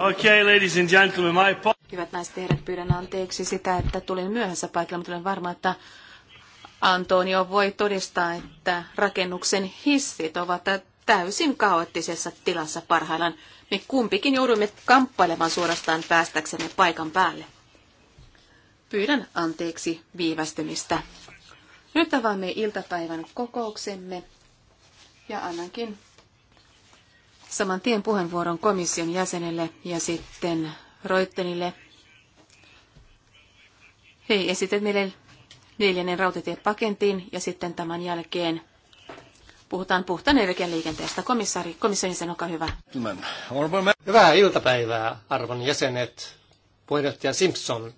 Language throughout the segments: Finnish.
Okay, ladies and gentlemen, my... Hyvät naiset ja herrat, pyydän anteeksi sitä, että tulin myöhässä paikalle, mutta olen varma, että Antonio voi todistaa, että rakennuksen hissit ovat täysin kaoottisessa tilassa parhaillaan. Me kumpikin joudumme kamppailemaan suorastaan päästäksemme paikan päälle. Pyydän anteeksi viivästymistä. Nyt avaamme iltapäivän kokouksemme ja annankin saman tien puheenvuoron komission jäsenelle ja sitten Roittenille. Hei, esität meille neljännen rautatiepakentin ja sitten tämän jälkeen puhutaan puhtaan energian liikenteestä. Komissaari, komission jäsen, olkaa hyvä. Hyvää iltapäivää, arvon jäsenet. Puheenjohtaja Simpson.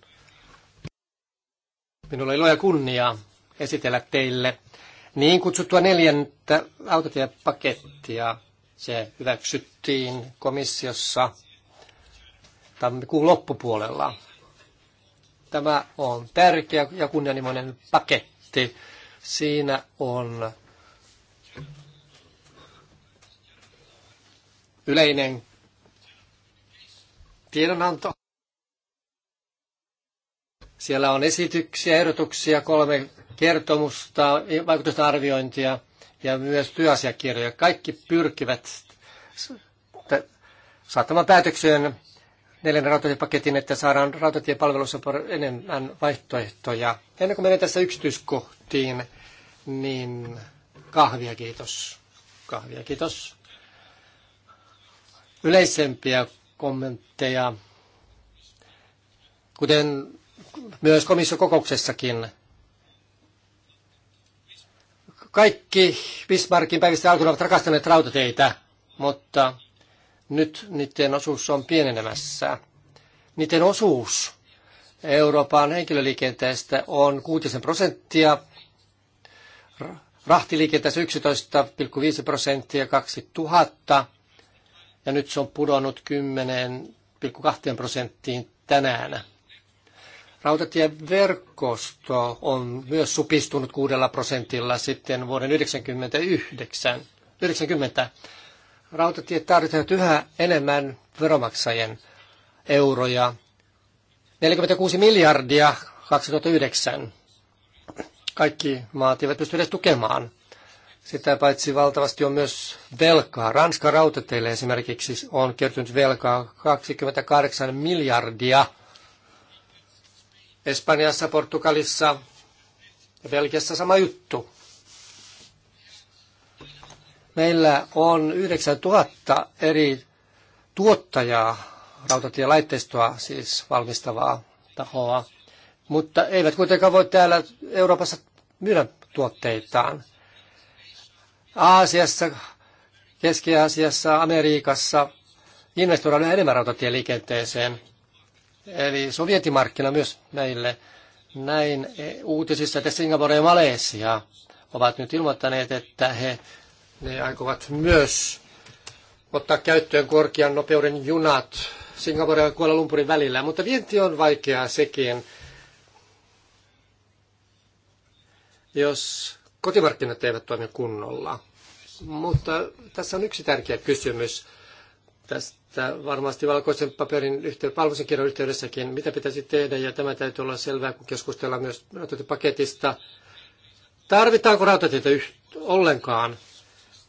Minulla on ilo ja kunnia esitellä teille niin kutsuttua neljäntä autotiepakettia se hyväksyttiin komissiossa tammikuun loppupuolella. Tämä on tärkeä ja kunnianhimoinen paketti. Siinä on yleinen tiedonanto. Siellä on esityksiä, ehdotuksia, kolme kertomusta, vaikutusten arviointia – ja myös työasiakirjoja. Kaikki pyrkivät saattamaan päätökseen neljän rautatiepaketin, että saadaan rautatiepalvelussa enemmän vaihtoehtoja. Ennen kuin menen tässä yksityiskohtiin, niin kahvia kiitos. Kahvia kiitos. Yleisempiä kommentteja, kuten myös komissiokokouksessakin. kokouksessakin kaikki Bismarckin päivistä alkuun ovat rakastaneet rautateitä, mutta nyt niiden osuus on pienenemässä. Niiden osuus Euroopan henkilöliikenteestä on 6 prosenttia, rahtiliikenteessä 11,5 prosenttia 2000, ja nyt se on pudonnut 10,2 prosenttiin tänään. Rautatieverkosto on myös supistunut kuudella prosentilla sitten vuoden 1999. Rautatiet tarvitsevat yhä enemmän veromaksajien euroja. 46 miljardia 2009. Kaikki maat eivät pysty edes tukemaan. Sitä paitsi valtavasti on myös velkaa. Ranska rautateille esimerkiksi on kertynyt velkaa 28 miljardia – Espanjassa, Portugalissa ja Belgiassa sama juttu. Meillä on 9000 eri tuottajaa, rautatielaitteistoa siis valmistavaa tahoa, mutta eivät kuitenkaan voi täällä Euroopassa myydä tuotteitaan. Aasiassa, Keski-Aasiassa, Amerikassa investoidaan enemmän rautatieliikenteeseen – eli vientimarkkina myös meille. Näin uutisissa, että Singapore ja Malesia ovat nyt ilmoittaneet, että he ne aikovat myös ottaa käyttöön korkean nopeuden junat Singapore ja Kuala Lumpurin välillä, mutta vienti on vaikeaa sekin. jos kotimarkkinat eivät toimi kunnolla. Mutta tässä on yksi tärkeä kysymys tästä varmasti valkoisen paperin yhteydessä, kirjan yhteydessäkin, mitä pitäisi tehdä, ja tämä täytyy olla selvää, kun keskustellaan myös rautatiepaketista. Tarvitaanko rautatietä yh- ollenkaan?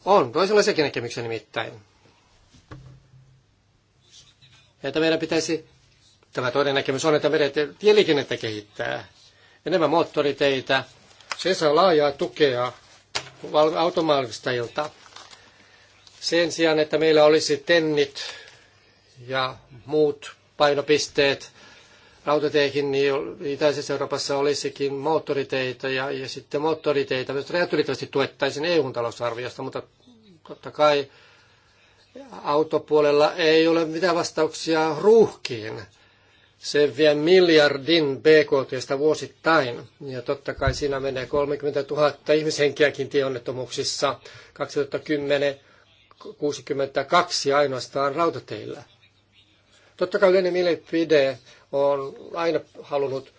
On, toisenlaisiakin näkemyksiä nimittäin. Että meidän pitäisi, tämä toinen näkemys on, että meidän tieliikennettä kehittää. Enemmän moottoriteitä, se saa laajaa tukea automaalistajilta sen sijaan, että meillä olisi tennit ja muut painopisteet rautateihin, niin Itäisessä Euroopassa olisikin moottoriteitä ja, ja sitten moottoriteitä myös rajatylittävästi tuettaisiin EU-talousarviosta, mutta totta kai autopuolella ei ole mitään vastauksia ruuhkiin. Se vie miljardin BKTstä vuosittain. Ja totta kai siinä menee 30 000 ihmishenkiäkin tieonnettomuuksissa 2010 62 ainoastaan rautateillä. Totta kai yleinen mielipide on aina halunnut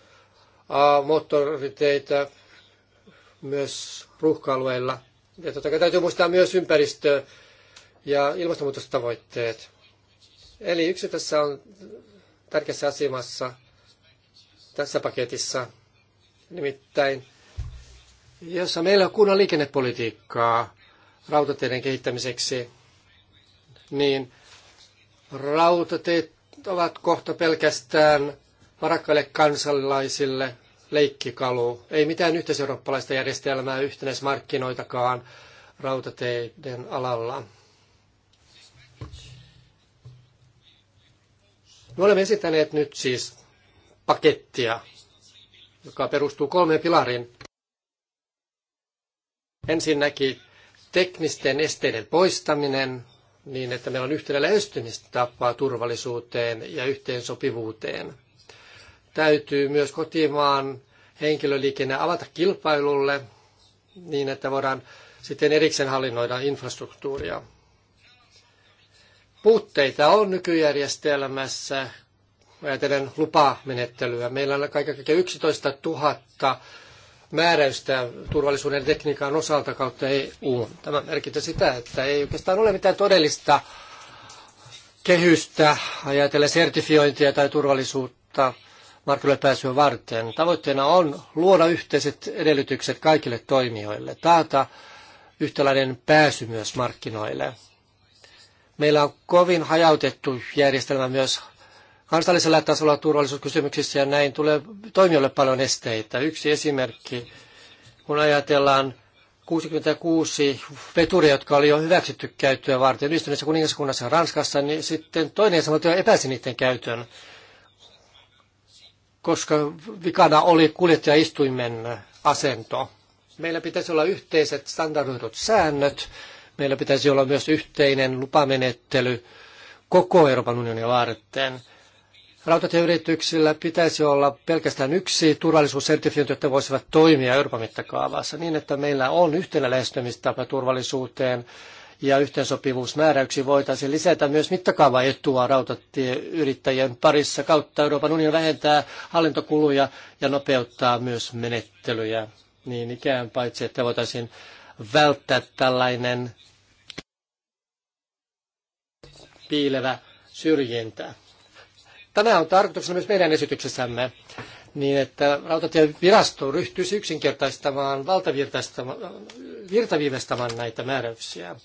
moottoriteitä myös ruuhka-alueilla. Ja totta kai täytyy muistaa myös ympäristö- ja ilmastonmuutostavoitteet. Eli yksi tässä on tärkeässä asemassa tässä paketissa. Nimittäin, jossa meillä on kunnan liikennepolitiikkaa, rautateiden kehittämiseksi, niin rautateet ovat kohta pelkästään varakkaille kansalaisille leikkikalu. Ei mitään yhteiseurooppalaista järjestelmää, yhtenäismarkkinoitakaan rautateiden alalla. Me olemme esittäneet nyt siis pakettia, joka perustuu kolmeen pilariin. Ensinnäkin teknisten esteiden poistaminen niin, että meillä on yhtenä lähestymistapaa turvallisuuteen ja yhteensopivuuteen. Täytyy myös kotimaan henkilöliikenne avata kilpailulle niin, että voidaan sitten erikseen hallinnoida infrastruktuuria. Puutteita on nykyjärjestelmässä, ajatellen lupamenettelyä. Meillä on kaiken kaikkiaan 11 000 määräystä turvallisuuden tekniikan osalta kautta EU. Tämä merkitsee sitä, että ei oikeastaan ole mitään todellista kehystä ajatellen sertifiointia tai turvallisuutta markkinoille pääsyä varten. Tavoitteena on luoda yhteiset edellytykset kaikille toimijoille, taata yhtäläinen pääsy myös markkinoille. Meillä on kovin hajautettu järjestelmä myös kansallisella tasolla turvallisuuskysymyksissä ja näin tulee toimijoille paljon esteitä. Yksi esimerkki, kun ajatellaan 66 veturia, jotka oli jo hyväksytty käyttöä varten yhdistyneessä kuningaskunnassa ja Ranskassa, niin sitten toinen sanottu epäsi niiden käytön, koska vikana oli kuljettajaistuimen asento. Meillä pitäisi olla yhteiset standardoidut säännöt, meillä pitäisi olla myös yhteinen lupamenettely koko Euroopan unionin varten – Rautatieyrityksillä pitäisi olla pelkästään yksi turvallisuussertifiointi, jotta voisivat toimia Euroopan mittakaavassa niin, että meillä on yhtenä lähestymistapa turvallisuuteen ja yhteensopivuusmääräyksiin voitaisiin lisätä myös mittakaavaetua rautatieyrittäjien parissa kautta Euroopan unionin vähentää hallintokuluja ja nopeuttaa myös menettelyjä. Niin ikään paitsi, että voitaisiin välttää tällainen piilevä syrjintä. Tämä on tarkoituksena myös meidän esityksessämme, niin että rautatievirasto ryhtyisi yksinkertaistamaan, valtavirtaistamaan näitä määräyksiä.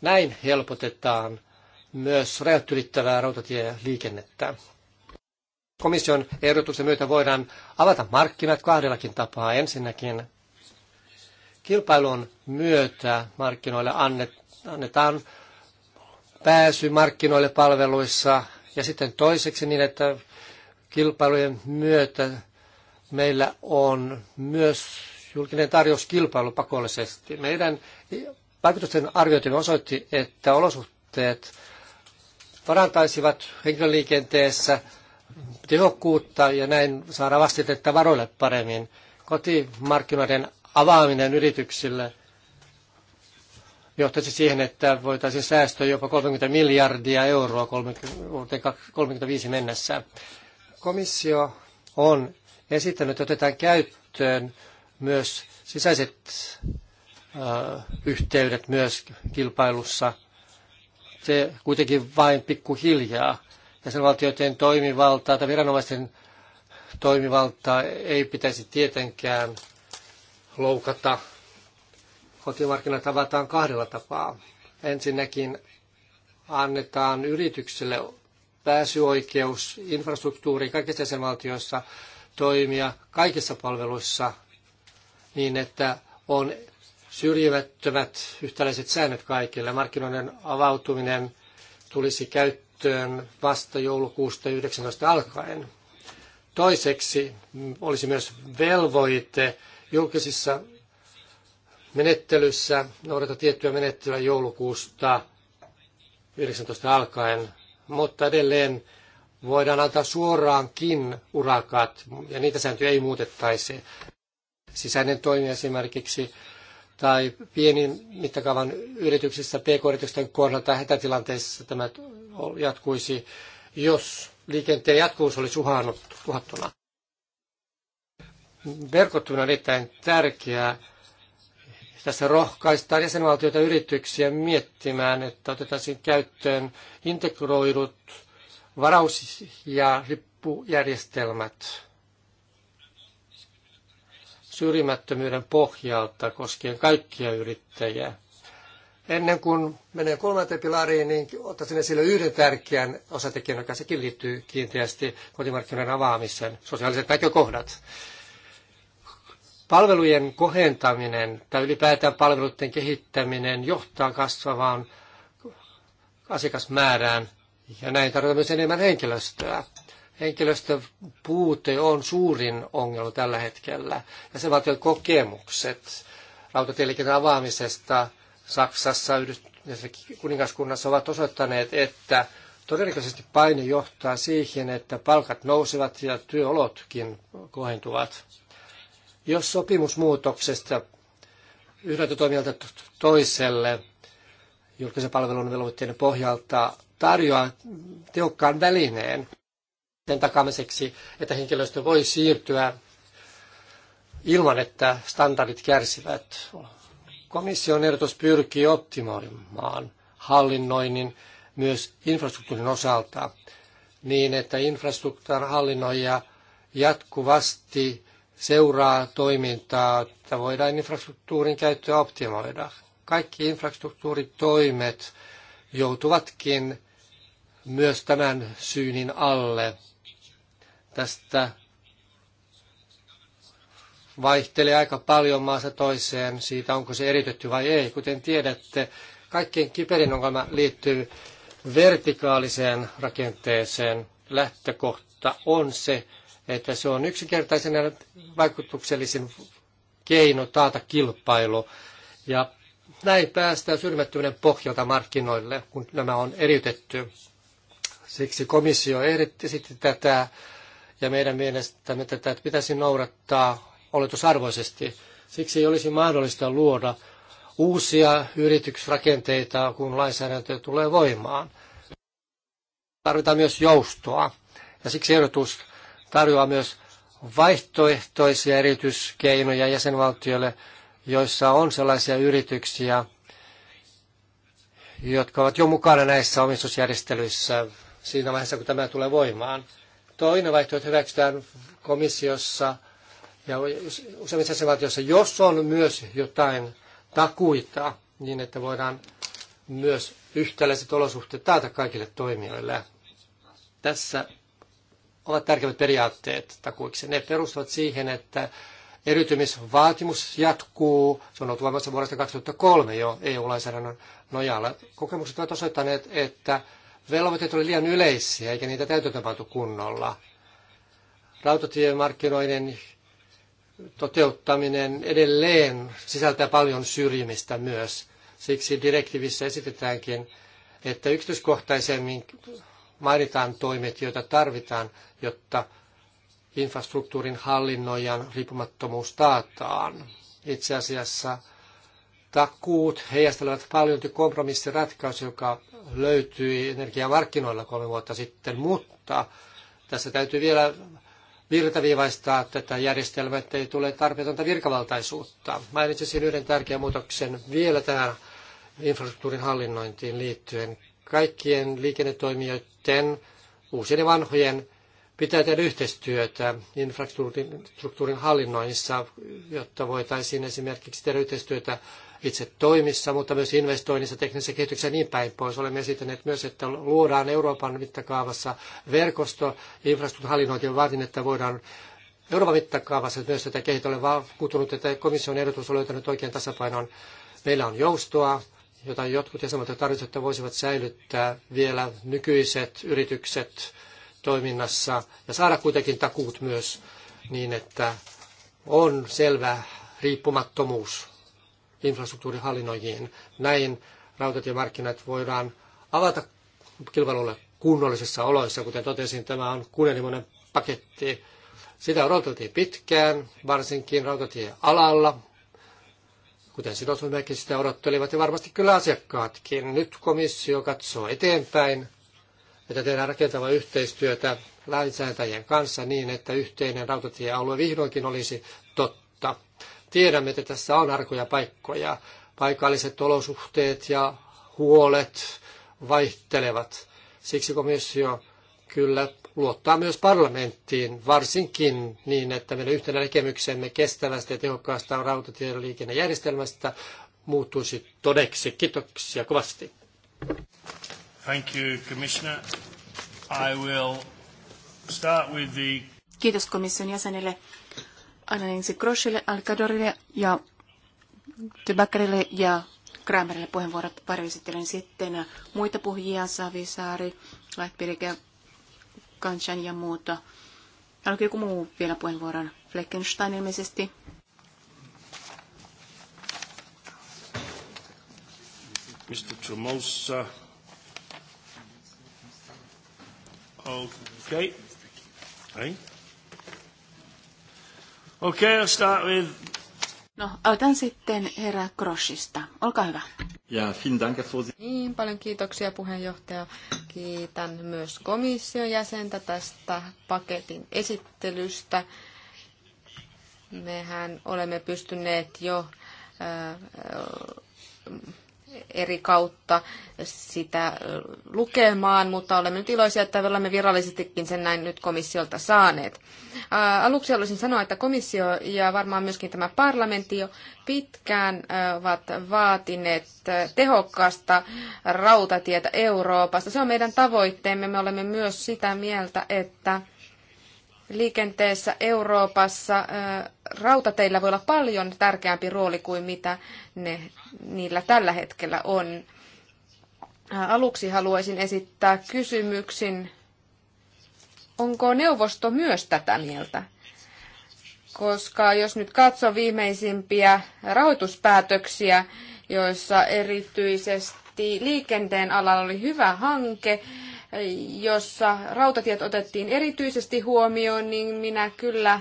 Näin helpotetaan myös rajat ylittävää rautatieliikennettä. Komission ehdotuksen myötä voidaan avata markkinat kahdellakin tapaa. Ensinnäkin kilpailun myötä markkinoille annetaan pääsy markkinoille palveluissa ja sitten toiseksi niin, että kilpailujen myötä meillä on myös julkinen tarjous kilpailu pakollisesti. Meidän vaikutusten arviointimme osoitti, että olosuhteet parantaisivat henkilöliikenteessä tehokkuutta ja näin saada vastitetta varoille paremmin. Kotimarkkinoiden avaaminen yrityksille – johtaisi siihen, että voitaisiin säästöä jopa 30 miljardia euroa 30, vuoteen 35 mennessä. Komissio on esittänyt, että otetaan käyttöön myös sisäiset äh, yhteydet myös kilpailussa. Se kuitenkin vain pikkuhiljaa. Jäsenvaltioiden toimivaltaa tai viranomaisten toimivaltaa ei pitäisi tietenkään loukata kotimarkkinat avataan kahdella tapaa. Ensinnäkin annetaan yrityksille pääsyoikeus infrastruktuuriin kaikissa jäsenvaltioissa toimia kaikissa palveluissa niin, että on syrjimättömät yhtäläiset säännöt kaikille. Markkinoiden avautuminen tulisi käyttöön vasta joulukuusta 19 alkaen. Toiseksi olisi myös velvoite julkisissa menettelyssä noudata tiettyä menettelyä joulukuusta 19 alkaen, mutta edelleen voidaan antaa suoraankin urakat, ja niitä sääntöjä ei muutettaisi. Sisäinen toimi esimerkiksi, tai pienin mittakaavan yrityksissä, pk-yritysten kohdalta hätätilanteissa tämä jatkuisi, jos liikenteen jatkuvuus olisi uhannut, uhattuna. Verkottuminen on erittäin tärkeää tässä rohkaistaan jäsenvaltioita yrityksiä miettimään, että otettaisiin käyttöön integroidut varaus- ja lippujärjestelmät syrjimättömyyden pohjalta koskien kaikkia yrittäjiä. Ennen kuin menee kolmanteen pilariin, niin ottaisin esille yhden tärkeän osatekijän, joka sekin liittyy kiinteästi kotimarkkinoiden avaamiseen, sosiaaliset näkökohdat. Palvelujen kohentaminen tai ylipäätään palveluiden kehittäminen johtaa kasvavaan asiakasmäärään ja näin tarvitaan myös enemmän henkilöstöä. Henkilöstöpuute on suurin ongelma tällä hetkellä ja se vaatii kokemukset rautatieliikenteen avaamisesta Saksassa, ja kuningaskunnassa ovat osoittaneet, että todennäköisesti paine johtaa siihen, että palkat nousevat ja työolotkin kohentuvat. Jos sopimusmuutoksesta yhdeltä toimijalta toiselle julkisen palvelun velvoitteiden pohjalta tarjoaa tehokkaan välineen sen takamiseksi, että henkilöstö voi siirtyä ilman, että standardit kärsivät. Komission ehdotus pyrkii optimoimaan hallinnoinnin myös infrastruktuurin osalta niin, että infrastruktuurin hallinnoija jatkuvasti seuraa toimintaa, että voidaan infrastruktuurin käyttöä optimoida. Kaikki infrastruktuuritoimet joutuvatkin myös tämän syynin alle. Tästä vaihtelee aika paljon maassa toiseen siitä, onko se eritetty vai ei. Kuten tiedätte, kaikkein kiperin ongelma liittyy vertikaaliseen rakenteeseen. Lähtökohta on se, että se on ja vaikutuksellisin keino taata kilpailu ja näin päästään syrjimättömyyden pohjalta markkinoille, kun nämä on eriytetty. Siksi komissio ehdotti tätä ja meidän mielestämme tätä että pitäisi noudattaa oletusarvoisesti. Siksi ei olisi mahdollista luoda uusia yritysrakenteita, kun lainsäädäntö tulee voimaan. Tarvitaan myös joustoa. Ja siksi ehdotus tarjoaa myös vaihtoehtoisia erityiskeinoja jäsenvaltioille, joissa on sellaisia yrityksiä, jotka ovat jo mukana näissä omistusjärjestelyissä siinä vaiheessa, kun tämä tulee voimaan. Toinen vaihtoehto hyväksytään komissiossa ja useimmissa jäsenvaltioissa, jos on myös jotain takuita, niin että voidaan myös yhtäläiset olosuhteet taata kaikille toimijoille. Tässä ovat tärkeimmät periaatteet takuiksi. Ne perustuvat siihen, että eriytymisvaatimus jatkuu. Se on ollut voimassa vuodesta 2003 jo EU-lainsäädännön nojalla. Kokemukset ovat osoittaneet, että velvoitteet olivat liian yleisiä, eikä niitä täytäntöönpantu kunnolla. Rautatiemarkkinoiden toteuttaminen edelleen sisältää paljon syrjimistä myös. Siksi direktiivissä esitetäänkin, että yksityiskohtaisemmin mainitaan toimet, joita tarvitaan, jotta infrastruktuurin hallinnoijan riippumattomuus taataan. Itse asiassa takuut heijastelevat paljon kompromissiratkaisu, joka löytyi energiamarkkinoilla kolme vuotta sitten, mutta tässä täytyy vielä virtaviivaistaa tätä järjestelmää, ettei tule tarpeetonta virkavaltaisuutta. Mainitsisin yhden tärkeän muutoksen vielä tähän infrastruktuurin hallinnointiin liittyen kaikkien liikennetoimijoiden, uusien ja vanhojen, pitää tehdä yhteistyötä infrastruktuurin hallinnoinnissa, jotta voitaisiin esimerkiksi tehdä yhteistyötä itse toimissa, mutta myös investoinnissa, teknisessä kehityksessä ja niin päin pois. Olemme esittäneet myös, että luodaan Euroopan mittakaavassa verkosto infrastruktuurihallinnointia vaatin, että voidaan Euroopan mittakaavassa myös tätä kehitystä. Olen vakuuttunut, että komission ehdotus on löytänyt oikean tasapainon. Meillä on joustoa, jota jotkut jäsenvaltiot tarvitsevat, että voisivat säilyttää vielä nykyiset yritykset toiminnassa ja saada kuitenkin takuut myös niin, että on selvä riippumattomuus infrastruktuurin hallinnoijiin. Näin rautatiemarkkinat voidaan avata kilpailulle kunnollisissa oloissa. Kuten totesin, tämä on kunnianhimoinen paketti. Sitä odoteltiin pitkään, varsinkin rautatiealalla, kuten sidosryhmäkin sitä odottelivat ja varmasti kyllä asiakkaatkin. Nyt komissio katsoo eteenpäin, että tehdään rakentavaa yhteistyötä lainsäätäjien kanssa niin, että yhteinen rautatiealue vihdoinkin olisi totta. Tiedämme, että tässä on arkoja paikkoja. Paikalliset olosuhteet ja huolet vaihtelevat. Siksi komissio kyllä luottaa myös parlamenttiin, varsinkin niin, että meidän yhtenä näkemyksemme kestävästä ja tehokkaasta rautatieliikennejärjestelmästä muuttuisi todeksi. Kiitoksia kovasti. Thank you, Commissioner. I will start with the... Kiitos komission jäsenille Anneliisi Groschille, Alcadorille ja Tybäkkerille ja Kramerille puheenvuorot varjoesittelen sitten. Muita puhujia Savisaari, Laitpirike, Kanchan ja muuta. Haluatko joku muu vielä puheenvuoron? Fleckenstein ilmeisesti. Mr. Tremosa. Okay. Hey. Okay, I'll start with... No, aloitan sitten herra Kroshista. Olkaa hyvä. Ja, vielen niin, paljon kiitoksia puheenjohtaja. Kiitän myös komission jäsentä tästä paketin esittelystä. Mehän olemme pystyneet jo äh, eri kautta sitä lukemaan, mutta olemme nyt iloisia, että olemme virallisestikin sen näin nyt komissiolta saaneet. Aluksi haluaisin sanoa, että komissio ja varmaan myöskin tämä parlamentti jo pitkään ovat vaatineet tehokkaasta rautatietä Euroopasta. Se on meidän tavoitteemme. Me olemme myös sitä mieltä, että liikenteessä Euroopassa rautateillä voi olla paljon tärkeämpi rooli kuin mitä ne, niillä tällä hetkellä on. Aluksi haluaisin esittää kysymyksen, onko neuvosto myös tätä mieltä? Koska jos nyt katsoo viimeisimpiä rahoituspäätöksiä, joissa erityisesti liikenteen alalla oli hyvä hanke, jossa rautatiet otettiin erityisesti huomioon, niin minä kyllä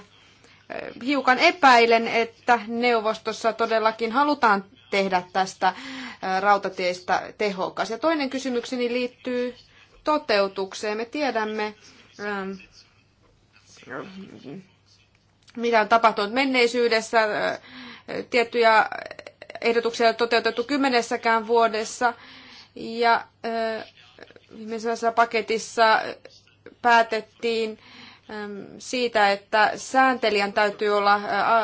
eh, hiukan epäilen, että neuvostossa todellakin halutaan tehdä tästä eh, rautateistä tehokas. Ja toinen kysymykseni liittyy toteutukseen. Me tiedämme, eh, mitä on tapahtunut menneisyydessä. Tiettyjä ehdotuksia ei ole toteutettu kymmenessäkään vuodessa. Ja viimeisessä paketissa päätettiin siitä, että sääntelijän täytyy olla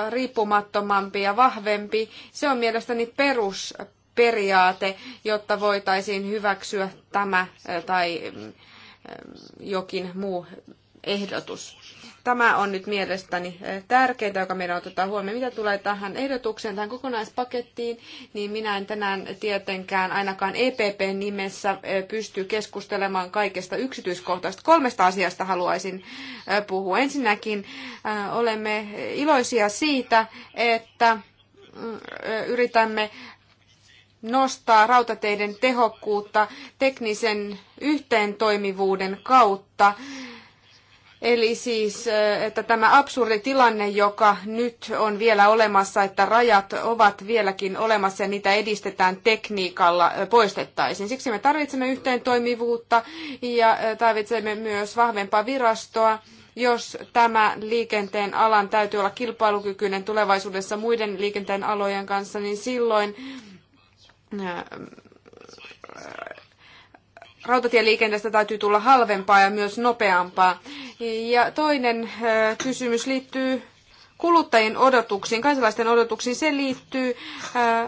riippumattomampi ja vahvempi. Se on mielestäni perusperiaate, jotta voitaisiin hyväksyä tämä tai jokin muu ehdotus. Tämä on nyt mielestäni eh, tärkeintä, joka meidän otetaan huomioon. Mitä tulee tähän ehdotukseen, tähän kokonaispakettiin, niin minä en tänään tietenkään ainakaan EPP-nimessä eh, pysty keskustelemaan kaikesta yksityiskohtaista. Kolmesta asiasta haluaisin eh, puhua. Ensinnäkin olemme iloisia siitä, että mm, yritämme nostaa rautateiden tehokkuutta teknisen yhteentoimivuuden kautta Eli siis, että tämä absurdi tilanne, joka nyt on vielä olemassa, että rajat ovat vieläkin olemassa ja niitä edistetään tekniikalla, poistettaisiin. Siksi me tarvitsemme yhteen toimivuutta ja tarvitsemme myös vahvempaa virastoa jos tämä liikenteen alan täytyy olla kilpailukykyinen tulevaisuudessa muiden liikenteen alojen kanssa, niin silloin rautatieliikenteestä täytyy tulla halvempaa ja myös nopeampaa. Ja toinen kysymys liittyy kuluttajien odotuksiin, kansalaisten odotuksiin. Se liittyy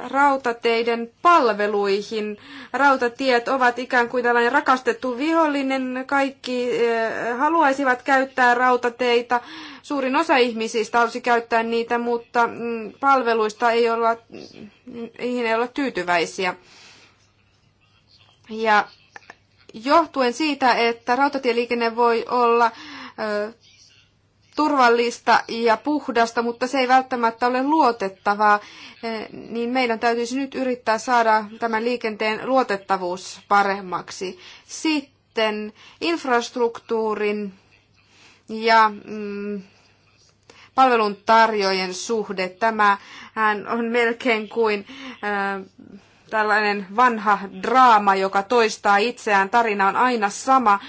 rautateiden palveluihin. Rautatiet ovat ikään kuin tällainen rakastettu vihollinen. Kaikki haluaisivat käyttää rautateita. Suurin osa ihmisistä halusi käyttää niitä, mutta mm, palveluista ei olla, mm, ei olla tyytyväisiä. Ja johtuen siitä, että rautatieliikenne voi olla turvallista ja puhdasta, mutta se ei välttämättä ole luotettavaa, niin meidän täytyisi nyt yrittää saada tämän liikenteen luotettavuus paremmaksi. Sitten infrastruktuurin ja mm, palveluntarjoajien suhde. Tämä on melkein kuin äh, tällainen vanha draama, joka toistaa itseään. Tarina on aina sama.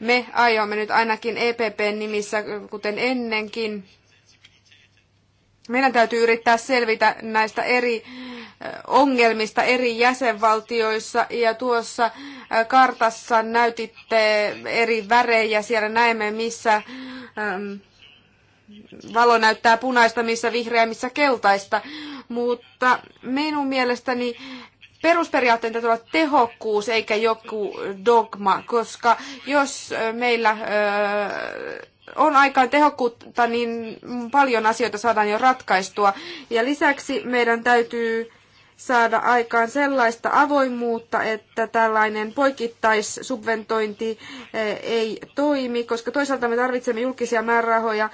Me aiomme nyt ainakin EPPn nimissä, kuten ennenkin. Meidän täytyy yrittää selvitä näistä eri ongelmista eri jäsenvaltioissa ja tuossa kartassa näytitte eri värejä. Siellä näemme, missä valo näyttää punaista, missä vihreä missä keltaista mutta minun mielestäni perusperiaatteita tulee tehokkuus eikä joku dogma, koska jos meillä on aikaan tehokkuutta, niin paljon asioita saadaan jo ratkaistua. Ja lisäksi meidän täytyy saada aikaan sellaista avoimuutta, että tällainen poikittaissubventointi ei toimi, koska toisaalta me tarvitsemme julkisia määrärahoja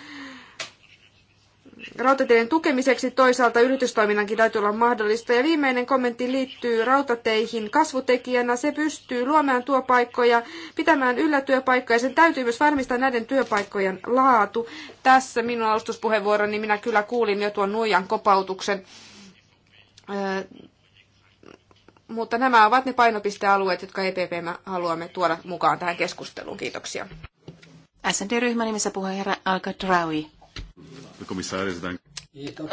rautateiden tukemiseksi, toisaalta yritystoiminnankin täytyy olla mahdollista. Ja viimeinen kommentti liittyy rautateihin kasvutekijänä. Se pystyy luomaan työpaikkoja, pitämään yllä työpaikkoja ja sen täytyy myös varmistaa näiden työpaikkojen laatu. Tässä minun alustuspuheenvuoroni minä kyllä kuulin jo tuon nuijan kopautuksen. Mutta nämä ovat ne painopistealueet, jotka EPP haluamme tuoda mukaan tähän keskusteluun. Kiitoksia. SND-ryhmän nimessä puheenjohtaja Alka Draui. Commissaris, dank. Kiitos.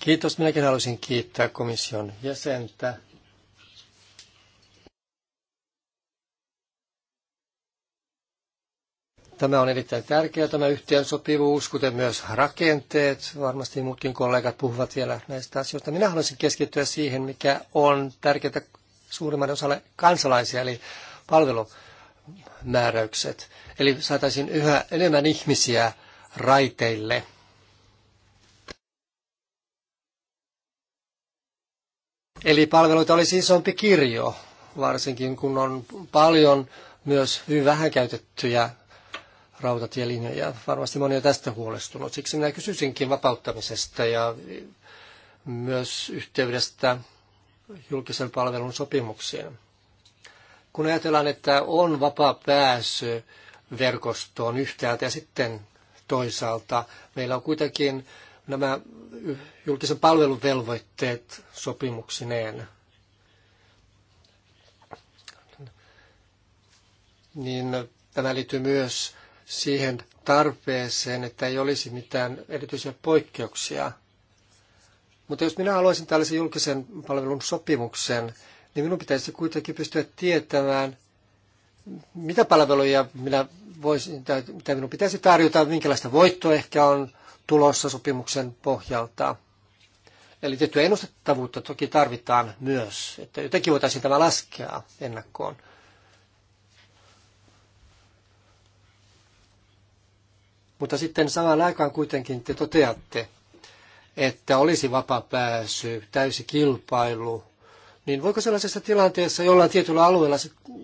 Kiitos. Minäkin haluaisin kiittää komission jäsentä. Tämä on erittäin tärkeä tämä yhteensopivuus, kuten myös rakenteet. Varmasti muutkin kollegat puhuvat vielä näistä asioista. Minä haluaisin keskittyä siihen, mikä on tärkeää suurimman osalle kansalaisia, eli palvelu määräykset. Eli saataisiin yhä enemmän ihmisiä raiteille. Eli palveluita olisi isompi kirjo, varsinkin kun on paljon myös hyvin vähän käytettyjä rautatielinjoja. Varmasti moni on tästä huolestunut. Siksi minä kysyisinkin vapauttamisesta ja myös yhteydestä julkisen palvelun sopimuksiin kun ajatellaan, että on vapaa pääsy verkostoon yhtäältä ja sitten toisaalta, meillä on kuitenkin nämä julkisen palvelun velvoitteet sopimuksineen. Niin tämä liittyy myös siihen tarpeeseen, että ei olisi mitään erityisiä poikkeuksia. Mutta jos minä haluaisin tällaisen julkisen palvelun sopimuksen, niin minun pitäisi kuitenkin pystyä tietämään, mitä palveluja minä voisin, tai mitä minun pitäisi tarjota, minkälaista voittoa ehkä on tulossa sopimuksen pohjalta. Eli tiettyä ennustettavuutta toki tarvitaan myös, että jotenkin voitaisiin tämä laskea ennakkoon. Mutta sitten samaan aikaan kuitenkin te toteatte, että olisi vapaa pääsy, täysi kilpailu niin voiko sellaisessa tilanteessa jollain tietyllä alueella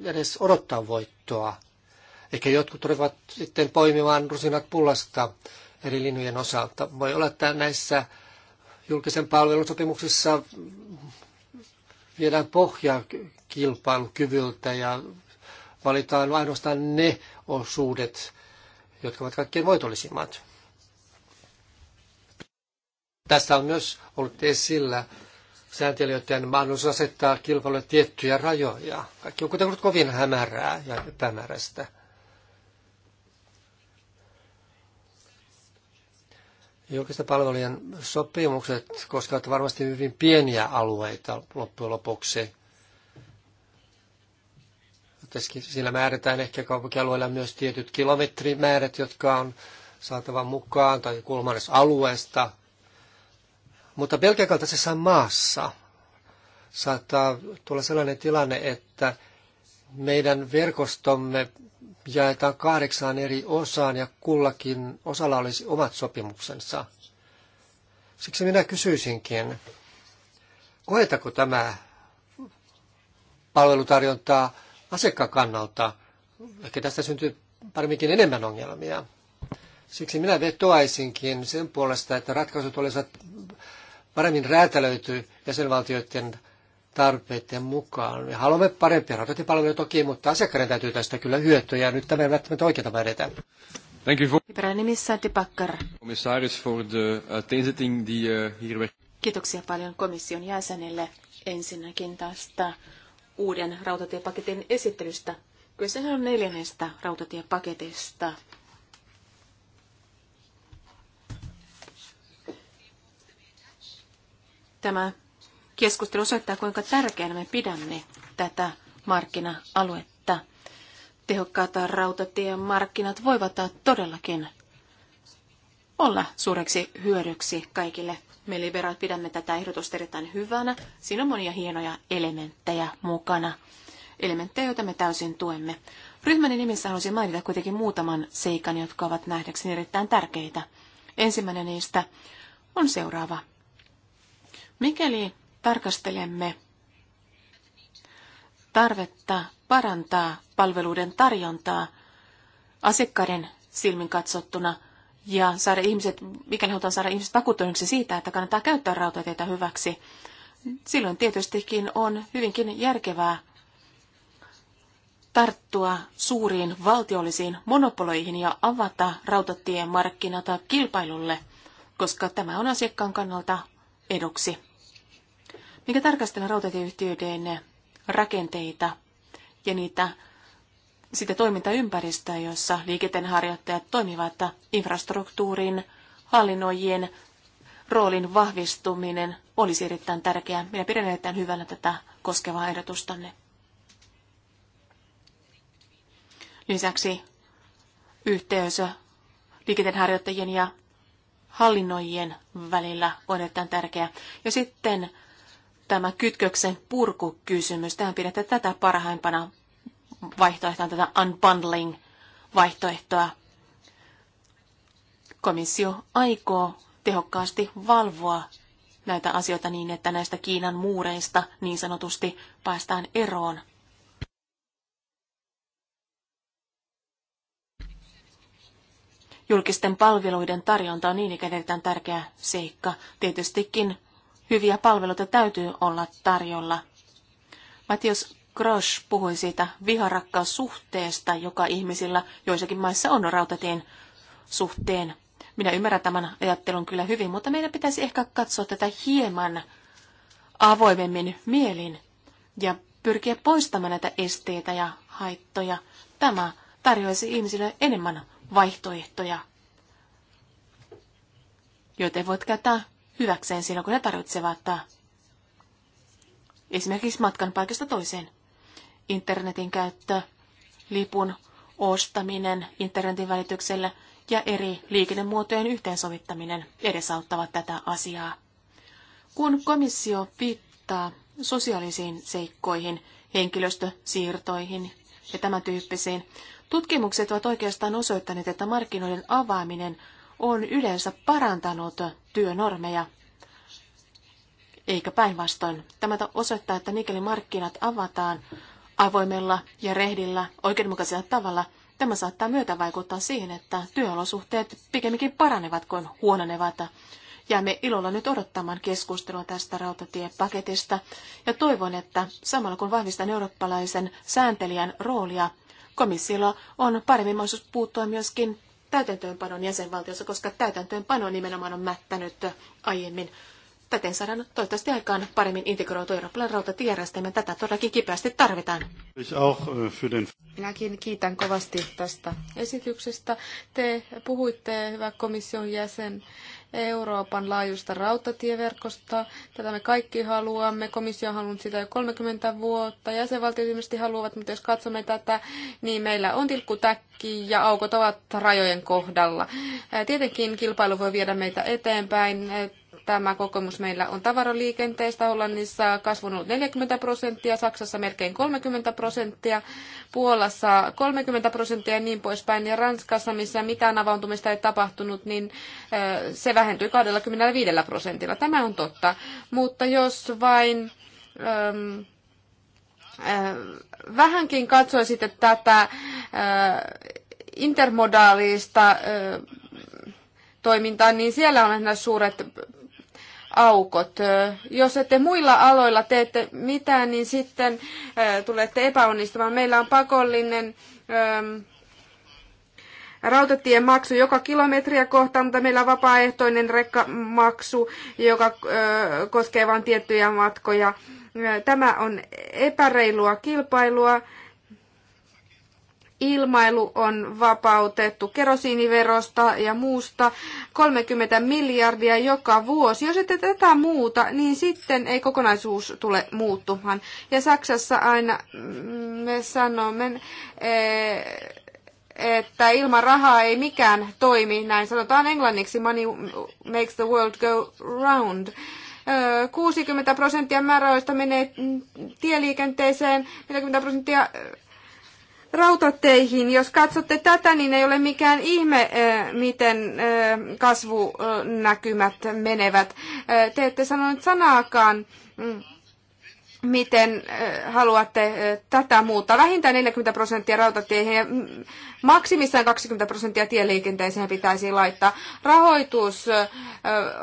edes odottaa voittoa? Ehkä jotkut tulevat sitten poimimaan rusinat pullasta eri linjojen osalta. Voi olla, että näissä julkisen palvelun sopimuksissa viedään pohja kilpailukyvyltä ja valitaan ainoastaan ne osuudet, jotka ovat kaikkein voitollisimmat. Tässä on myös ollut esillä sääntelijöiden mahdollisuus asettaa kilpailulle tiettyjä rajoja. Kaikki on kuitenkin kovin hämärää ja epämääräistä. Julkisten palvelujen sopimukset koskevat varmasti hyvin pieniä alueita loppujen lopuksi. Sillä määrätään ehkä kaupunkialueilla myös tietyt kilometrimäärät, jotka on saatava mukaan, tai kulmannes alueesta – mutta Belgian kaltaisessa maassa saattaa tulla sellainen tilanne, että meidän verkostomme jaetaan kahdeksaan eri osaan ja kullakin osalla olisi omat sopimuksensa. Siksi minä kysyisinkin, koetako tämä palvelutarjontaa asiakkaan kannalta? Ehkä tästä syntyy paremminkin enemmän ongelmia. Siksi minä vetoaisinkin sen puolesta, että ratkaisut olisivat paremmin räätälöityy jäsenvaltioiden tarpeiden mukaan. Me haluamme parempia rahoitipalveluja toki, mutta asiakkaiden täytyy tästä kyllä hyötyä, ja nyt tämä ei välttämättä oikein tämä Thank you for... nimissä Commissaris for the uh, uh, Kiitoksia paljon komission jäsenille ensinnäkin tästä uuden rautatiepaketin esittelystä. Kysehän on neljännestä rautatiepaketista, Tämä keskustelu osoittaa, kuinka tärkeänä me pidämme tätä markkina-aluetta. Tehokkaat rautatien markkinat voivat todellakin olla suureksi hyödyksi kaikille. Me liberaat pidämme tätä ehdotusta erittäin hyvänä. Siinä on monia hienoja elementtejä mukana. Elementtejä, joita me täysin tuemme. Ryhmäni nimissä haluaisin mainita kuitenkin muutaman seikan, jotka ovat nähdäkseni erittäin tärkeitä. Ensimmäinen niistä on seuraava. Mikäli tarkastelemme tarvetta parantaa palveluiden tarjontaa asiakkaiden silmin katsottuna ja saada ihmiset, mikäli halutaan saada ihmiset vakuuttuneeksi siitä, että kannattaa käyttää rautateitä hyväksi, silloin tietystikin on hyvinkin järkevää tarttua suuriin valtiollisiin monopoloihin ja avata rautatiemarkkinata kilpailulle, koska tämä on asiakkaan kannalta eduksi. Mikä tarkastellaan rautatieyhtiöiden rakenteita ja niitä sitä toimintaympäristöä, jossa liikenteenharjoittajat toimivat infrastruktuurin, hallinnoijien roolin vahvistuminen olisi erittäin tärkeää. Minä pidän erittäin hyvänä tätä koskevaa ehdotustanne. Lisäksi yhteys liikenteenharjoittajien ja hallinnoijien välillä on erittäin tärkeä. Ja sitten tämä kytköksen purkukysymys. Tähän pidätte tätä parhaimpana vaihtoehtona, tätä unbundling-vaihtoehtoa. Komissio aikoo tehokkaasti valvoa näitä asioita niin, että näistä Kiinan muureista niin sanotusti päästään eroon. Julkisten palveluiden tarjonta on niin ikään erittäin tärkeä seikka. Tietystikin hyviä palveluita täytyy olla tarjolla. Matthias Grosch puhui siitä viharakkaussuhteesta, joka ihmisillä joissakin maissa on rautatien suhteen. Minä ymmärrän tämän ajattelun kyllä hyvin, mutta meidän pitäisi ehkä katsoa tätä hieman avoimemmin mielin ja pyrkiä poistamaan näitä esteitä ja haittoja. Tämä tarjoaisi ihmisille enemmän vaihtoehtoja, joita voit käyttää hyväkseen silloin, kun ne tarvitsevat esimerkiksi matkan paikasta toiseen. Internetin käyttö, lipun ostaminen internetin välityksellä ja eri liikennemuotojen yhteensovittaminen edesauttavat tätä asiaa. Kun komissio viittaa sosiaalisiin seikkoihin, henkilöstösiirtoihin ja tämän tyyppisiin, Tutkimukset ovat oikeastaan osoittaneet, että markkinoiden avaaminen on yleensä parantanut työnormeja, eikä päinvastoin. Tämä osoittaa, että mikäli markkinat avataan avoimella ja rehdillä oikeudenmukaisella tavalla, tämä saattaa myötä vaikuttaa siihen, että työolosuhteet pikemminkin paranevat kuin huononevat. Jäämme ilolla nyt odottamaan keskustelua tästä rautatiepaketista ja toivon, että samalla kun vahvistan eurooppalaisen sääntelijän roolia – Komissiolla on paremmin mahdollisuus puuttua myöskin täytäntöönpanon jäsenvaltiossa, koska täytäntöönpano nimenomaan on mättänyt aiemmin. Täten saadaan toivottavasti aikaan paremmin integroitu Euroopan rautatiejärjestelmä. Tätä todellakin kipeästi tarvitaan. Eh, Minäkin kiitän kovasti tästä esityksestä. Te puhuitte, hyvä komission jäsen, Euroopan laajuista rautatieverkosta. Tätä me kaikki haluamme. Komissio on halunnut sitä jo 30 vuotta. Jäsenvaltiot ilmeisesti haluavat, mutta jos katsomme tätä, niin meillä on tilkkutäkki ja aukot ovat rajojen kohdalla. Tietenkin kilpailu voi viedä meitä eteenpäin. Tämä kokemus meillä on tavaraliikenteestä. Hollannissa kasvu on ollut 40 prosenttia, Saksassa melkein 30 prosenttia, Puolassa 30 prosenttia ja niin poispäin. Ja Ranskassa, missä mitään avautumista ei tapahtunut, niin se vähentyi 25 prosentilla. Tämä on totta. Mutta jos vain... Öm, vähänkin sitten tätä intermodaalista toimintaa, niin siellä on nämä suuret aukot. Jos ette muilla aloilla teette mitään, niin sitten tulette epäonnistumaan. Meillä on pakollinen rautatien maksu joka kilometriä kohtaan, mutta meillä on vapaaehtoinen rekkamaksu, joka koskee vain tiettyjä matkoja. Tämä on epäreilua kilpailua Ilmailu on vapautettu kerosiiniverosta ja muusta 30 miljardia joka vuosi. Jos ette tätä muuta, niin sitten ei kokonaisuus tule muuttumaan. Ja Saksassa aina mm, me sanomme, e, että ilman rahaa ei mikään toimi. Näin sanotaan englanniksi, money makes the world go round. 60 prosenttia määräajoista menee mm, tieliikenteeseen, 40 prosenttia rautateihin. Jos katsotte tätä, niin ei ole mikään ihme, eh, miten eh, kasvunäkymät menevät. Eh, te ette sanonut sanaakaan, mm, miten haluatte tätä muuttaa. Vähintään 40 prosenttia rautateihin ja mm, maksimissaan 20 prosenttia tieliikenteeseen pitäisi laittaa. Rahoitus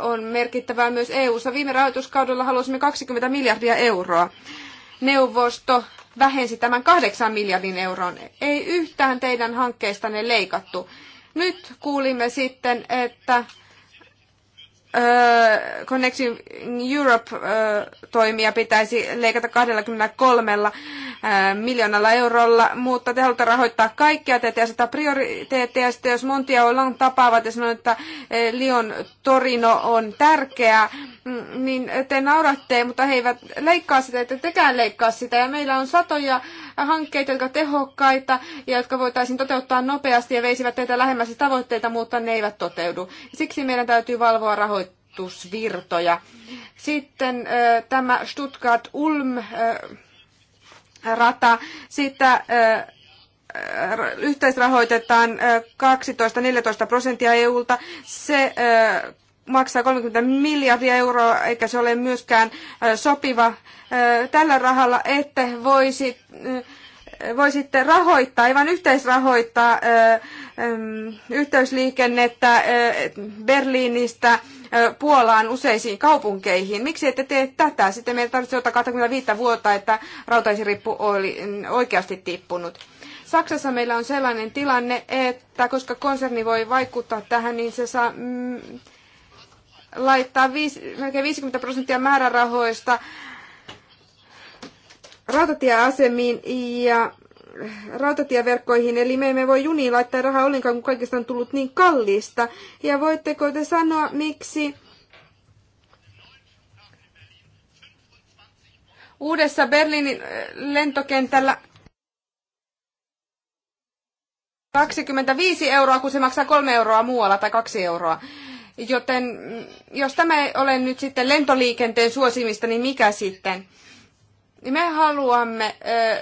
on merkittävää myös EU-ssa. Viime rahoituskaudella halusimme 20 miljardia euroa neuvosto vähensi tämän kahdeksan miljardin euron. Ei yhtään teidän hankkeistanne leikattu. Nyt kuulimme sitten, että Connection Europe-toimia pitäisi leikata 23 miljoonalla eurolla, mutta te haluatte rahoittaa kaikkia, te ette sitä prioriteetteja. Sitten jos Montia on tapaavat ja sanoo, että Lion Torino on tärkeä, Mm, niin te nauratte, mutta he eivät leikkaa sitä, että tekään leikkaa sitä. Ja meillä on satoja hankkeita, jotka tehokkaita ja jotka voitaisiin toteuttaa nopeasti ja veisivät teitä lähemmäksi siis tavoitteita, mutta ne eivät toteudu. Siksi meidän täytyy valvoa rahoitusvirtoja. Sitten tämä Stuttgart-Ulm-rata, sitä yhteisrahoitetaan 12-14 prosenttia EUlta. Se maksaa 30 miljardia euroa, eikä se ole myöskään sopiva tällä rahalla, ette voisi, voisitte rahoittaa, aivan yhteisrahoittaa yhteysliikennettä Berliinistä Puolaan useisiin kaupunkeihin. Miksi ette tee tätä? Sitten meidän tarvitsee ottaa 25 vuotta, että rautaisirippu oli mm, oikeasti tippunut. Saksassa meillä on sellainen tilanne, että koska konserni voi vaikuttaa tähän, niin se saa mm, laittaa viisi, melkein 50 prosenttia määrärahoista rautatieasemiin ja rautatieverkkoihin, eli me emme voi juniin laittaa rahaa ollenkaan, kun kaikesta on tullut niin kallista. Ja voitteko te sanoa, miksi uudessa Berliinin äh, lentokentällä 25 euroa, kun se maksaa 3 euroa muualla tai 2 euroa. Joten mm, jos tämä ei ole nyt sitten lentoliikenteen suosimista, niin mikä sitten? Me haluamme ö,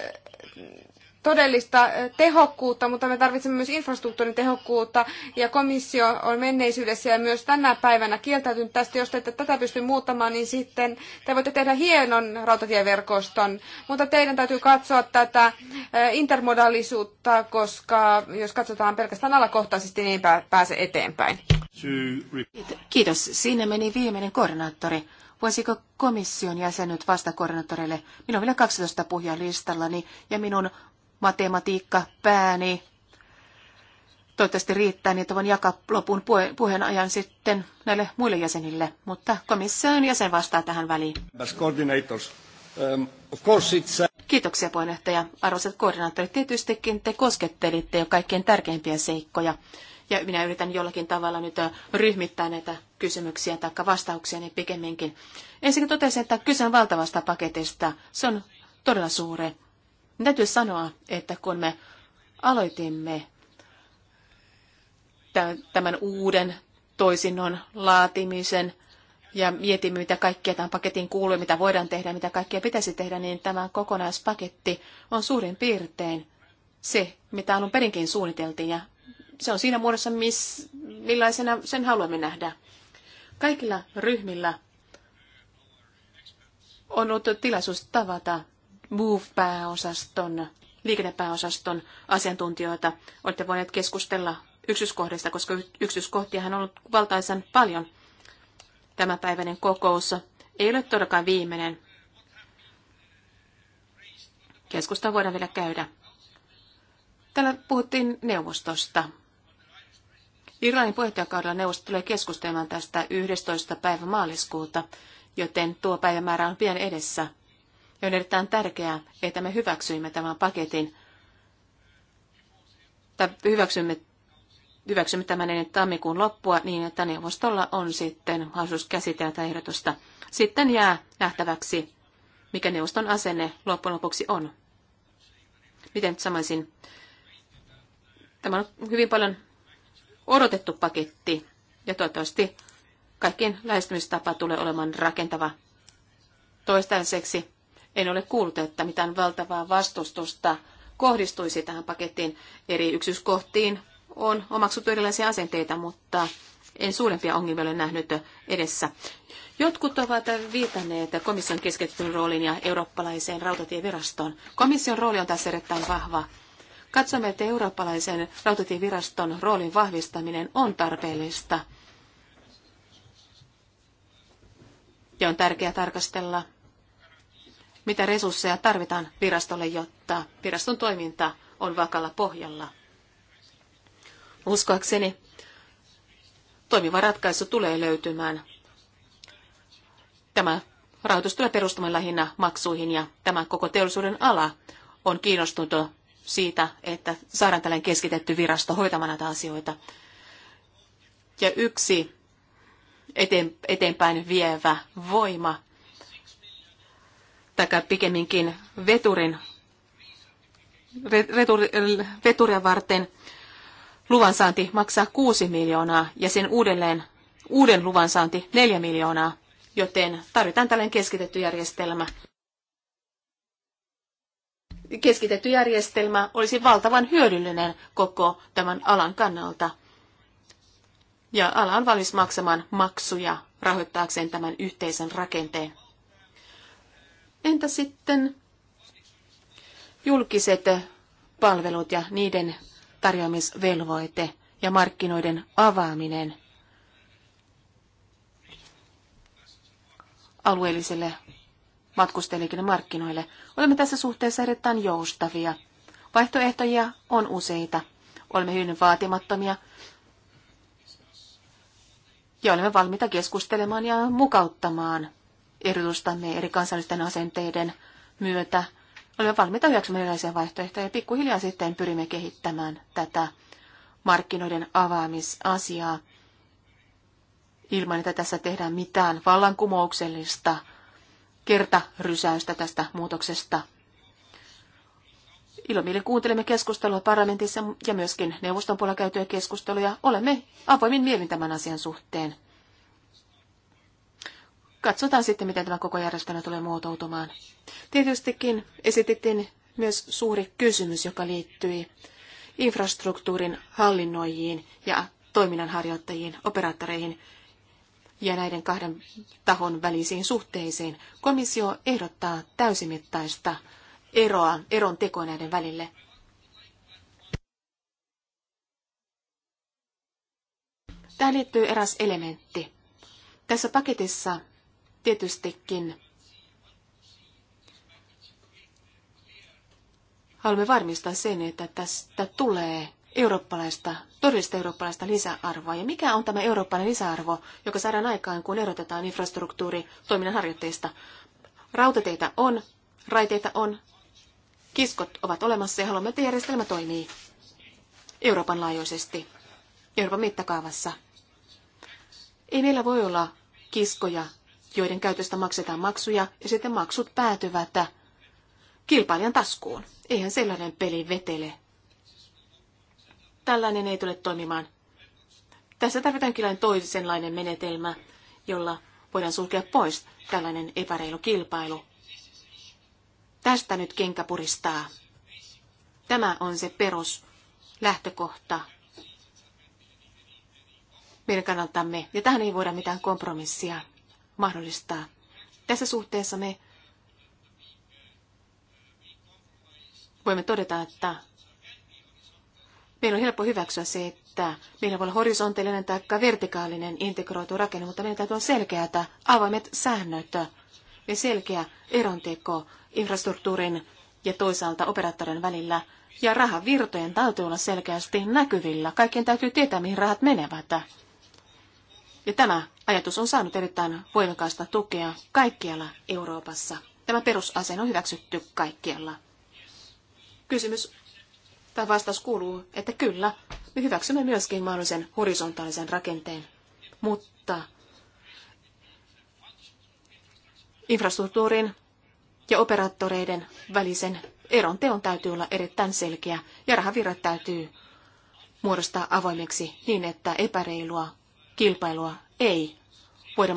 todellista eh, tehokkuutta, mutta me tarvitsemme myös infrastruktuurin tehokkuutta, ja komissio on menneisyydessä ja myös tänä päivänä kieltäytynyt tästä. Jos te ette tätä pysty muuttamaan, niin sitten te voitte tehdä hienon rautatieverkoston, mutta teidän täytyy katsoa tätä eh, intermodaalisuutta, koska jos katsotaan pelkästään alakohtaisesti, niin ei pääse eteenpäin. Kiitos. Siinä meni viimeinen koordinaattori. Voisiko komission jäsenyt vastakoordinaattoreille? Minulla on vielä 12 puhujaa listallani ja minun matematiikka pääni. Toivottavasti riittää, niin että voin jakaa lopun puheen ajan sitten näille muille jäsenille, mutta komission jäsen vastaa tähän väliin. Um, Kiitoksia puheenjohtaja. Arvoisat koordinaattorit, tietystikin te koskettelitte jo kaikkein tärkeimpiä seikkoja. Ja minä yritän jollakin tavalla nyt ryhmittää näitä kysymyksiä tai vastauksia niin pikemminkin. Ensinnäkin totesin, että kyse on valtavasta paketista. Se on todella suuri minä täytyy sanoa, että kun me aloitimme tämän uuden toisinnon laatimisen ja mietimme, mitä kaikkea tämän paketin kuuluu, mitä voidaan tehdä, mitä kaikkea pitäisi tehdä, niin tämä kokonaispaketti on suurin piirtein se, mitä alun perinkin suunniteltiin ja se on siinä muodossa, miss, millaisena sen haluamme nähdä. Kaikilla ryhmillä on ollut tilaisuus tavata MOVE-pääosaston, liikennepääosaston asiantuntijoita. Olette voineet keskustella yksityiskohdista, koska yksityiskohtiahan on ollut valtaisen paljon. Tämänpäiväinen kokous ei ole todellakaan viimeinen. Keskusta voidaan vielä käydä. Täällä puhuttiin neuvostosta. Irlannin puheenjohtajakaudella neuvosto tulee keskustelemaan tästä 11. päivä maaliskuuta, joten tuo päivämäärä on pian edessä. Ja on erittäin tärkeää, että me hyväksyimme tämän paketin, tai hyväksymme, hyväksymme tämän ennen tammikuun loppua niin, että neuvostolla on sitten mahdollisuus käsitellä tätä ehdotusta. Sitten jää nähtäväksi, mikä neuvoston asenne loppujen lopuksi on. Miten nyt sanoisin? Tämä on hyvin paljon odotettu paketti ja toivottavasti kaikkien lähestymistapa tulee olemaan rakentava. Toistaiseksi en ole kuullut, että mitään valtavaa vastustusta kohdistuisi tähän pakettiin eri yksityiskohtiin. On omaksuttu erilaisia asenteita, mutta en suurempia ongelmia ole nähnyt edessä. Jotkut ovat viitanneet komission keskittyn roolin ja eurooppalaiseen rautatievirastoon. Komission rooli on tässä erittäin vahva. Katsomme, että eurooppalaisen rautatieviraston roolin vahvistaminen on tarpeellista. Ja on tärkeää tarkastella mitä resursseja tarvitaan virastolle, jotta viraston toiminta on vakalla pohjalla. Uskoakseni toimiva ratkaisu tulee löytymään. Tämä rahoitus tulee perustumaan lähinnä maksuihin ja tämä koko teollisuuden ala on kiinnostunut siitä, että saadaan tällainen keskitetty virasto hoitamaan näitä asioita. Ja yksi eteen, eteenpäin vievä voima tai pikemminkin veturin, veturi, veturia varten luvan saanti maksaa 6 miljoonaa ja sen uudelleen uuden luvan saanti 4 miljoonaa, joten tarvitaan tällainen keskitetty järjestelmä. Keskitetty järjestelmä olisi valtavan hyödyllinen koko tämän alan kannalta. Ja ala on valmis maksamaan maksuja rahoittaakseen tämän yhteisen rakenteen. Entä sitten julkiset palvelut ja niiden tarjoamisvelvoite ja markkinoiden avaaminen alueellisille markkinoille? Olemme tässä suhteessa erittäin joustavia. Vaihtoehtoja on useita. Olemme hyvin vaatimattomia ja olemme valmiita keskustelemaan ja mukauttamaan erilustamme eri kansallisten asenteiden myötä. Olemme valmiita hyväksymään erilaisia vaihtoehtoja ja pikkuhiljaa sitten pyrimme kehittämään tätä markkinoiden avaamisasiaa ilman, että tässä tehdään mitään vallankumouksellista kertarysäystä tästä muutoksesta. Ilomielin kuuntelemme keskustelua parlamentissa ja myöskin neuvoston puolella käytyjä keskusteluja. Olemme avoimin mielin tämän asian suhteen. Katsotaan sitten, miten tämä koko järjestelmä tulee muotoutumaan. Tietystikin esitettiin myös suuri kysymys, joka liittyi infrastruktuurin hallinnoijiin ja toiminnanharjoittajiin, operaattoreihin ja näiden kahden tahon välisiin suhteisiin. Komissio ehdottaa täysimittaista eroa, eron tekoa näiden välille. Tähän liittyy eräs elementti. Tässä paketissa Tietystikin haluamme varmistaa sen, että tästä tulee eurooppalaista, todellista eurooppalaista lisäarvoa. Ja mikä on tämä eurooppalainen lisäarvo, joka saadaan aikaan, kun erotetaan infrastruktuuri toiminnan harjoitteista? Rautateitä on, raiteita on, kiskot ovat olemassa ja haluamme, että järjestelmä toimii Euroopan laajuisesti, Euroopan mittakaavassa. Ei meillä voi olla kiskoja joiden käytöstä maksetaan maksuja, ja sitten maksut päätyvät kilpailijan taskuun. Eihän sellainen peli vetele. Tällainen ei tule toimimaan. Tässä tarvitaan kyllä toisenlainen menetelmä, jolla voidaan sulkea pois tällainen epäreilu kilpailu. Tästä nyt kenkä puristaa. Tämä on se perus lähtökohta meidän kannaltamme, ja tähän ei voida mitään kompromissia mahdollistaa. Tässä suhteessa me voimme todeta, että meillä on helppo hyväksyä se, että meillä voi olla horisontellinen tai vertikaalinen integroitu rakenne, mutta meillä täytyy olla selkeät avaimet säännöt ja selkeä eronteko infrastruktuurin ja toisaalta operaattorin välillä. Ja rahavirtojen täytyy olla selkeästi näkyvillä. Kaikkien täytyy tietää, mihin rahat menevät. Ja tämä ajatus on saanut erittäin voimakasta tukea kaikkialla Euroopassa. Tämä perusasenne on hyväksytty kaikkialla. Kysymys tai vastaus kuuluu, että kyllä, me hyväksymme myöskin mahdollisen horisontaalisen rakenteen, mutta infrastruktuurin ja operaattoreiden välisen eron teon täytyy olla erittäin selkeä ja rahavirrat täytyy muodostaa avoimeksi niin, että epäreilua kilpailua ei voida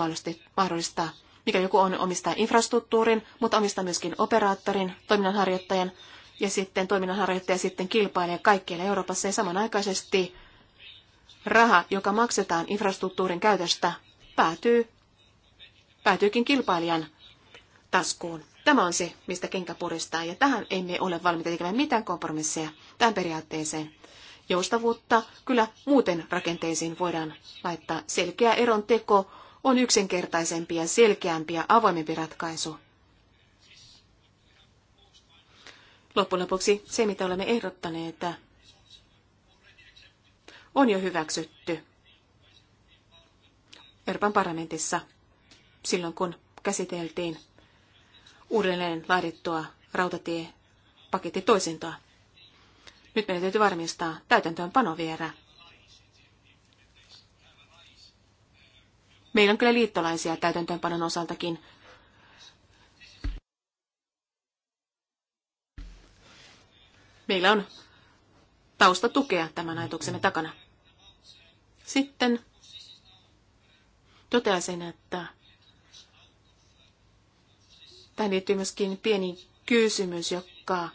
mahdollistaa. Mikä joku on omistaa infrastruktuurin, mutta omistaa myöskin operaattorin, toiminnanharjoittajan ja sitten toiminnanharjoittaja sitten kilpailee kaikkialla Euroopassa ja samanaikaisesti raha, joka maksetaan infrastruktuurin käytöstä, päätyy, päätyykin kilpailijan taskuun. Tämä on se, mistä kenkä puristaa, ja tähän emme ole valmiita tekemään mitään kompromisseja tähän periaatteeseen. Joustavuutta kyllä muuten rakenteisiin voidaan laittaa. Selkeä eron teko on yksinkertaisempi ja selkeämpi ja avoimempi ratkaisu. Loppujen lopuksi se, mitä olemme ehdottaneet, on jo hyväksytty Euroopan parlamentissa silloin, kun käsiteltiin uudelleen laadittua rautatiepaketti toisintoa. Nyt meidän täytyy varmistaa täytäntöönpano vielä. Meillä on kyllä liittolaisia täytäntöönpanon osaltakin. Meillä on tausta tukea tämän ajatuksemme takana. Sitten toteaisin, että tähän liittyy myöskin pieni kysymys, joka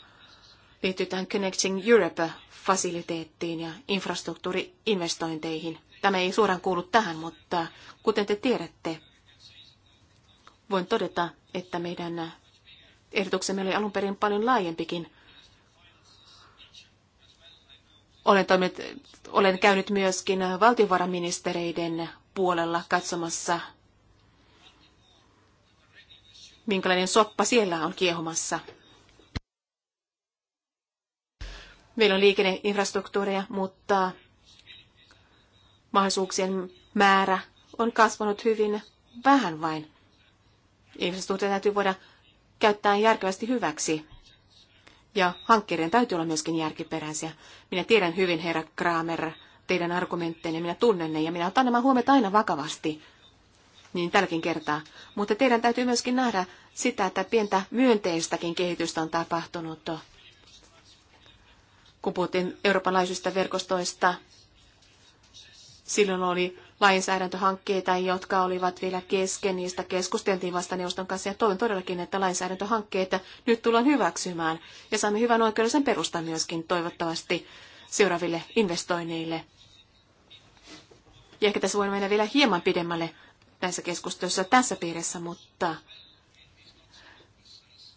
liittyy tähän Connecting Europe-fasiliteettiin ja infrastruktuuriinvestointeihin. Tämä ei suoraan kuulu tähän, mutta kuten te tiedätte, voin todeta, että meidän ehdotuksemme oli alun perin paljon laajempikin. Olen, toiminut, olen käynyt myöskin valtiovarainministereiden puolella katsomassa, minkälainen soppa siellä on kiehumassa. Meillä on liikenneinfrastruktuuria, mutta mahdollisuuksien määrä on kasvanut hyvin vähän vain. Infrastruktuuria täytyy voida käyttää järkevästi hyväksi. Ja hankkeiden täytyy olla myöskin järkiperäisiä. Minä tiedän hyvin, herra Kramer, teidän argumentteenne, minä tunnen ne ja minä otan nämä huomet aina vakavasti. Niin tälläkin kertaa. Mutta teidän täytyy myöskin nähdä sitä, että pientä myönteistäkin kehitystä on tapahtunut kun puhuttiin Euroopan laajuisista verkostoista. Silloin oli lainsäädäntöhankkeita, jotka olivat vielä kesken. Niistä keskusteltiin vasta neuvoston kanssa ja toivon todellakin, että lainsäädäntöhankkeita nyt tullaan hyväksymään ja saamme hyvän oikeudellisen perustan myöskin toivottavasti seuraaville investoinneille. Ja ehkä tässä voi mennä vielä hieman pidemmälle näissä keskusteluissa tässä piirissä, mutta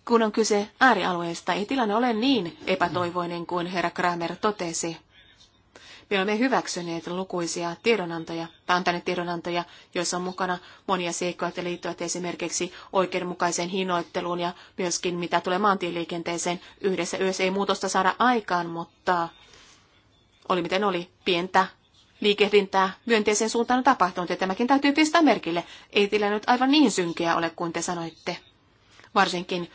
kun on kyse äärialueesta, ei tilanne ole niin epätoivoinen kuin herra Kramer totesi. Me olemme hyväksyneet lukuisia tiedonantoja, antaneet tiedonantoja, joissa on mukana monia seikkoja, jotka liittyvät esimerkiksi oikeudenmukaiseen hinnoitteluun ja myöskin mitä tulee maantieliikenteeseen. Yhdessä yössä ei muutosta saada aikaan, mutta oli miten oli, pientä liikehdintää myönteiseen suuntaan on tapahtunut, ja tämäkin täytyy pistää merkille. Ei tilanne nyt aivan niin synkeä ole kuin te sanoitte varsinkin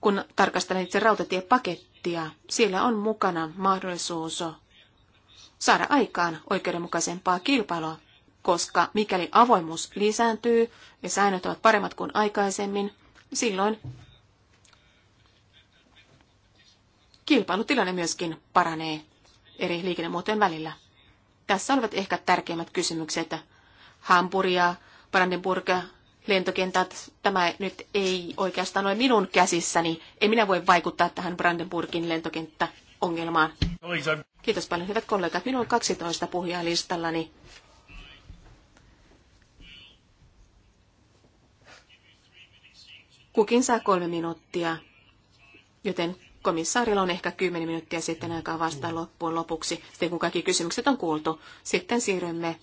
kun tarkastelen itse rautatiepakettia. Siellä on mukana mahdollisuus saada aikaan oikeudenmukaisempaa kilpailua, koska mikäli avoimuus lisääntyy ja säännöt ovat paremmat kuin aikaisemmin, silloin kilpailutilanne myöskin paranee eri liikennemuotojen välillä. Tässä olivat ehkä tärkeimmät kysymykset. Hampuria, Brandenburg, lentokentät. Tämä nyt ei oikeastaan ole minun käsissäni. Ei minä voi vaikuttaa tähän Brandenburgin lentokenttäongelmaan. Kiitos paljon, hyvät kollegat. Minulla on 12 puhujaa listallani. Kukin saa kolme minuuttia, joten komissaarilla on ehkä kymmenen minuuttia sitten aikaa vastaan loppuun lopuksi, sitten kun kaikki kysymykset on kuultu. Sitten siirrymme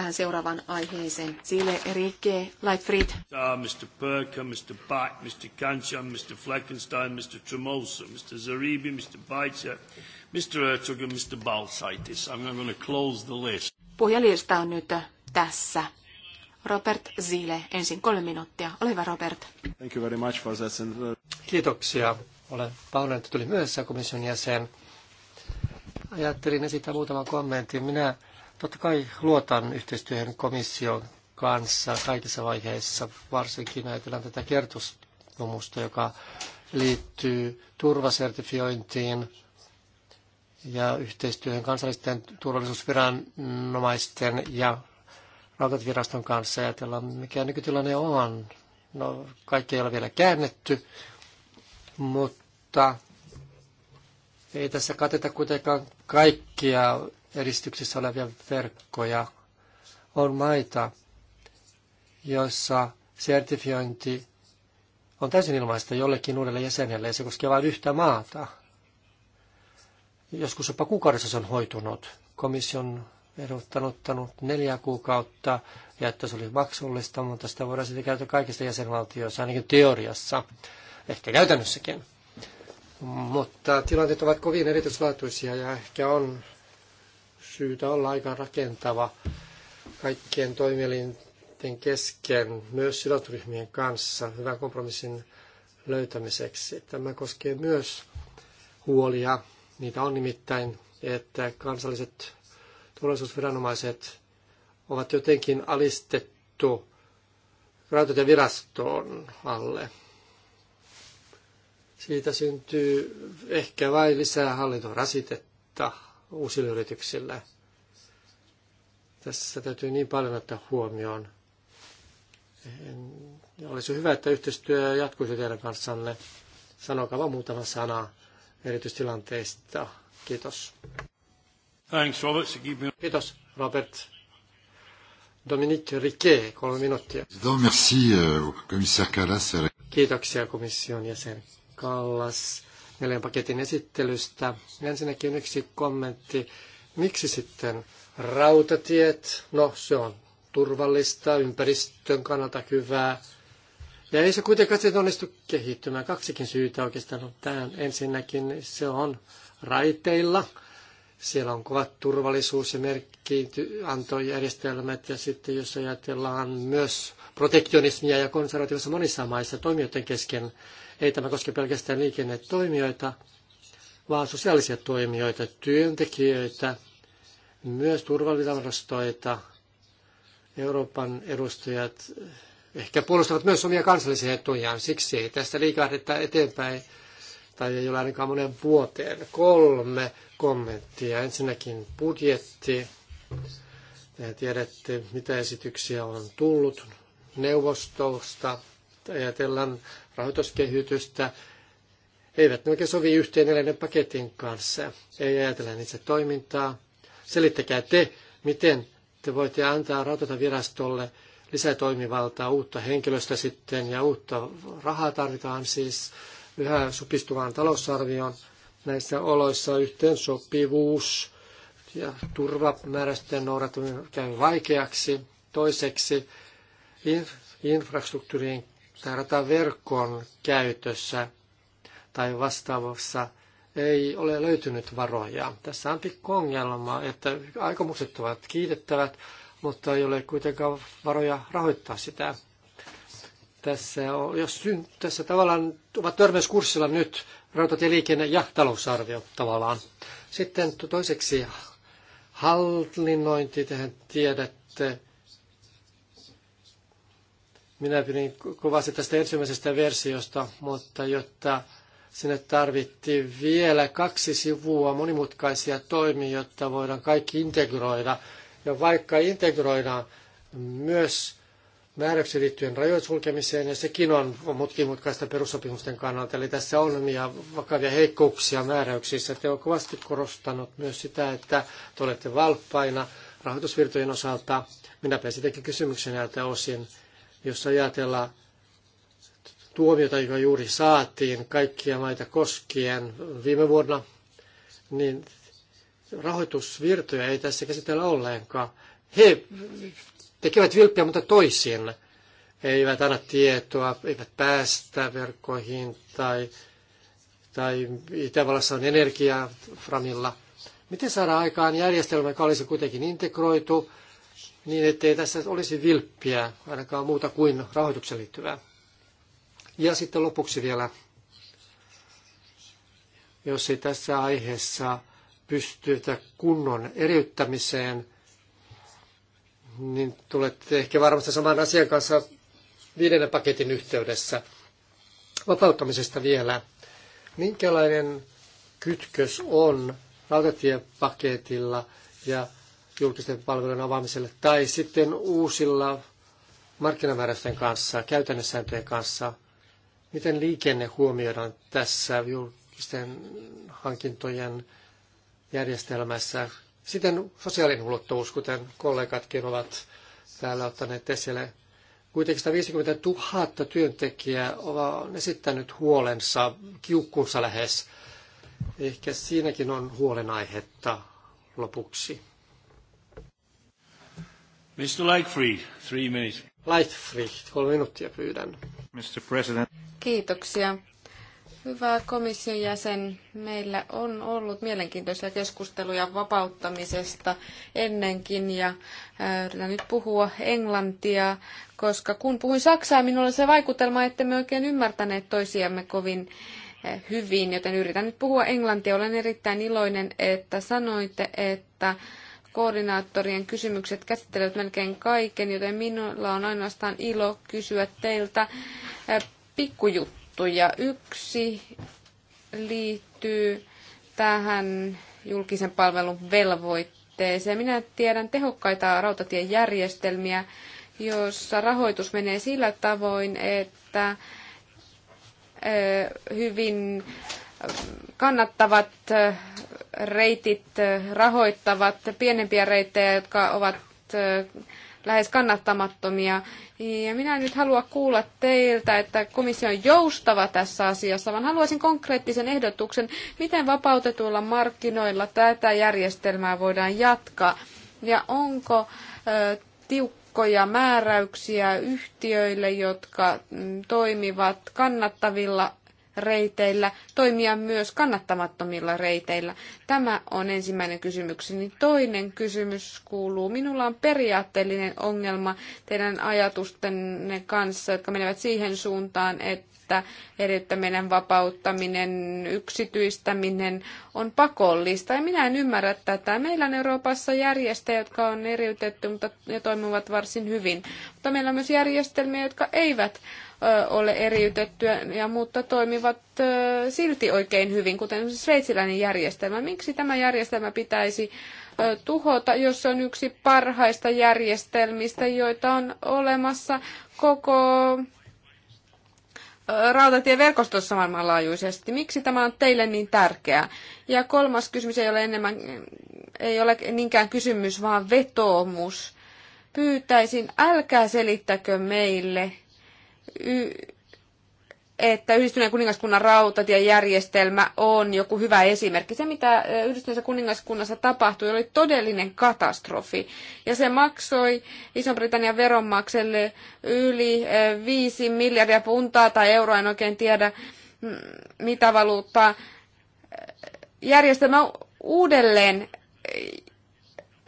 tähän seuraavaan aiheeseen. Sille Rikke Lightfried. Mr. Perker, Mr. Back, Mr. Kanchan, Mr. Fleckenstein, Mr. Tremolsa, Mr. Zaribi, Mr. Baitse, Mr. Ertug and Mr. Balsaitis. I'm going to close the list. Puhujalista on nyt tässä. Robert Zile, ensin kolme minuuttia. Ole hyvä, Robert. Thank you very much for that. Uh, Kiitoksia. Olen pahoillani, että tuli myöhässä komission jäsen. Ajattelin esittää muutaman kommentin. Minä Totta kai luotan yhteistyöhön komission kanssa kaikissa vaiheissa, varsinkin ajatellaan tätä kertomusta, joka liittyy turvasertifiointiin ja yhteistyöhön kansallisten turvallisuusviranomaisten ja rautatieviraston kanssa. Ajatellaan, mikä nykytilanne on. No, kaikki ei ole vielä käännetty, mutta ei tässä kateta kuitenkaan kaikkia eristyksissä olevia verkkoja. On maita, joissa sertifiointi on täysin ilmaista jollekin uudelle jäsenelle ja se koskee vain yhtä maata. Joskus jopa kuukaudessa se on hoitunut. Komission ottanut neljä kuukautta ja että se oli maksullista, mutta sitä voidaan sitten käyttää kaikista jäsenvaltioissa, ainakin teoriassa, ehkä käytännössäkin. Mutta tilanteet ovat kovin erityislaatuisia ja ehkä on syytä olla aika rakentava kaikkien toimielinten kesken, myös sidotryhmien kanssa, hyvän kompromissin löytämiseksi. Tämä koskee myös huolia. Niitä on nimittäin, että kansalliset turvallisuusviranomaiset ovat jotenkin alistettu rautatievirastoon alle. Siitä syntyy ehkä vain lisää hallintorasitetta uusille yrityksille. Tässä täytyy niin paljon ottaa huomioon. Olisi hyvä, että yhteistyö jatkuisi teidän kanssanne. Sanokaa vain muutama sana erityistilanteista. Kiitos. Thanks, Robert. Kiitos, Robert. Dominique Riquet, kolme minuuttia. Merci, euh, commissaire Kallas. Kiitoksia komission jäsen Kallas neljän paketin esittelystä. Ensinnäkin yksi kommentti. Miksi sitten rautatiet? No, se on turvallista, ympäristön kannalta hyvää. Ja ei se kuitenkaan sitten onnistu kehittymään. Kaksikin syytä oikeastaan on tähän. Ensinnäkin se on raiteilla. Siellä on kovat turvallisuus- ja merkkiantojärjestelmät. Ja sitten jos ajatellaan myös protektionismia ja konservatiivissa monissa maissa toimijoiden kesken, ei tämä koske pelkästään liikennetoimijoita, vaan sosiaalisia toimijoita, työntekijöitä, myös turvallisuusvarastoita. Euroopan edustajat ehkä puolustavat myös omia kansallisia etujaan, siksi ei tästä liikahdetta eteenpäin tai ei ole ainakaan monen vuoteen. Kolme kommenttia. Ensinnäkin budjetti. Te tiedätte, mitä esityksiä on tullut neuvostosta ajatellaan rahoituskehitystä, eivät ne oikein sovi yhteen eläinen paketin kanssa. Ei ajatella itse toimintaa. Selittäkää te, miten te voitte antaa virastolle lisätoimivaltaa, uutta henkilöstä sitten ja uutta rahaa tarvitaan siis yhä supistuvaan talousarvioon näissä oloissa yhteen sopivuus ja turvamääräisten noudattaminen käy vaikeaksi. Toiseksi infrastruktuurien rataverkon käytössä tai vastaavassa ei ole löytynyt varoja. Tässä on pikku ongelma, että aikomukset ovat kiitettävät, mutta ei ole kuitenkaan varoja rahoittaa sitä. Tässä, on, jos syn, tässä tavallaan ovat törmäyskurssilla nyt rautatieliikenne ja talousarvio tavallaan. Sitten toiseksi hallinnointi, tähän tiedätte, minä pidin kovasti tästä ensimmäisestä versiosta, mutta jotta sinne tarvittiin vielä kaksi sivua monimutkaisia toimia, jotta voidaan kaikki integroida. Ja vaikka integroidaan myös määräyksiin liittyen rajojen sulkemiseen, ja sekin on mutkimutkaista perussopimusten kannalta. Eli tässä on omia vakavia heikkouksia määräyksissä. Te olette kovasti korostanut myös sitä, että te olette valppaina rahoitusvirtojen osalta. Minä pääsin kysymyksen näiltä osin jos ajatellaan tuomiota, joka juuri saatiin kaikkia maita koskien viime vuonna, niin rahoitusvirtoja ei tässä käsitellä ollenkaan. He tekevät vilppiä, mutta toisin. He eivät anna tietoa, eivät päästä verkkoihin tai, tai Itävallassa on energiaa Framilla. Miten saadaan aikaan järjestelmä, joka olisi kuitenkin integroitu, niin ettei tässä olisi vilppiä, ainakaan muuta kuin rahoituksen liittyvää. Ja sitten lopuksi vielä, jos ei tässä aiheessa pystytä kunnon eriyttämiseen, niin tulette ehkä varmasti saman asian kanssa viidennen paketin yhteydessä. Vapauttamisesta vielä. Minkälainen kytkös on rautatiepaketilla ja julkisten palvelujen avaamiselle tai sitten uusilla markkinamääräysten kanssa, käytännössääntöjen kanssa. Miten liikenne huomioidaan tässä julkisten hankintojen järjestelmässä? Sitten sosiaalinen ulottuvuus, kuten kollegatkin ovat täällä ottaneet esille. Kuitenkin 150 000 työntekijää on esittänyt huolensa, kiukkunsa lähes. Ehkä siinäkin on huolenaihetta lopuksi. Mr. Lightfried, three minutes. Lightfried, kolme minuuttia pyydän. Mr. President. Kiitoksia. Hyvä komission jäsen, meillä on ollut mielenkiintoisia keskusteluja vapauttamisesta ennenkin ja äh, yritän nyt puhua englantia, koska kun puhuin saksaa, minulla se vaikutelma, että me oikein ymmärtäneet toisiamme kovin äh, hyvin, joten yritän nyt puhua englantia. Olen erittäin iloinen, että sanoitte, että koordinaattorien kysymykset käsittelevät melkein kaiken, joten minulla on ainoastaan ilo kysyä teiltä pikkujuttuja. Yksi liittyy tähän julkisen palvelun velvoitteeseen. Minä tiedän tehokkaita rautatiejärjestelmiä, joissa rahoitus menee sillä tavoin, että hyvin kannattavat reitit rahoittavat pienempiä reittejä, jotka ovat lähes kannattamattomia. Ja minä en nyt halua kuulla teiltä, että komissio on joustava tässä asiassa, vaan haluaisin konkreettisen ehdotuksen, miten vapautetuilla markkinoilla tätä järjestelmää voidaan jatkaa. Ja onko tiukkoja määräyksiä yhtiöille, jotka mm, toimivat kannattavilla reiteillä, toimia myös kannattamattomilla reiteillä? Tämä on ensimmäinen kysymykseni. Toinen kysymys kuuluu, minulla on periaatteellinen ongelma teidän ajatustenne kanssa, jotka menevät siihen suuntaan, että eriyttäminen, vapauttaminen, yksityistäminen on pakollista. Ja minä en ymmärrä tätä. Meillä on Euroopassa järjestöjä, jotka on eriytetty, mutta ne toimivat varsin hyvin. Mutta meillä on myös järjestelmiä, jotka eivät ole eriytettyä, ja, mutta toimivat silti oikein hyvin, kuten sveitsiläinen järjestelmä. Miksi tämä järjestelmä pitäisi tuhota, jos se on yksi parhaista järjestelmistä, joita on olemassa koko rautatieverkostossa maailmanlaajuisesti. Miksi tämä on teille niin tärkeää? Ja kolmas kysymys ei ole, enemmän, ei ole niinkään kysymys, vaan vetoomus. Pyytäisin, älkää selittäkö meille, että yhdistyneen kuningaskunnan rautatiejärjestelmä on joku hyvä esimerkki. Se, mitä yhdistyneessä kuningaskunnassa tapahtui, oli todellinen katastrofi. Ja se maksoi Iso-Britannian veronmaksajille yli 5 miljardia puntaa tai euroa, en oikein tiedä mm, mitä valuuttaa. Järjestelmä uudelleen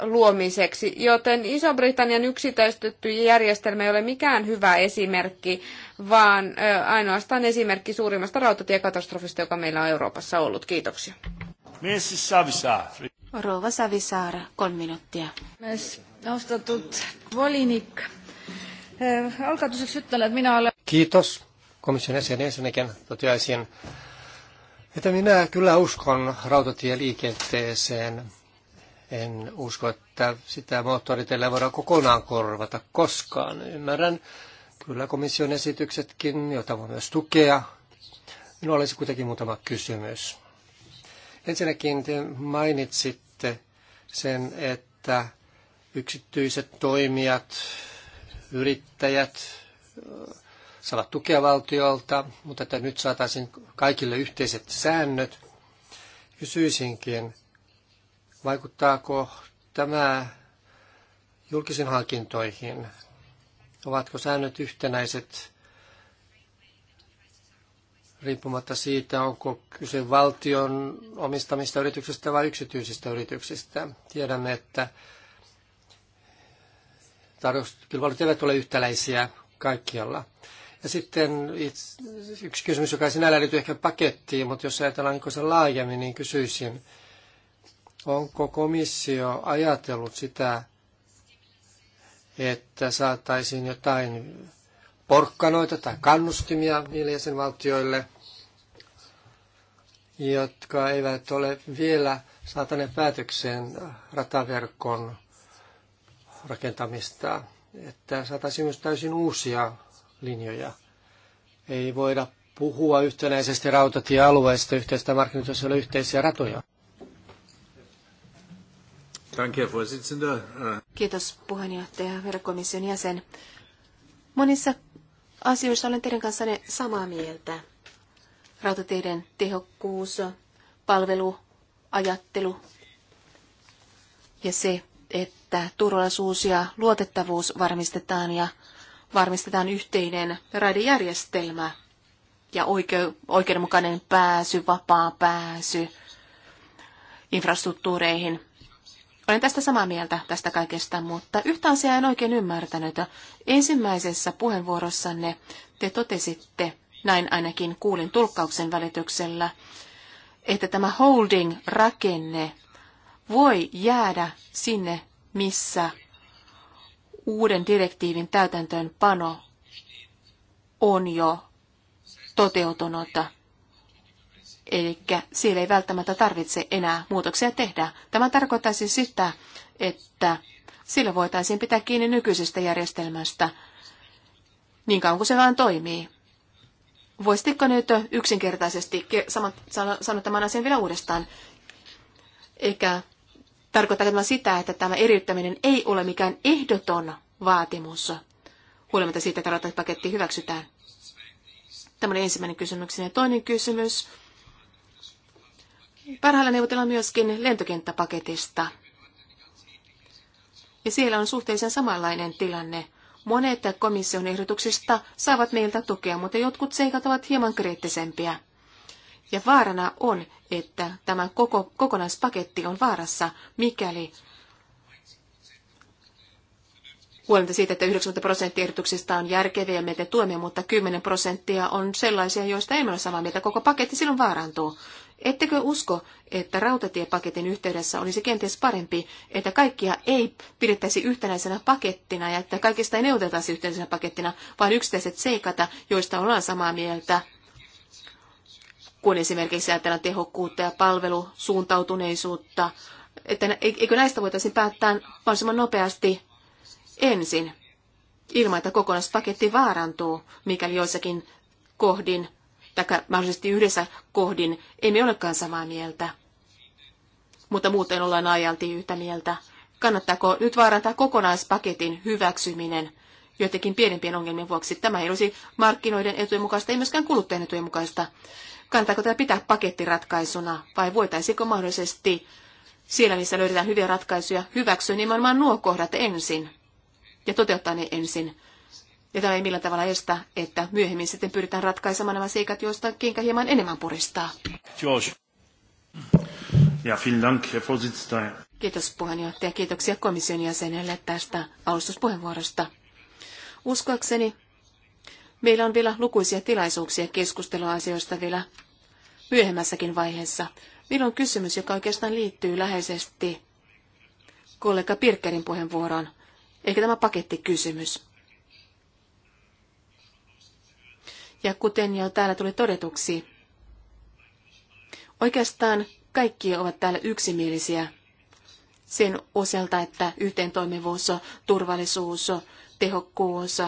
luomiseksi, joten Iso-Britannian yksityistetty järjestelmä ei ole mikään hyvä esimerkki, vaan ainoastaan esimerkki suurimmasta rautatiekatastrofista, joka meillä on Euroopassa ollut. Kiitoksia. Rouva Savisaara, kolme minuuttia. Austatud volinik. Alkatuseks ütlen, että minä olen... Kiitos komission jäsen ensinnäkin toteaisin, että minä kyllä uskon rautatieliikenteeseen en usko, että sitä moottoriteillä voidaan kokonaan korvata koskaan. Ymmärrän kyllä komission esityksetkin, joita voi myös tukea. Minulla olisi kuitenkin muutama kysymys. Ensinnäkin te mainitsitte sen, että yksityiset toimijat, yrittäjät saavat tukea valtiolta, mutta että nyt saataisiin kaikille yhteiset säännöt. Kysyisinkin, Vaikuttaako tämä julkisiin hankintoihin? Ovatko säännöt yhtenäiset riippumatta siitä, onko kyse valtion omistamista yrityksistä vai yksityisistä yrityksistä? Tiedämme, että tarjouskilpailut eivät ole yhtäläisiä kaikkialla. Ja sitten yksi kysymys, joka sinällä liittyy ehkä pakettiin, mutta jos ajatellaan niin sen laajemmin, niin kysyisin, Onko komissio ajatellut sitä, että saataisiin jotain porkkanoita tai kannustimia niille jäsenvaltioille, jotka eivät ole vielä saataneet päätökseen rataverkon rakentamista, että saataisiin myös täysin uusia linjoja. Ei voida puhua yhtenäisesti rautatiealueesta yhteistä markkinoita, jos ei ole yhteisiä ratoja. Kiitos puheenjohtaja, komission jäsen. Monissa asioissa olen teidän kanssanne samaa mieltä. Rautateiden tehokkuus, palvelu, ajattelu ja se, että turvallisuus ja luotettavuus varmistetaan ja varmistetaan yhteinen raidejärjestelmä ja oikeudenmukainen pääsy, vapaa pääsy infrastruktuureihin – olen tästä samaa mieltä tästä kaikesta, mutta yhtä asiaa en oikein ymmärtänyt. Ensimmäisessä puheenvuorossanne te totesitte, näin ainakin kuulin tulkkauksen välityksellä, että tämä holding-rakenne voi jäädä sinne, missä uuden direktiivin täytäntöönpano on jo toteutunut. Eli siellä ei välttämättä tarvitse enää muutoksia tehdä. Tämä tarkoittaisi sitä, että sillä voitaisiin pitää kiinni nykyisestä järjestelmästä niin kauan kuin se vaan toimii. Voisitko nyt yksinkertaisesti sanoa tämän asian vielä uudestaan? Eikä tarkoittaa tämä sitä, että tämä eriyttäminen ei ole mikään ehdoton vaatimus, huolimatta siitä, että paketti hyväksytään. Tämä oli ensimmäinen kysymys, Ja toinen kysymys Parhailla neuvotellaan myöskin lentokenttäpaketista. Ja siellä on suhteellisen samanlainen tilanne. Monet komission ehdotuksista saavat meiltä tukea, mutta jotkut seikat ovat hieman kriittisempiä. Ja vaarana on, että tämä koko, kokonaispaketti on vaarassa, mikäli huolimatta siitä, että 90 prosenttia ehdotuksista on järkeviä ja meitä tuemme, mutta 10 prosenttia on sellaisia, joista ei ole samaa mieltä. Koko paketti silloin vaarantuu. Ettekö usko, että rautatiepaketin yhteydessä olisi kenties parempi, että kaikkia ei pidettäisi yhtenäisenä pakettina ja että kaikista ei neuvoteltaisi yhtenäisenä pakettina, vaan yksittäiset seikat, joista ollaan samaa mieltä, kun esimerkiksi ajatellaan tehokkuutta ja palvelusuuntautuneisuutta, että e- eikö näistä voitaisiin päättää mahdollisimman nopeasti ensin, ilman että kokonaispaketti vaarantuu, mikäli joissakin kohdin tai mahdollisesti yhdessä kohdin emme olekaan samaa mieltä, mutta muuten ollaan ajalti yhtä mieltä. Kannattaako nyt vaarantaa kokonaispaketin hyväksyminen joidenkin pienempien ongelmien vuoksi? Tämä ei olisi markkinoiden etujen mukaista, ei myöskään kuluttajien etujen mukaista. Kannattaako tämä pitää pakettiratkaisuna vai voitaisiinko mahdollisesti siellä, missä löydetään hyviä ratkaisuja, hyväksyä nimenomaan nuo kohdat ensin ja toteuttaa ne ensin ja tämä ei millään tavalla estä, että myöhemmin sitten pyritään ratkaisemaan nämä seikat, joista kenkä hieman enemmän puristaa. George. Ja, Dank, Herr Kiitos puheenjohtaja, kiitoksia komission jäsenelle tästä alustuspuheenvuorosta. Uskoakseni meillä on vielä lukuisia tilaisuuksia keskustella asioista vielä myöhemmässäkin vaiheessa. Meillä on kysymys, joka oikeastaan liittyy läheisesti kollega Pirkkerin puheenvuoroon, eikä tämä pakettikysymys. Ja kuten jo täällä tuli todetuksi, oikeastaan kaikki ovat täällä yksimielisiä sen osalta, että yhteentoimivuus, turvallisuus, tehokkuus,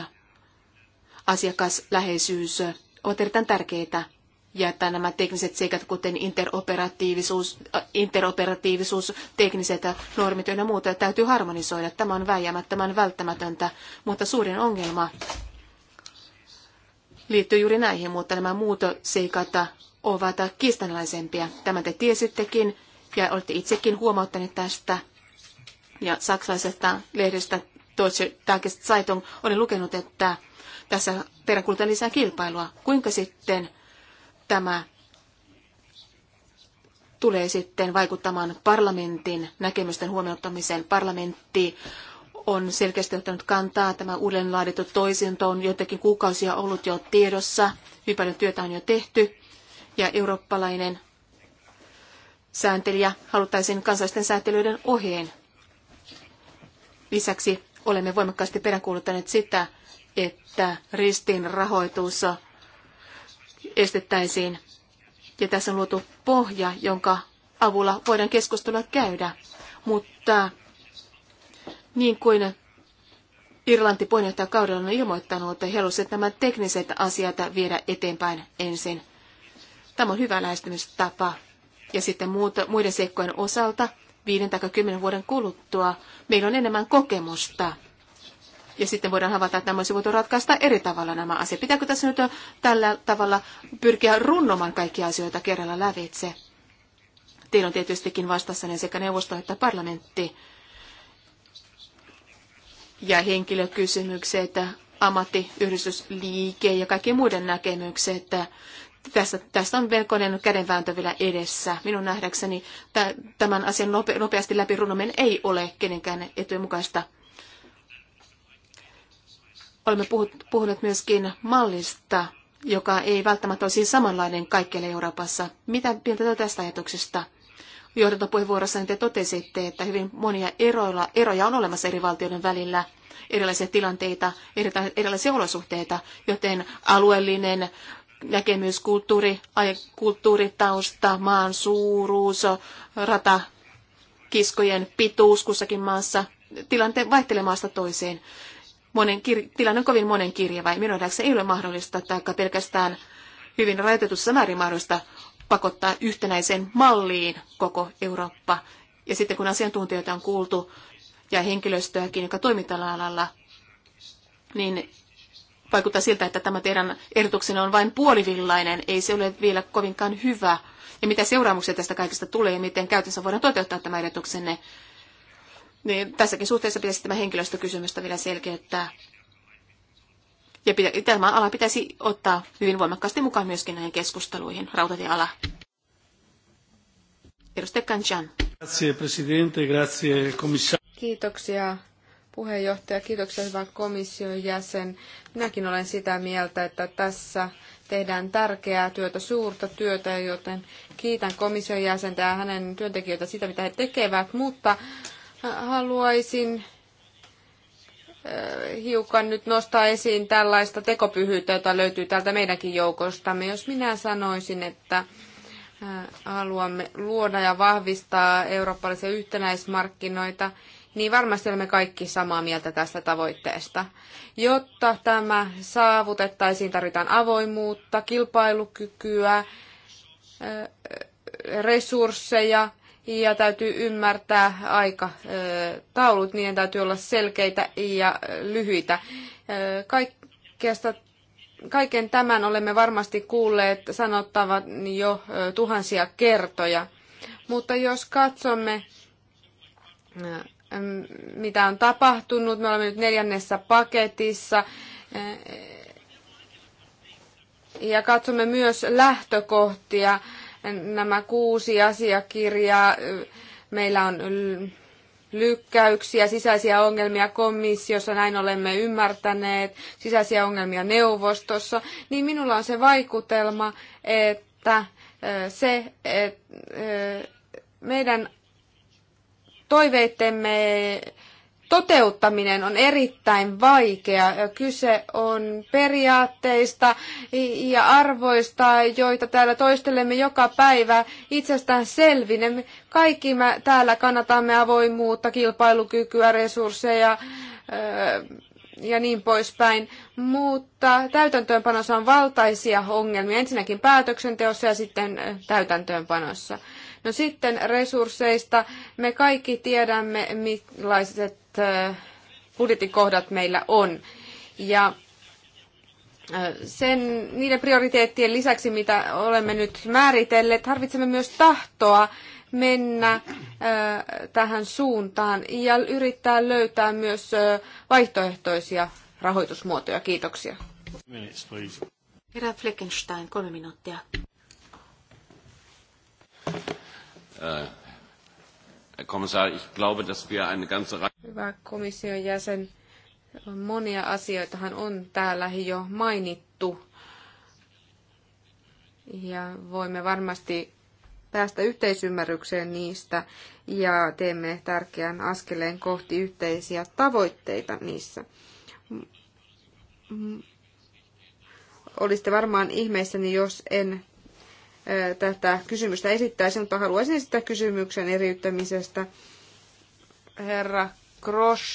asiakasläheisyys ovat erittäin tärkeitä. Ja että nämä tekniset seikat, kuten interoperatiivisuus, äh, interoperatiivisuus tekniset normit ja muuta, täytyy harmonisoida. Tämä on väijämättömän välttämätöntä, mutta suurin ongelma liittyy juuri näihin, mutta nämä muut seikat ovat kiistanalaisempia. Tämä te tiesittekin ja olette itsekin huomauttaneet tästä. Ja saksalaisesta lehdestä Deutsche Tageszeitung oli lukenut, että tässä peräkulta lisää kilpailua. Kuinka sitten tämä tulee sitten vaikuttamaan parlamentin näkemysten huomioittamiseen. Parlamentti on selkeästi ottanut kantaa. Tämä uudelleen laadittu toisinto on joitakin kuukausia ollut jo tiedossa. Hyvin paljon työtä on jo tehty. Ja eurooppalainen sääntelijä haluttaisiin kansallisten sääntelyiden ohjeen. Lisäksi olemme voimakkaasti peräänkuuluttaneet sitä, että ristin rahoitus estettäisiin. Ja tässä on luotu pohja, jonka avulla voidaan keskustelua käydä. Mutta niin kuin Irlanti kaudella on ilmoittanut, että he halusivat nämä tekniset asiat viedä eteenpäin ensin. Tämä on hyvä lähestymistapa. Ja sitten muuta, muiden seikkojen osalta, viiden tai kymmenen vuoden kuluttua, meillä on enemmän kokemusta. Ja sitten voidaan havaita, että nämä olisi voitu ratkaista eri tavalla nämä asiat. Pitääkö tässä nyt tällä tavalla pyrkiä runnomaan kaikkia asioita kerralla lävitse? Teillä on tietystikin ne sekä neuvosto että parlamentti ja henkilökysymykset, ammattiyhdistysliike ja kaikki muiden näkemykset. Tästä, tästä on velkoinen kädenvääntö vielä edessä. Minun nähdäkseni tämän asian nope, nopeasti läpi runomen ei ole kenenkään etujen mukaista. Olemme puhuneet myöskin mallista, joka ei välttämättä olisi samanlainen kaikkialle Euroopassa. Mitä mieltä tästä ajatuksesta? johdantopuheenvuorossanne niin te totesitte, että hyvin monia eroilla, eroja on olemassa eri valtioiden välillä, erilaisia tilanteita, erilaisia olosuhteita, joten alueellinen näkemys, kulttuuri, kulttuuritausta, maan suuruus, rata, kiskojen pituus kussakin maassa, tilanteen vaihtelemasta toiseen. Monen kir- tilanne on kovin monen kirjava ja minun ei ole mahdollista tai pelkästään hyvin rajoitetussa määrin mahdollista pakottaa yhtenäiseen malliin koko Eurooppa. Ja sitten kun asiantuntijoita on kuultu ja henkilöstöäkin, joka toimii tällä alalla, niin vaikuttaa siltä, että tämä teidän ehdotuksenne on vain puolivillainen, ei se ole vielä kovinkaan hyvä. Ja mitä seuraamuksia tästä kaikesta tulee ja miten käytössä voidaan toteuttaa tämä ehdotuksenne, niin tässäkin suhteessa pitäisi tämä henkilöstökysymystä vielä selkeyttää. Ja tämä ala pitäisi ottaa hyvin voimakkaasti mukaan myöskin näihin keskusteluihin, rautatieala. Edustaja Kanchan. Kiitoksia puheenjohtaja, kiitoksia hyvä komission jäsen. Minäkin olen sitä mieltä, että tässä tehdään tärkeää työtä, suurta työtä, joten kiitän komission jäsentä ja hänen työntekijöitä sitä, mitä he tekevät, mutta äh, haluaisin Äh, hiukan nyt nostaa esiin tällaista tekopyhyyttä, jota löytyy täältä meidänkin joukostamme. Jos minä sanoisin, että äh, haluamme luoda ja vahvistaa eurooppalaisia yhtenäismarkkinoita, niin varmasti olemme kaikki samaa mieltä tästä tavoitteesta. Jotta tämä saavutettaisiin, tarvitaan avoimuutta, kilpailukykyä, äh, resursseja, ja täytyy ymmärtää aika taulut niiden täytyy olla selkeitä ja lyhyitä. Kaikkeasta, kaiken tämän olemme varmasti kuulleet sanottavan jo tuhansia kertoja, mutta jos katsomme mitä on tapahtunut, me olemme nyt neljännessä paketissa, ja katsomme myös lähtökohtia, nämä kuusi asiakirjaa. Meillä on lykkäyksiä, sisäisiä ongelmia komissiossa, näin olemme ymmärtäneet, sisäisiä ongelmia neuvostossa, niin minulla on se vaikutelma, että se, että meidän toiveittemme toteuttaminen on erittäin vaikea. Kyse on periaatteista ja arvoista, joita täällä toistelemme joka päivä itsestään selvinen. Kaikki me täällä kannatamme avoimuutta, kilpailukykyä, resursseja ja niin poispäin, mutta täytäntöönpanossa on valtaisia ongelmia, ensinnäkin päätöksenteossa ja sitten täytäntöönpanossa. No sitten resursseista. Me kaikki tiedämme, millaiset kohdat meillä on. Ja sen, niiden prioriteettien lisäksi, mitä olemme nyt määritelleet, tarvitsemme myös tahtoa mennä tähän suuntaan ja yrittää löytää myös vaihtoehtoisia rahoitusmuotoja. Kiitoksia. Minutes, Herra Fleckenstein, kolme minuuttia. Uh, Kommissar, ich glaube, dass wir eine ganze Hyvä komission jäsen, monia asioitahan on täällä jo mainittu. Ja voimme varmasti päästä yhteisymmärrykseen niistä ja teemme tärkeän askeleen kohti yhteisiä tavoitteita niissä. Olisitte varmaan ihmeissäni, jos en tätä kysymystä esittäisin, mutta haluaisin esittää kysymyksen eriyttämisestä. Herra Grosch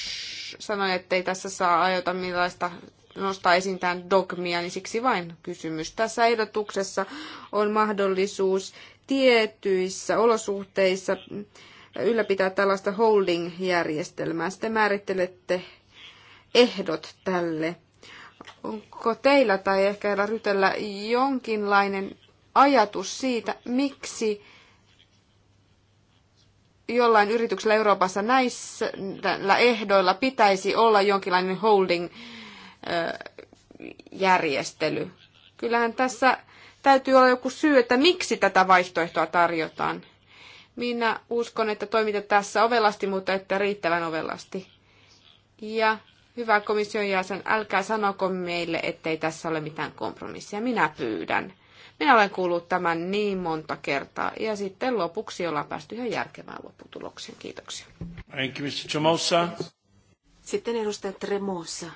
sanoi, että ei tässä saa ajota millaista nostaa esiin tämän dogmia, niin siksi vain kysymys. Tässä ehdotuksessa on mahdollisuus tietyissä olosuhteissa ylläpitää tällaista holding-järjestelmää. Sitten määrittelette ehdot tälle. Onko teillä tai ehkä Rytellä jonkinlainen ajatus siitä, miksi jollain yrityksellä Euroopassa näillä ehdoilla pitäisi olla jonkinlainen holding-järjestely. Kyllähän tässä täytyy olla joku syy, että miksi tätä vaihtoehtoa tarjotaan. Minä uskon, että toimitte tässä ovelasti, mutta että riittävän ovelasti. Ja hyvä komission jäsen, älkää sanoko meille, ettei tässä ole mitään kompromissia. Minä pyydän. Minä olen kuullut tämän niin monta kertaa. Ja sitten lopuksi ollaan päästy ihan järkevään lopputulokseen. Kiitoksia. Thank you, Mr. Sitten edustaja Tremosa.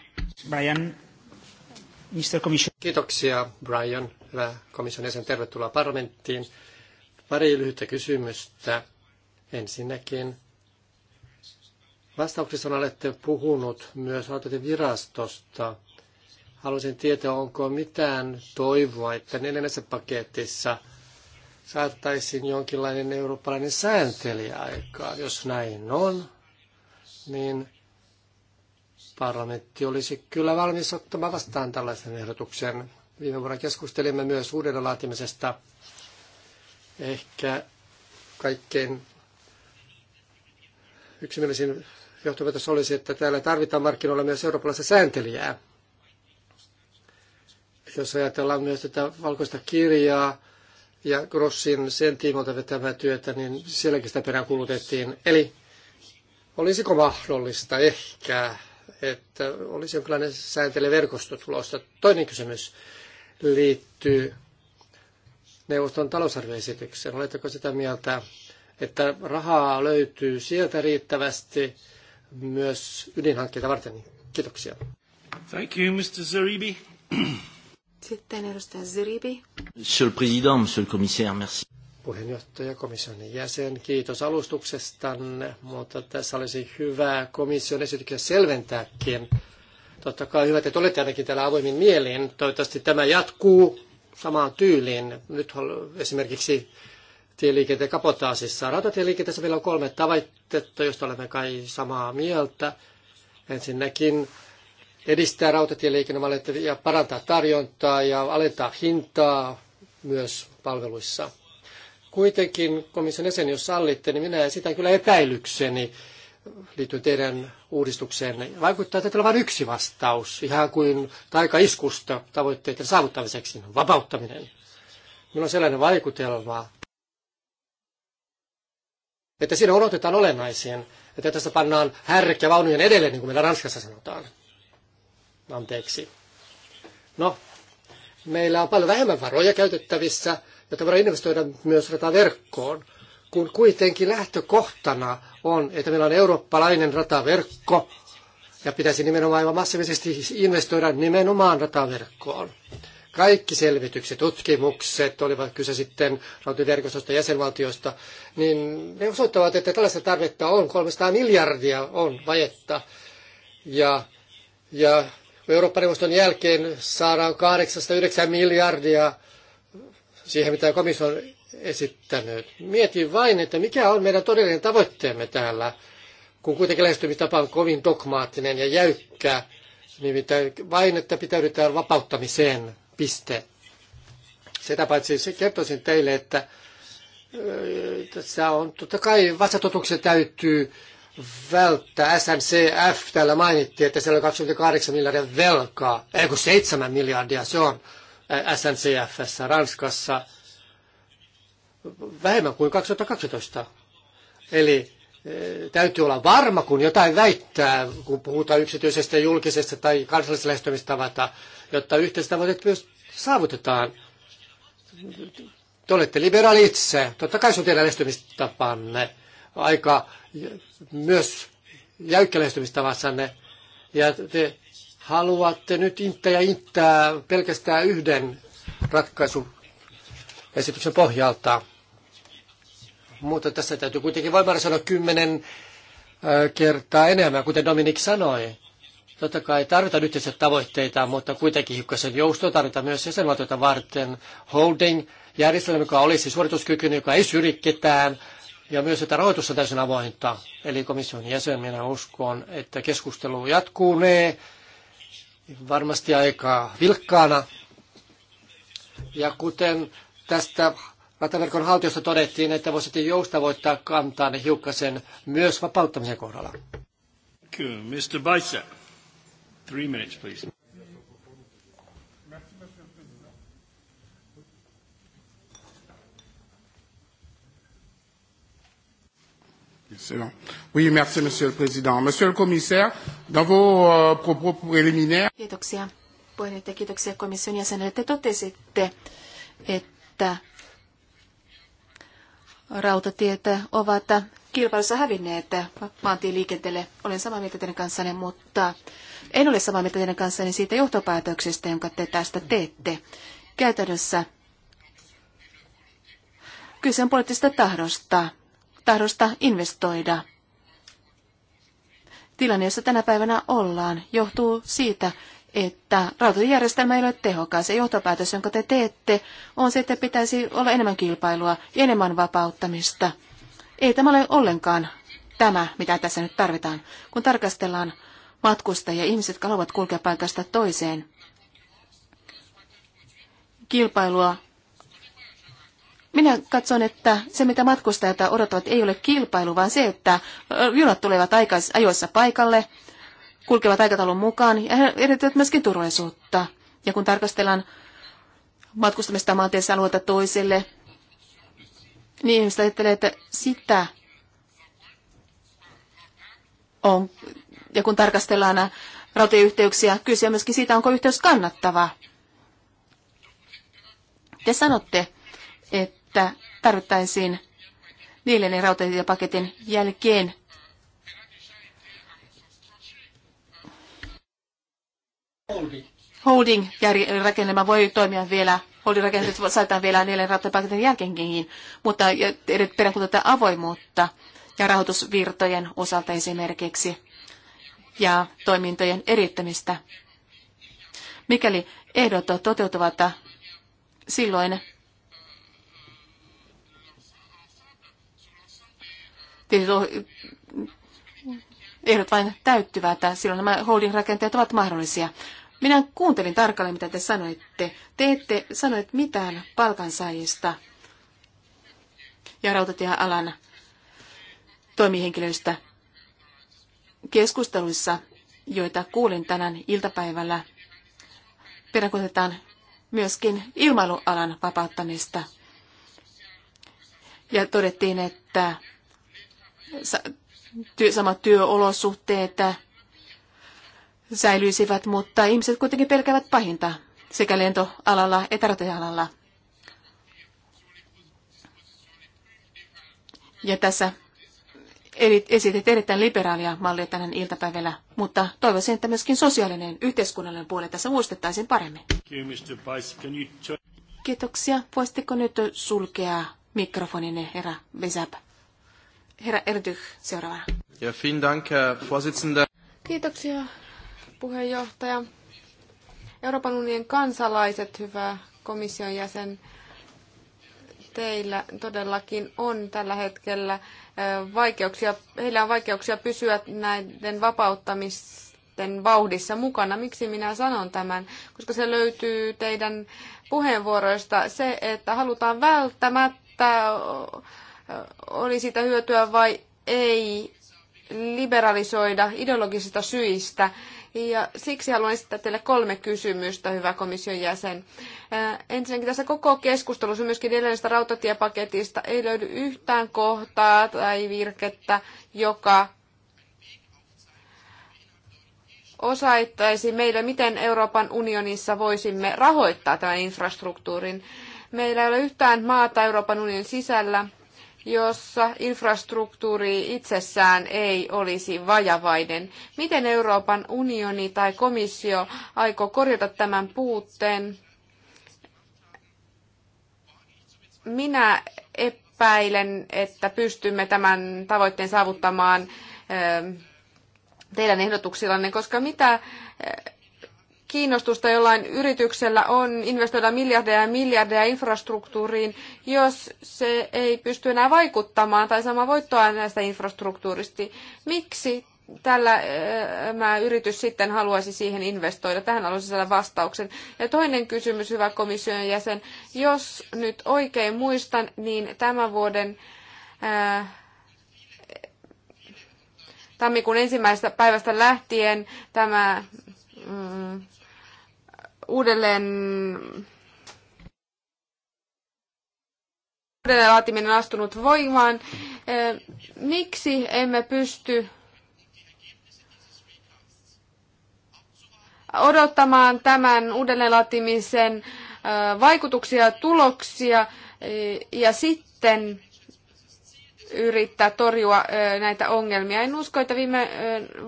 Brian, Mr. Commission. Kiitoksia, Brian. Hyvä komission jäsen, tervetuloa parlamenttiin. Pari lyhyttä kysymystä. Ensinnäkin, vastauksessa olette puhunut myös rautatievirastosta. virastosta Haluaisin tietää, onko mitään toivoa, että neljännessä paketissa saattaisiin jonkinlainen eurooppalainen sääntelijä aikaan. Jos näin on, niin parlamentti olisi kyllä valmis ottamaan vastaan tällaisen ehdotuksen. Viime vuonna keskustelimme myös uuden laatimisesta. Ehkä kaikkein yksimielisin johtopäätös olisi, että täällä tarvitaan markkinoilla myös eurooppalaista sääntelijää. Jos ajatellaan myös tätä valkoista kirjaa ja Grossin sen tiimolta vetävää työtä, niin sielläkin sitä peräänkulutettiin. Eli olisiko mahdollista ehkä, että olisi jonkinlainen sääntelyverkosto tulosta. Toinen kysymys liittyy neuvoston talousarvioesitykseen. Oletteko sitä mieltä, että rahaa löytyy sieltä riittävästi myös ydinhankkeita varten? Kiitoksia. Thank you, Mr. Zaribi. Sitten edustaja Zribi. Monsieur le Président, Monsieur le Commissaire, merci. Puheenjohtaja, komission jäsen, kiitos alustuksestanne, mutta tässä olisi hyvä komission esityksiä selventääkin. Totta kai hyvä, että olette ainakin täällä avoimin mielin. Toivottavasti tämä jatkuu samaan tyyliin. Nyt esimerkiksi tieliikenteen kapotaasissa. Rautatieliikenteessä meillä on kolme tavoitetta, joista olemme kai samaa mieltä. Ensinnäkin edistää rautatieliikennemalleita ja parantaa tarjontaa ja alentaa hintaa myös palveluissa. Kuitenkin komission jäsen, jos sallitte, niin minä esitän kyllä epäilykseni liittyen teidän uudistukseenne. Vaikuttaa, että teillä on vain yksi vastaus, ihan kuin taikaiskusta tavoitteiden saavuttamiseksi, vapauttaminen. Minulla on sellainen vaikutelma, että siinä odotetaan olennaiseen, että tässä pannaan härkä vaunujen edelle, niin kuin meillä Ranskassa sanotaan anteeksi. No, meillä on paljon vähemmän varoja käytettävissä, jotta voidaan investoida myös rataverkkoon, kun kuitenkin lähtökohtana on, että meillä on eurooppalainen rataverkko, ja pitäisi nimenomaan aivan massiivisesti investoida nimenomaan rataverkkoon. Kaikki selvitykset, tutkimukset, olivat kyse sitten ja jäsenvaltioista, niin ne osoittavat, että tällaista tarvetta on, 300 miljardia on vajetta. Ja, ja Eurooppa-neuvoston jälkeen saadaan 8-9 miljardia siihen, mitä komissio on esittänyt. Mietin vain, että mikä on meidän todellinen tavoitteemme täällä, kun kuitenkin lähestymistapa on kovin dogmaattinen ja jäykkä, nimittäin vain, että pitäydytään vapauttamiseen, piste. Sitä paitsi kertoisin teille, että tässä on totta kai vastatotuksen täytyy välttää. SNCF täällä mainittiin, että siellä on 28 miljardia velkaa, ei kun 7 miljardia, se on eh, SNCFssä Ranskassa vähemmän kuin 2012. Eli eh, täytyy olla varma, kun jotain väittää, kun puhutaan yksityisestä, julkisesta tai kansallisesta lähestymistavasta, jotta yhteistavoitteet myös saavutetaan. Te olette liberaali itse, totta kai se on teidän lähestymistapanne aika myös jäykkäläistymistavassanne. Ja te haluatte nyt inttää ja inttää pelkästään yhden esityksen pohjalta. Mutta tässä täytyy kuitenkin voimalla sanoa kymmenen äh, kertaa enemmän, kuten Dominik sanoi. Totta kai tarvitaan yhteisiä tavoitteita, mutta kuitenkin hiukkasen joustoa tarvitaan myös jäsenvaltioita varten. Holding järjestelmä, joka olisi suorituskykyinen, joka ei syrji ketään, ja myös, että rahoitus on täysin avointa. Eli komission jäsen, minä uskon, että keskustelu jatkuu ne varmasti aika vilkkaana. Ja kuten tästä rataverkon haltiosta todettiin, että voisitte joustavoittaa kantaa ne niin hiukkasen myös vapauttamisen kohdalla. Mr. Baisa, three minutes, please. Excellent. Oui, merci, Monsieur le Président. Monsieur le Commissaire, dans vos euh, propos préliminaires... Kiitoksia puheenjohtaja, kiitoksia komission jäsenelle. Te totesitte, että rautatiet ovat kilpailussa hävinneet maantien liikenteelle. Olen samaa mieltä teidän kanssanne, mutta en ole samaa mieltä teidän kanssanne siitä johtopäätöksestä, jonka te tästä teette. Käytännössä kyse on poliittisesta tahdosta tahdosta investoida. Tilanne, jossa tänä päivänä ollaan, johtuu siitä, että rautatiejärjestelmä ei ole tehokas. Se johtopäätös, jonka te teette, on se, että pitäisi olla enemmän kilpailua ja enemmän vapauttamista. Ei tämä ole ollenkaan tämä, mitä tässä nyt tarvitaan. Kun tarkastellaan matkustajia, ihmiset, jotka haluavat kulkea paikasta toiseen, kilpailua minä katson, että se mitä matkustajat odottavat ei ole kilpailu, vaan se, että junat tulevat aikais, ajoissa paikalle, kulkevat aikataulun mukaan ja he edellyttävät myöskin turvallisuutta. Ja kun tarkastellaan matkustamista maanteessa alueelta toiselle, niin ihmiset ajattelee, että sitä on. Ja kun tarkastellaan rautayhteyksiä, kysyä myöskin siitä, onko yhteys kannattava. Te sanotte, että että tarvittaisiin neljännen rautatiepaketin jälkeen holding-rakennelma voi toimia vielä, holding rakennelma saadaan vielä neljän rautatiepaketin jälkeenkin, mutta peräänkuulutetaan avoimuutta ja rahoitusvirtojen osalta esimerkiksi ja toimintojen erittämistä. Mikäli ehdot toteutuvat, silloin ehdot vain täyttyvää että silloin nämä holding-rakenteet ovat mahdollisia. Minä kuuntelin tarkalleen, mitä te sanoitte. Te ette sanoit mitään palkansaajista ja rautatiealan toimihenkilöistä. Keskusteluissa, joita kuulin tänään iltapäivällä, peräkutetaan myöskin ilmailualan vapauttamista. Ja todettiin, että samat työolosuhteet säilyisivät, mutta ihmiset kuitenkin pelkäävät pahinta sekä lentoalalla että rautatiealalla. Ja tässä esitetään erittäin liberaalia mallia tänään iltapäivällä, mutta toivoisin, että myöskin sosiaalinen yhteiskunnallinen puoli tässä muistettaisiin paremmin. Kiitoksia. Voisitteko nyt sulkea mikrofoninne, herra Besap? Herra Erdyk seuraava. Ja vielen dank, Vorsitzender. Kiitoksia, puheenjohtaja. Euroopan unionin kansalaiset, hyvä komission jäsen, teillä todellakin on tällä hetkellä vaikeuksia, heillä on vaikeuksia pysyä näiden vapauttamisten vauhdissa mukana. Miksi minä sanon tämän? Koska se löytyy teidän puheenvuoroista se, että halutaan välttämättä oli sitä hyötyä vai ei liberalisoida ideologisista syistä. Ja siksi haluan esittää teille kolme kysymystä, hyvä komission jäsen. Ensinnäkin tässä koko keskustelussa myöskin edellisestä rautatiepaketista ei löydy yhtään kohtaa tai virkettä, joka osaittaisi meille, miten Euroopan unionissa voisimme rahoittaa tämän infrastruktuurin. Meillä ei ole yhtään maata Euroopan unionin sisällä, jossa infrastruktuuri itsessään ei olisi vajavainen. Miten Euroopan unioni tai komissio aikoo korjata tämän puutteen? Minä epäilen, että pystymme tämän tavoitteen saavuttamaan ähm, teidän ehdotuksillanne, koska mitä äh, kiinnostusta jollain yrityksellä on investoida miljardeja ja miljardeja infrastruktuuriin, jos se ei pysty enää vaikuttamaan tai saamaan voittoa näistä infrastruktuurista. Miksi tällä äh, mä yritys sitten haluaisi siihen investoida? Tähän haluaisin saada vastauksen. Ja toinen kysymys, hyvä komission jäsen. Jos nyt oikein muistan, niin tämän vuoden ää, äh, tammikuun ensimmäisestä päivästä lähtien tämä mm, uudelleen uudelleen laatiminen astunut voimaan. Miksi emme pysty odottamaan tämän uudelleenlaatimisen vaikutuksia ja tuloksia ja sitten yrittää torjua näitä ongelmia. En usko, että viime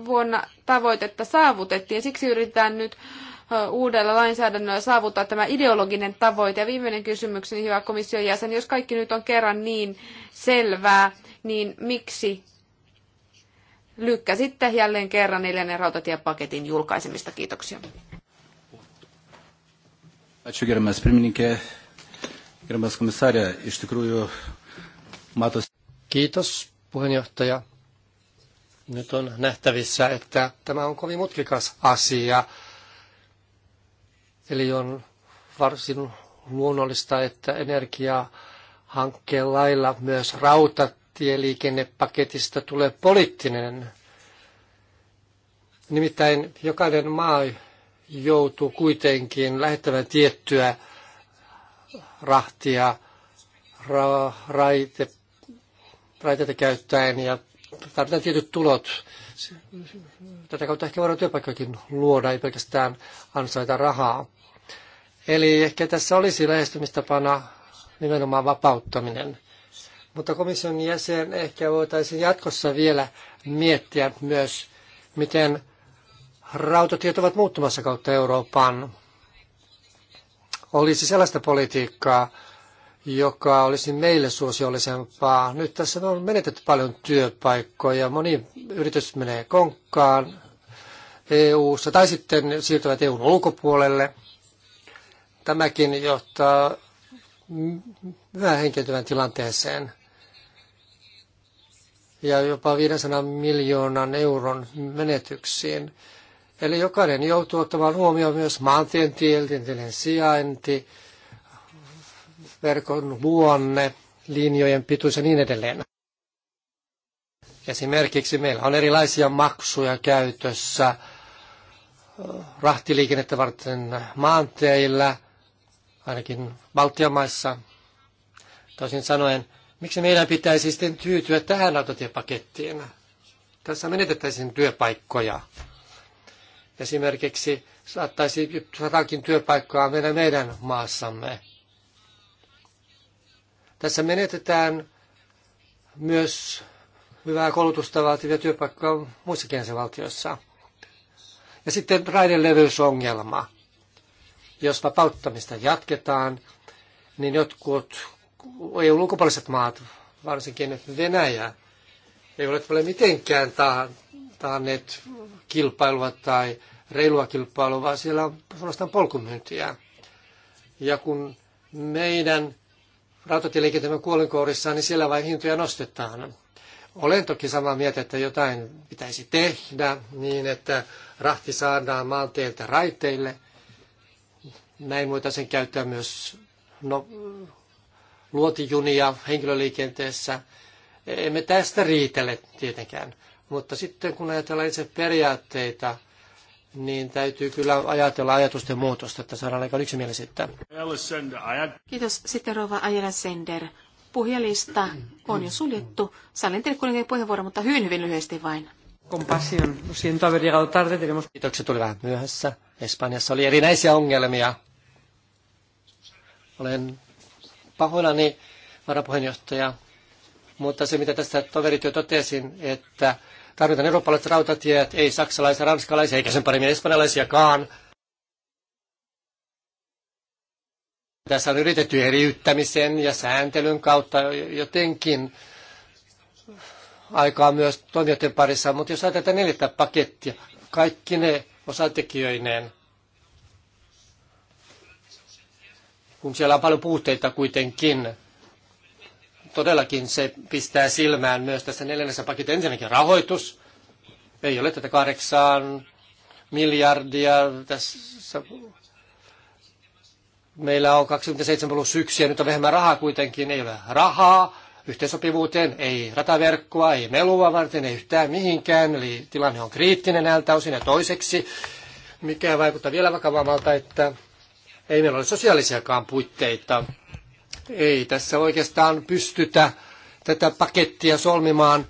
vuonna tavoitetta saavutettiin. Siksi yritetään nyt uudella lainsäädännöllä saavuttaa tämä ideologinen tavoite? Ja viimeinen kysymykseni, hyvä komission jäsen, jos kaikki nyt on kerran niin selvää, niin miksi lykkäsitte jälleen kerran neljännen rautatiepaketin julkaisemista? Kiitoksia. Kiitos puheenjohtaja. Nyt on nähtävissä, että tämä on kovin mutkikas asia Eli on varsin luonnollista, että energiahankkeen lailla myös rautatieliikennepaketista tulee poliittinen. Nimittäin jokainen maa joutuu kuitenkin lähettämään tiettyä rahtia ra- raite, raiteita käyttäen ja tarvitaan tietyt tulot. Tätä kautta ehkä voidaan työpaikkojakin luoda, ei pelkästään ansaita rahaa. Eli ehkä tässä olisi lähestymistapana nimenomaan vapauttaminen. Mutta komission jäsen ehkä voitaisiin jatkossa vielä miettiä myös, miten rautatiet ovat muuttumassa kautta Euroopan. Olisi sellaista politiikkaa, joka olisi meille suosiollisempaa. Nyt tässä on menetetty paljon työpaikkoja, moni yritys menee konkkaan EU-ssa tai sitten siirtyvät EUn ulkopuolelle – Tämäkin johtaa vähän heikentyvän tilanteeseen ja jopa 500 miljoonan euron menetyksiin. Eli jokainen joutuu ottamaan huomioon myös maantien tieltintinen sijainti, verkon luonne, linjojen pituus ja niin edelleen. Esimerkiksi meillä on erilaisia maksuja käytössä rahtiliikennettä varten maanteillä, ainakin maissa. Tosin sanoen, miksi meidän pitäisi sitten tyytyä tähän autotiepakettiin? Tässä menetettäisiin työpaikkoja. Esimerkiksi saattaisi satakin työpaikkoa mennä meidän maassamme. Tässä menetetään myös hyvää koulutusta vaativia työpaikkoja muissakin jäsenvaltioissa. Ja sitten raiden levyysongelma. Jos vapauttamista jatketaan, niin jotkut eu ulkopuoliset maat, varsinkin Venäjä, ei ole ole mitenkään taanneet kilpailua tai reilua kilpailua, vaan siellä on suorastaan polkumyyntiä. Ja kun meidän rautatieliikenteemme kuolinkourissa, niin siellä vain hintoja nostetaan. Olen toki samaa mieltä, että jotain pitäisi tehdä niin, että rahti saadaan maanteiltä raiteille, näin voitaisiin käyttää myös no, luotijunia henkilöliikenteessä. Emme tästä riitele tietenkään, mutta sitten kun ajatellaan itse periaatteita, niin täytyy kyllä ajatella ajatusten muutosta, että saadaan aika yksimielisyyttä. Kiitos. Sitten Rova Ajela Sender. Puhujalista on jo suljettu. Sallin teille kuitenkin puheenvuoro, mutta hyvin hyvin lyhyesti vain. Compassion. Lo siento haber llegado tarde. Tenemos... Kiitokset tuli vähän myöhässä. Espanjassa oli erinäisiä ongelmia. Olen pahoillani varapuheenjohtaja, mutta se mitä tässä toverit jo totesin, että tarvitaan eurooppalaiset rautatiet, ei saksalaisia, ranskalaisia eikä sen paremmin espanjalaisiakaan. Tässä on yritetty eriyttämisen ja sääntelyn kautta jotenkin aikaa myös toimijoiden parissa, mutta jos ajatellaan neljättä pakettia, kaikki ne osatekijöineen, kun siellä on paljon puutteita kuitenkin, todellakin se pistää silmään myös tässä neljännessä paketissa. Ensinnäkin rahoitus, ei ole tätä kahdeksaan miljardia tässä meillä on 27 plus 1 ja nyt on vähemmän rahaa kuitenkin, ei ole rahaa, yhteensopivuuteen, ei rataverkkoa, ei melua varten, ei yhtään mihinkään, eli tilanne on kriittinen näiltä osin. Ja toiseksi, mikä vaikuttaa vielä vakavammalta, että ei meillä ole sosiaalisiakaan puitteita. Ei tässä oikeastaan pystytä tätä pakettia solmimaan,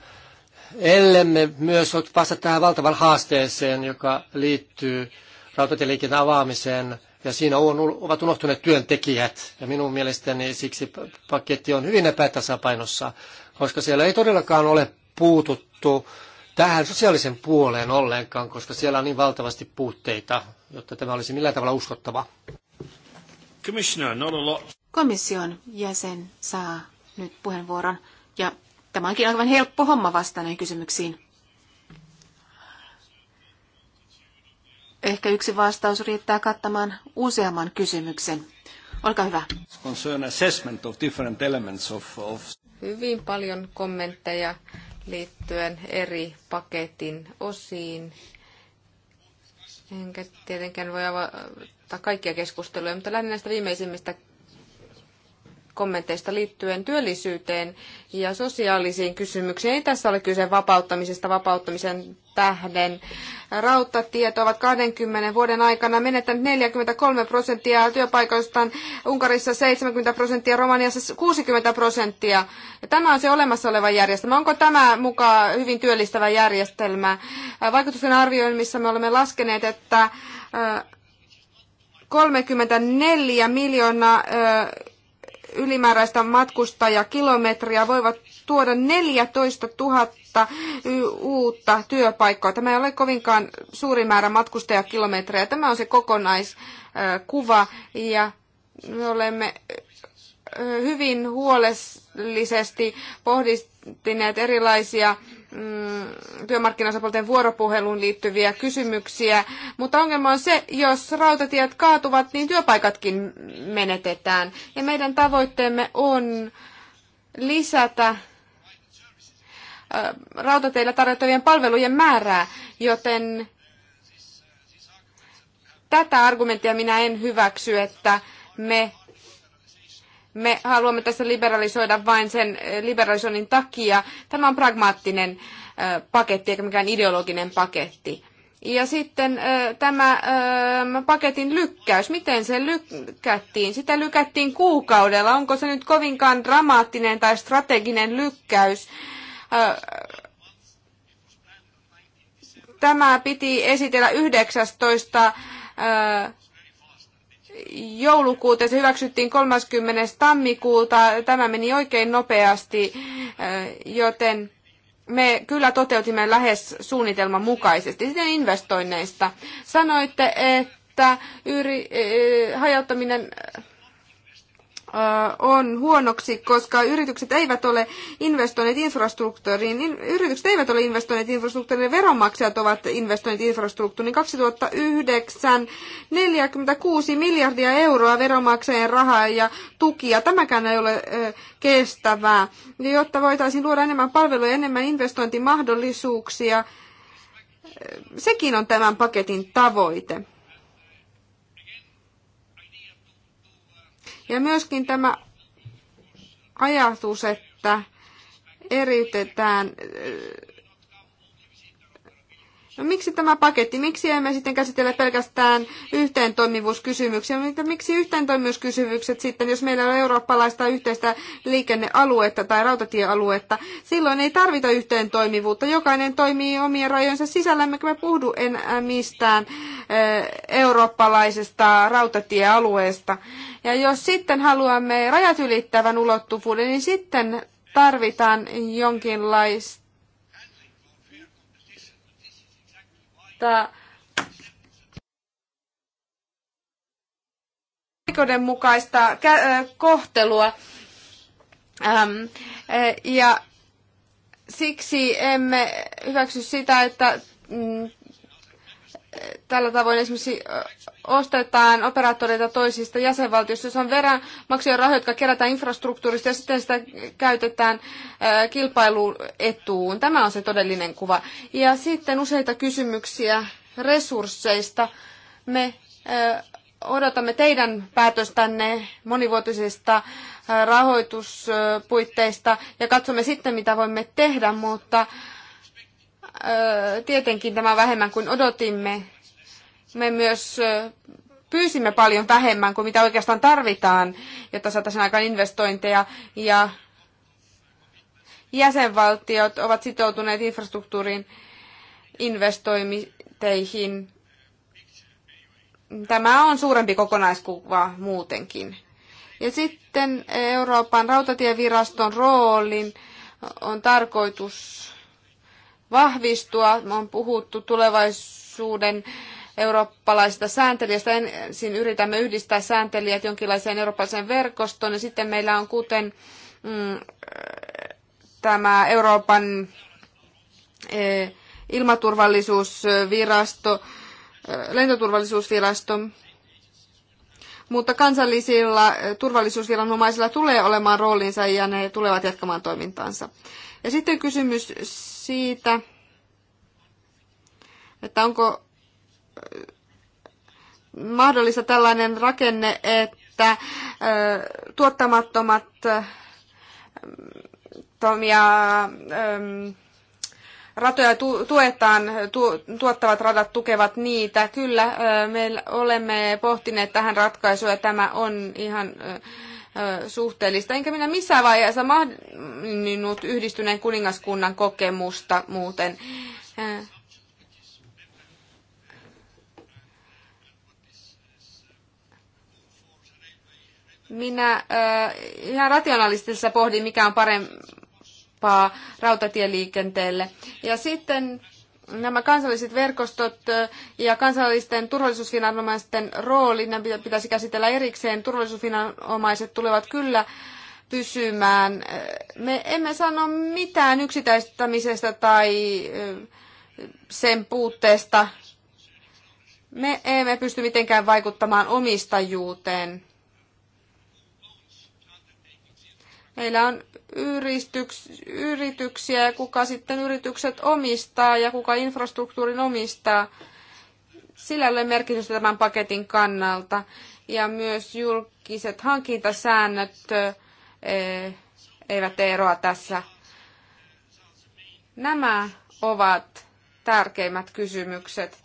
ellemme myös vasta tähän valtavan haasteeseen, joka liittyy rautatieliikenteen avaamiseen – ja siinä on, ovat unohtuneet työntekijät. Ja minun mielestäni siksi paketti on hyvin epätasapainossa, koska siellä ei todellakaan ole puututtu tähän sosiaalisen puoleen ollenkaan, koska siellä on niin valtavasti puutteita, jotta tämä olisi millään tavalla uskottava. Komission jäsen saa nyt puheenvuoron ja tämä onkin aivan helppo homma vasta näihin kysymyksiin. Ehkä yksi vastaus riittää kattamaan useamman kysymyksen. Olkaa hyvä. Hyvin paljon kommentteja liittyen eri paketin osiin. Enkä tietenkään voi avata kaikkia keskusteluja, mutta lähinnä näistä viimeisimmistä kommenteista liittyen työllisyyteen ja sosiaalisiin kysymyksiin. Ei tässä ole kyse vapauttamisesta vapauttamisen tähden. Rautatiet ovat 20 vuoden aikana menettäneet 43 prosenttia työpaikoistaan, Unkarissa 70 prosenttia, Romaniassa 60 prosenttia. Tämä on se olemassa oleva järjestelmä. Onko tämä mukaan hyvin työllistävä järjestelmä? Vaikutusten arvioinnissa me olemme laskeneet, että 34 miljoonaa ylimääräistä matkustajakilometriä voivat tuoda 14 000 uutta työpaikkaa. Tämä ei ole kovinkaan suuri määrä matkustajakilometrejä. Tämä on se kokonaiskuva ja me olemme hyvin huolellisesti pohdistineet erilaisia mm, työmarkkinaosapuolten vuoropuheluun liittyviä kysymyksiä, mutta ongelma on se, jos rautatiet kaatuvat, niin työpaikatkin menetetään. Ja meidän tavoitteemme on lisätä rautateillä tarjottavien palvelujen määrää, joten tätä argumenttia minä en hyväksy, että me me haluamme tässä liberalisoida vain sen eh, liberalisoinnin takia. Tämä on pragmaattinen eh, paketti eikä mikään ideologinen paketti. Ja sitten eh, tämä paketin lykkäys, miten se lykättiin? Sitä lykättiin kuukaudella. Onko se nyt kovinkaan dramaattinen tai strateginen lykkäys? Tämä piti esitellä 19 joulukuuta ja se hyväksyttiin 30. tammikuuta. Tämä meni oikein nopeasti, äh, joten me kyllä toteutimme lähes suunnitelman mukaisesti. Sitten investoinneista. Sanoitte, että yri, äh, hajauttaminen Äh, on huonoksi, koska yritykset eivät ole investoineet infrastruktuuriin. Yritykset eivät ole investoineet infrastruktuuriin, veronmaksajat ovat investoineet infrastruktuuriin. 2009 46 miljardia euroa veronmaksajien rahaa ja tukia. Tämäkään ei ole äh, kestävää. Ja jotta voitaisiin luoda enemmän palveluja, enemmän investointimahdollisuuksia, äh, sekin on tämän paketin tavoite. Ja myöskin tämä ajatus, että eritetään No miksi tämä paketti? Miksi emme sitten käsitellä pelkästään toimivuuskysymyksiä? Miksi toimivuuskysymykset sitten, jos meillä on eurooppalaista yhteistä liikennealuetta tai rautatiealuetta? Silloin ei tarvita toimivuutta, Jokainen toimii omien rajojensa sisällä, emmekä me puhdu enää mistään eh, eurooppalaisesta rautatiealueesta. Ja jos sitten haluamme rajat ylittävän ulottuvuuden, niin sitten tarvitaan jonkinlaista että oikeudenmukaista kohtelua. E, ja siksi emme hyväksy sitä, että mm, tällä tavoin esimerkiksi ostetaan operaattoreita toisista jäsenvaltioista. Se on veronmaksujen rahoja, jotka kerätään infrastruktuurista ja sitten sitä käytetään kilpailuetuun. Tämä on se todellinen kuva. Ja sitten useita kysymyksiä resursseista. Me odotamme teidän päätöstänne monivuotisista rahoituspuitteista ja katsomme sitten, mitä voimme tehdä, mutta tietenkin tämä vähemmän kuin odotimme. Me myös pyysimme paljon vähemmän kuin mitä oikeastaan tarvitaan, jotta saataisiin aikaan investointeja. Ja jäsenvaltiot ovat sitoutuneet infrastruktuurin investointeihin. Tämä on suurempi kokonaiskuva muutenkin. Ja sitten Euroopan rautatieviraston roolin on tarkoitus vahvistua. On puhuttu tulevaisuuden eurooppalaisesta sääntelijästä. Ensin yritämme yhdistää sääntelijät jonkinlaiseen eurooppalaiseen verkostoon ja sitten meillä on kuten mm, tämä Euroopan e, ilmaturvallisuusvirasto, e, lentoturvallisuusvirasto, mutta kansallisilla turvallisuusviranomaisilla tulee olemaan roolinsa ja ne tulevat jatkamaan toimintaansa. Ja sitten kysymys siitä, että onko äh, mahdollista tällainen rakenne, että äh, tuottamattomat äh, tomia, ähm, ratoja tuetaan, tuottavat radat tukevat niitä. Kyllä, me olemme pohtineet tähän ratkaisua. Tämä on ihan suhteellista. Enkä minä missään vaiheessa mahdollinut yhdistyneen kuningaskunnan kokemusta muuten. Minä äh, ihan rationaalistissa pohdin, mikä on parempaa rautatieliikenteelle. Ja sitten nämä kansalliset verkostot ja kansallisten turvallisuusviranomaisten rooli, pitäisi käsitellä erikseen. Turvallisuusviranomaiset tulevat kyllä pysymään. Me emme sano mitään yksittäistämisestä tai sen puutteesta. Me emme pysty mitenkään vaikuttamaan omistajuuteen. Meillä on yrityks, yrityksiä ja kuka sitten yritykset omistaa ja kuka infrastruktuurin omistaa. Sillä ei ole merkitystä tämän paketin kannalta. Ja myös julkiset hankintasäännöt eh, eivät eroa tässä. Nämä ovat tärkeimmät kysymykset.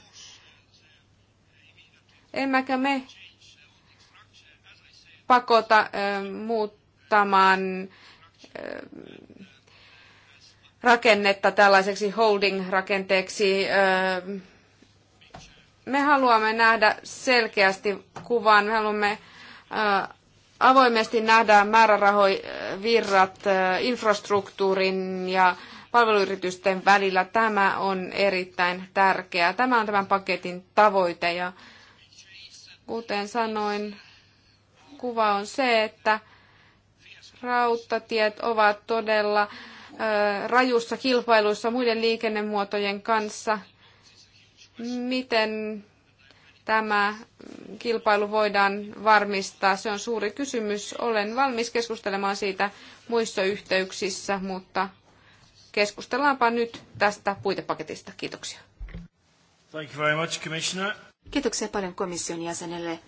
Emmekä me pakota eh, muuttamaan rakennetta tällaiseksi holding-rakenteeksi. Me haluamme nähdä selkeästi kuvan, me haluamme avoimesti nähdä määrärahovirrat infrastruktuurin ja palveluyritysten välillä. Tämä on erittäin tärkeää. Tämä on tämän paketin tavoite ja kuten sanoin, kuva on se, että rautatiet ovat todella rajussa kilpailussa muiden liikennemuotojen kanssa. Miten tämä kilpailu voidaan varmistaa? Se on suuri kysymys. Olen valmis keskustelemaan siitä muissa yhteyksissä, mutta keskustellaanpa nyt tästä puitepaketista. Kiitoksia. Thank you very much, Commissioner. Kiitoksia paljon komission jäsenelle.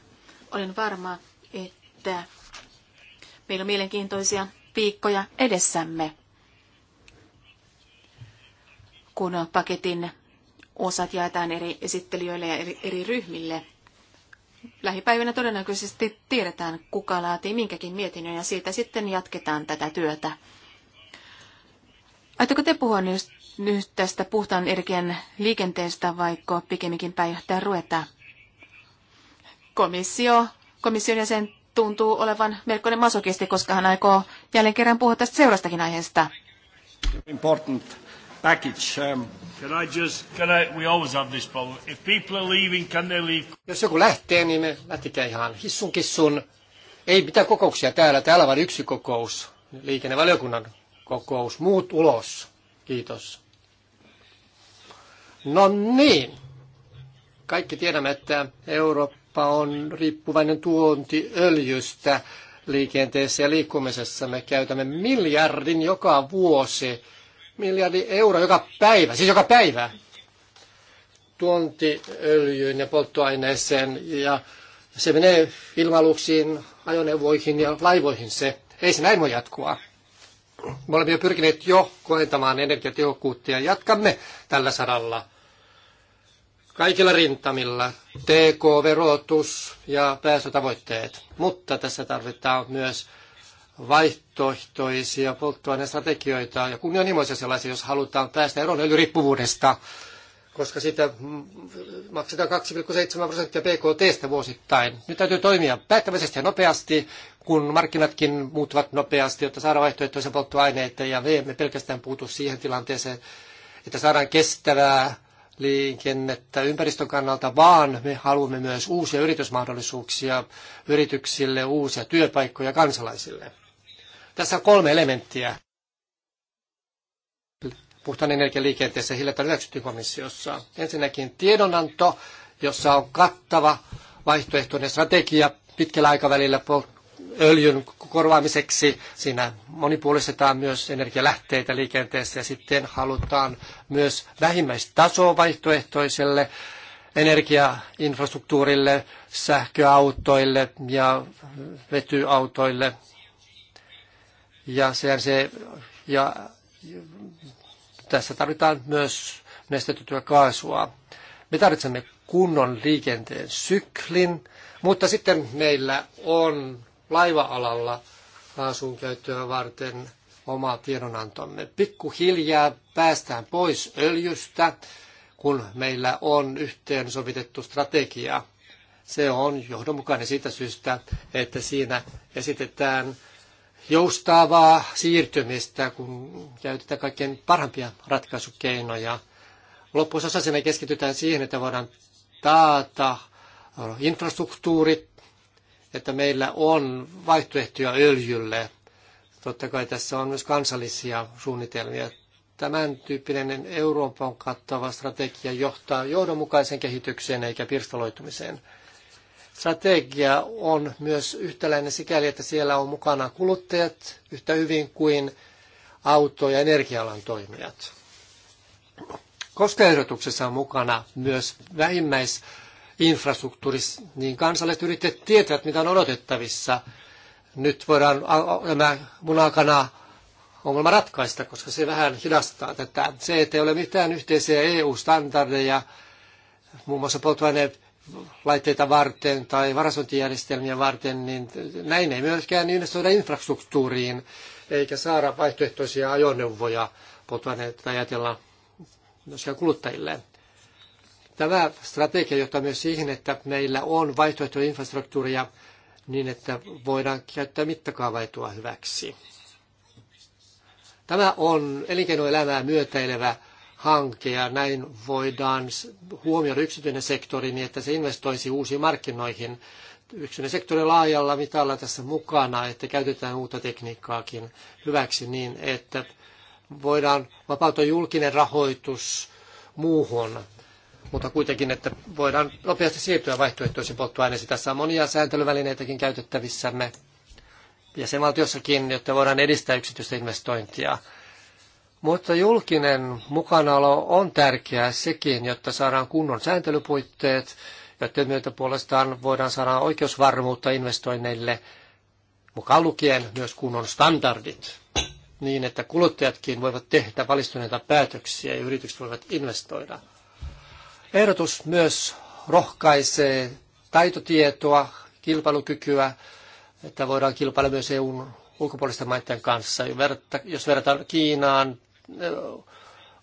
Olen varma, että Meillä on mielenkiintoisia viikkoja edessämme, kun paketin osat jaetaan eri esittelijöille ja eri, eri ryhmille. Lähipäivinä todennäköisesti tiedetään, kuka laatii minkäkin mietinnön ja siitä sitten jatketaan tätä työtä. Aitteko te puhua nyt, nyt tästä puhtaan energian liikenteestä, vaikka pikemminkin pääjohtaja ruvetaan? Komissio, komission jäsen tuntuu olevan melkoinen masokisti, koska hän aikoo jälleen kerran puhua tästä seurastakin aiheesta. Important package. Um, can I just, can I, we always have this problem. If people are leaving, can they leave? Jos joku lähtee, niin me lähtikään ihan hissun kissun. Ei mitään kokouksia täällä. Täällä vain yksi kokous, liikennevaliokunnan kokous. Muut ulos. Kiitos. No niin. Kaikki tiedämme, että Eurooppa Eurooppa on riippuvainen tuontiöljystä liikenteessä ja liikkumisessa. Me käytämme miljardin joka vuosi, miljardi euroa joka päivä, siis joka päivä tuontiöljyyn ja polttoaineeseen ja se menee ilmaluksiin, ajoneuvoihin ja laivoihin se. Ei se näin voi jatkua. Me olemme jo pyrkineet jo koentamaan energiatehokkuutta ja jatkamme tällä saralla kaikilla rintamilla, TK-verotus ja päästötavoitteet. Mutta tässä tarvitaan myös vaihtoehtoisia polttoainestrategioita ja kunnianhimoisia sellaisia, jos halutaan päästä eroon öljyriippuvuudesta, koska siitä maksetaan 2,7 prosenttia PKTstä vuosittain. Nyt täytyy toimia päättäväisesti ja nopeasti, kun markkinatkin muuttuvat nopeasti, jotta saadaan vaihtoehtoisia polttoaineita ja me emme pelkästään puutu siihen tilanteeseen, että saadaan kestävää liikennettä ympäristön kannalta, vaan me haluamme myös uusia yritysmahdollisuuksia yrityksille, uusia työpaikkoja kansalaisille. Tässä on kolme elementtiä puhtaan energian liikenteessä hiljattain hyväksyttiin komissiossa. Ensinnäkin tiedonanto, jossa on kattava vaihtoehtoinen strategia pitkällä aikavälillä öljyn korvaamiseksi. Siinä monipuolistetaan myös energialähteitä liikenteessä ja sitten halutaan myös vähimmäistasoa vaihtoehtoiselle energiainfrastruktuurille, sähköautoille ja vetyautoille. Ja, sehän se, ja tässä tarvitaan myös nestetytyä kaasua. Me tarvitsemme kunnon liikenteen syklin, mutta sitten meillä on laiva-alalla kaasun käyttöä varten omaa tiedonantomme. Pikkuhiljaa päästään pois öljystä, kun meillä on yhteensovitettu strategia. Se on johdonmukainen siitä syystä, että siinä esitetään joustavaa siirtymistä, kun käytetään kaikkein parhaimpia ratkaisukeinoja. Loppuosassa me keskitytään siihen, että voidaan taata infrastruktuurit että meillä on vaihtoehtoja öljylle. Totta kai tässä on myös kansallisia suunnitelmia. Tämän tyyppinen Euroopan kattava strategia johtaa johdonmukaiseen kehitykseen eikä pirstaloitumiseen. Strategia on myös yhtäläinen sikäli, että siellä on mukana kuluttajat yhtä hyvin kuin auto- ja energialan toimijat. Koska ehdotuksessa on mukana myös vähimmäis infrastruktuurissa, niin kansalaiset yrittäjät tietävät, mitä on odotettavissa. Nyt voidaan tämä munakana ongelma ratkaista, koska se vähän hidastaa tätä. Se, että ei ole mitään yhteisiä EU-standardeja, muun muassa polttoaineen laitteita varten tai varastointijärjestelmiä varten, niin näin ei myöskään investoida infrastruktuuriin, eikä saada vaihtoehtoisia ajoneuvoja polttoaineita ajatella myöskään kuluttajille. Tämä strategia johtaa myös siihen, että meillä on vaihtoehtoinen niin, että voidaan käyttää mittakaavaitua hyväksi. Tämä on elinkeinoelämää myötäilevä hanke ja näin voidaan huomioida yksityinen sektori niin, että se investoisi uusiin markkinoihin. Yksityinen sektori laajalla mitalla tässä mukana, että käytetään uutta tekniikkaakin hyväksi niin, että voidaan vapauttaa julkinen rahoitus muuhun mutta kuitenkin, että voidaan nopeasti siirtyä vaihtoehtoisiin polttoaineisiin. Tässä on monia sääntelyvälineitäkin käytettävissämme jäsenvaltiossakin, jotta voidaan edistää yksityistä investointia. Mutta julkinen mukanaolo on tärkeää sekin, jotta saadaan kunnon sääntelypuitteet, jotta myötä puolestaan voidaan saada oikeusvarmuutta investoinneille, mukaan lukien myös kunnon standardit, niin että kuluttajatkin voivat tehdä valistuneita päätöksiä ja yritykset voivat investoida. Ehdotus myös rohkaisee taitotietoa, kilpailukykyä, että voidaan kilpailla myös EUn ulkopuolisten maiden kanssa. Jos verrataan Kiinaan, eh,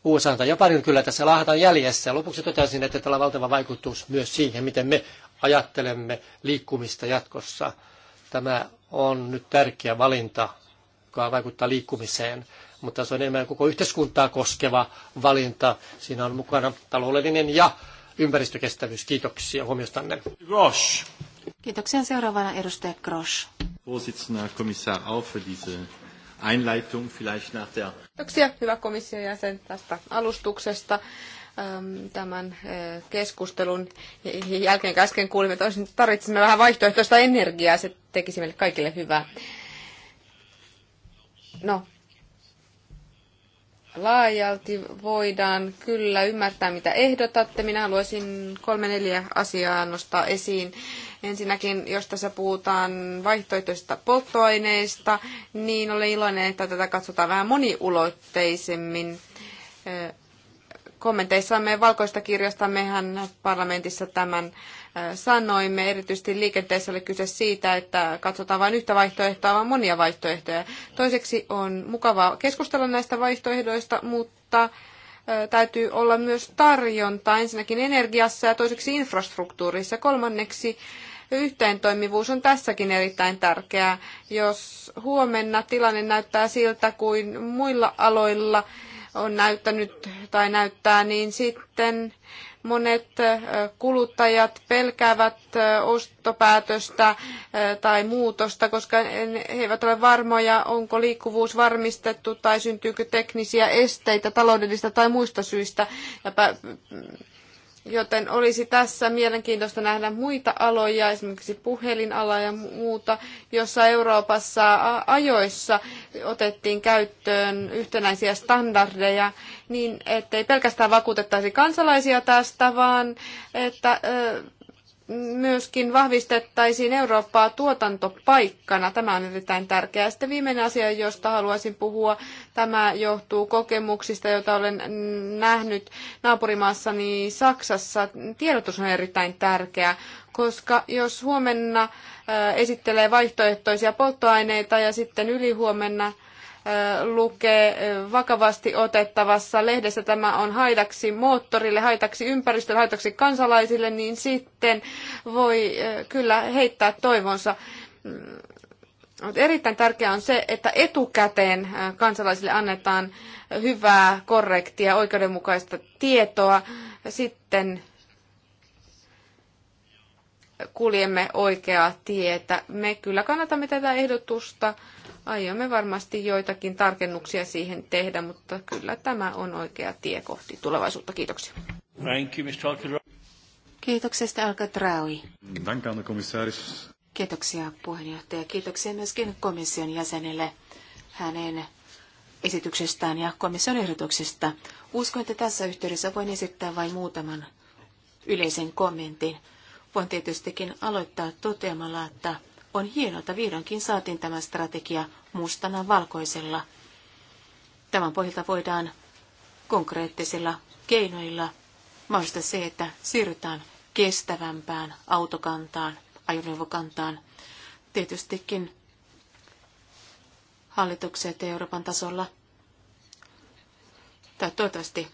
USA tai Japani, niin kyllä tässä laahataan jäljessä. Lopuksi totesin, että tällä on valtava vaikutus myös siihen, miten me ajattelemme liikkumista jatkossa. Tämä on nyt tärkeä valinta, joka vaikuttaa liikkumiseen mutta se on enemmän koko yhteiskuntaa koskeva valinta. Siinä on mukana taloudellinen ja ympäristökestävyys. Kiitoksia huomiostanne. Grosch. Kiitoksia seuraavana edustaja Grosch. Vorsitzender Kommissar auch für diese Einleitung vielleicht nach der... Kiitoksia hyvä komission jäsen tästä alustuksesta ähm, tämän äh, keskustelun jälkeen, kun äsken kuulimme, että tarvitsemme vähän vaihtoehtoista energiaa, se tekisi meille kaikille hyvää. No, laajalti voidaan kyllä ymmärtää, mitä ehdotatte. Minä haluaisin kolme neljä asiaa nostaa esiin. Ensinnäkin, jos tässä puhutaan vaihtoehtoisista polttoaineista, niin olen iloinen, että tätä katsotaan vähän moniulotteisemmin. Kommenteissamme valkoista kirjasta mehän parlamentissa tämän sanoimme, erityisesti liikenteessä oli kyse siitä, että katsotaan vain yhtä vaihtoehtoa, vaan monia vaihtoehtoja. Toiseksi on mukavaa keskustella näistä vaihtoehdoista, mutta täytyy olla myös tarjontaa ensinnäkin energiassa ja toiseksi infrastruktuurissa. Kolmanneksi yhteentoimivuus on tässäkin erittäin tärkeää. Jos huomenna tilanne näyttää siltä kuin muilla aloilla on näyttänyt tai näyttää, niin sitten Monet kuluttajat pelkäävät ostopäätöstä tai muutosta, koska he eivät ole varmoja, onko liikkuvuus varmistettu tai syntyykö teknisiä esteitä taloudellista tai muista syistä. Ja Joten olisi tässä mielenkiintoista nähdä muita aloja, esimerkiksi puhelinala ja muuta, jossa Euroopassa ajoissa otettiin käyttöön yhtenäisiä standardeja niin, ettei pelkästään vakuutettaisi kansalaisia tästä, vaan että myöskin vahvistettaisiin Eurooppaa tuotantopaikkana. Tämä on erittäin tärkeää. Sitten viimeinen asia, josta haluaisin puhua, tämä johtuu kokemuksista, joita olen nähnyt naapurimaassani Saksassa. Tiedotus on erittäin tärkeää, koska jos huomenna esittelee vaihtoehtoisia polttoaineita ja sitten ylihuomenna – lukee vakavasti otettavassa lehdessä tämä on haitaksi moottorille, haitaksi ympäristölle, haitaksi kansalaisille, niin sitten voi kyllä heittää toivonsa. Mm. erittäin tärkeää on se, että etukäteen kansalaisille annetaan hyvää, korrektia, oikeudenmukaista tietoa. Sitten kuljemme oikeaa tietä. Me kyllä kannatamme tätä ehdotusta Aiomme varmasti joitakin tarkennuksia siihen tehdä, mutta kyllä tämä on oikea tie kohti tulevaisuutta. Kiitoksia. Thank you, Mr. Kiitoksesta alkaa Traui. Kiitoksia puheenjohtaja. Kiitoksia myöskin komission jäsenelle hänen esityksestään ja komission ehdotuksesta. Uskon, että tässä yhteydessä voin esittää vain muutaman yleisen kommentin. Voin tietystikin aloittaa toteamalla, että on hienoa, että vihdoinkin saatiin tämä strategia mustana valkoisella. Tämän pohjalta voidaan konkreettisilla keinoilla mahdollista se, että siirrytään kestävämpään autokantaan, ajoneuvokantaan. Tietystikin hallitukset Euroopan tasolla, tai toivottavasti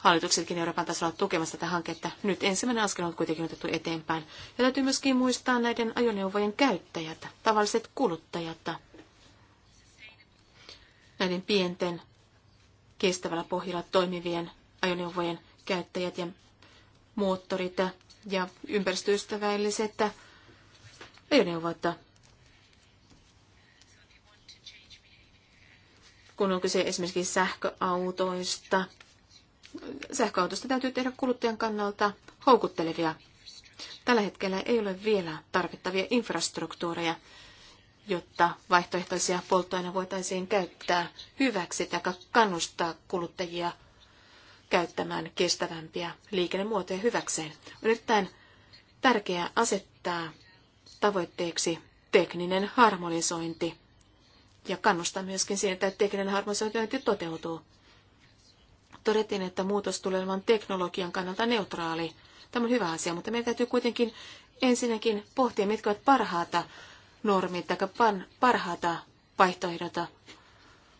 hallituksetkin Euroopan tasolla tukemassa tätä hanketta. Nyt ensimmäinen askel on kuitenkin otettu eteenpäin. Ja täytyy myöskin muistaa näiden ajoneuvojen käyttäjät, tavalliset kuluttajat, näiden pienten kestävällä pohjalla toimivien ajoneuvojen käyttäjät ja moottorit ja ympäristöystävälliset ajoneuvot. Kun on kyse esimerkiksi sähköautoista, sähköautosta täytyy tehdä kuluttajan kannalta houkuttelevia. Tällä hetkellä ei ole vielä tarvittavia infrastruktuureja, jotta vaihtoehtoisia polttoaineita voitaisiin käyttää hyväksi tai kannustaa kuluttajia käyttämään kestävämpiä liikennemuotoja hyväkseen. On erittäin tärkeää asettaa tavoitteeksi tekninen harmonisointi ja kannustaa myöskin siihen, että tekninen harmonisointi toteutuu todettiin, että muutos tulee olemaan teknologian kannalta neutraali. Tämä on hyvä asia, mutta meidän täytyy kuitenkin ensinnäkin pohtia, mitkä ovat parhaata normit tai parhaata vaihtoehdota,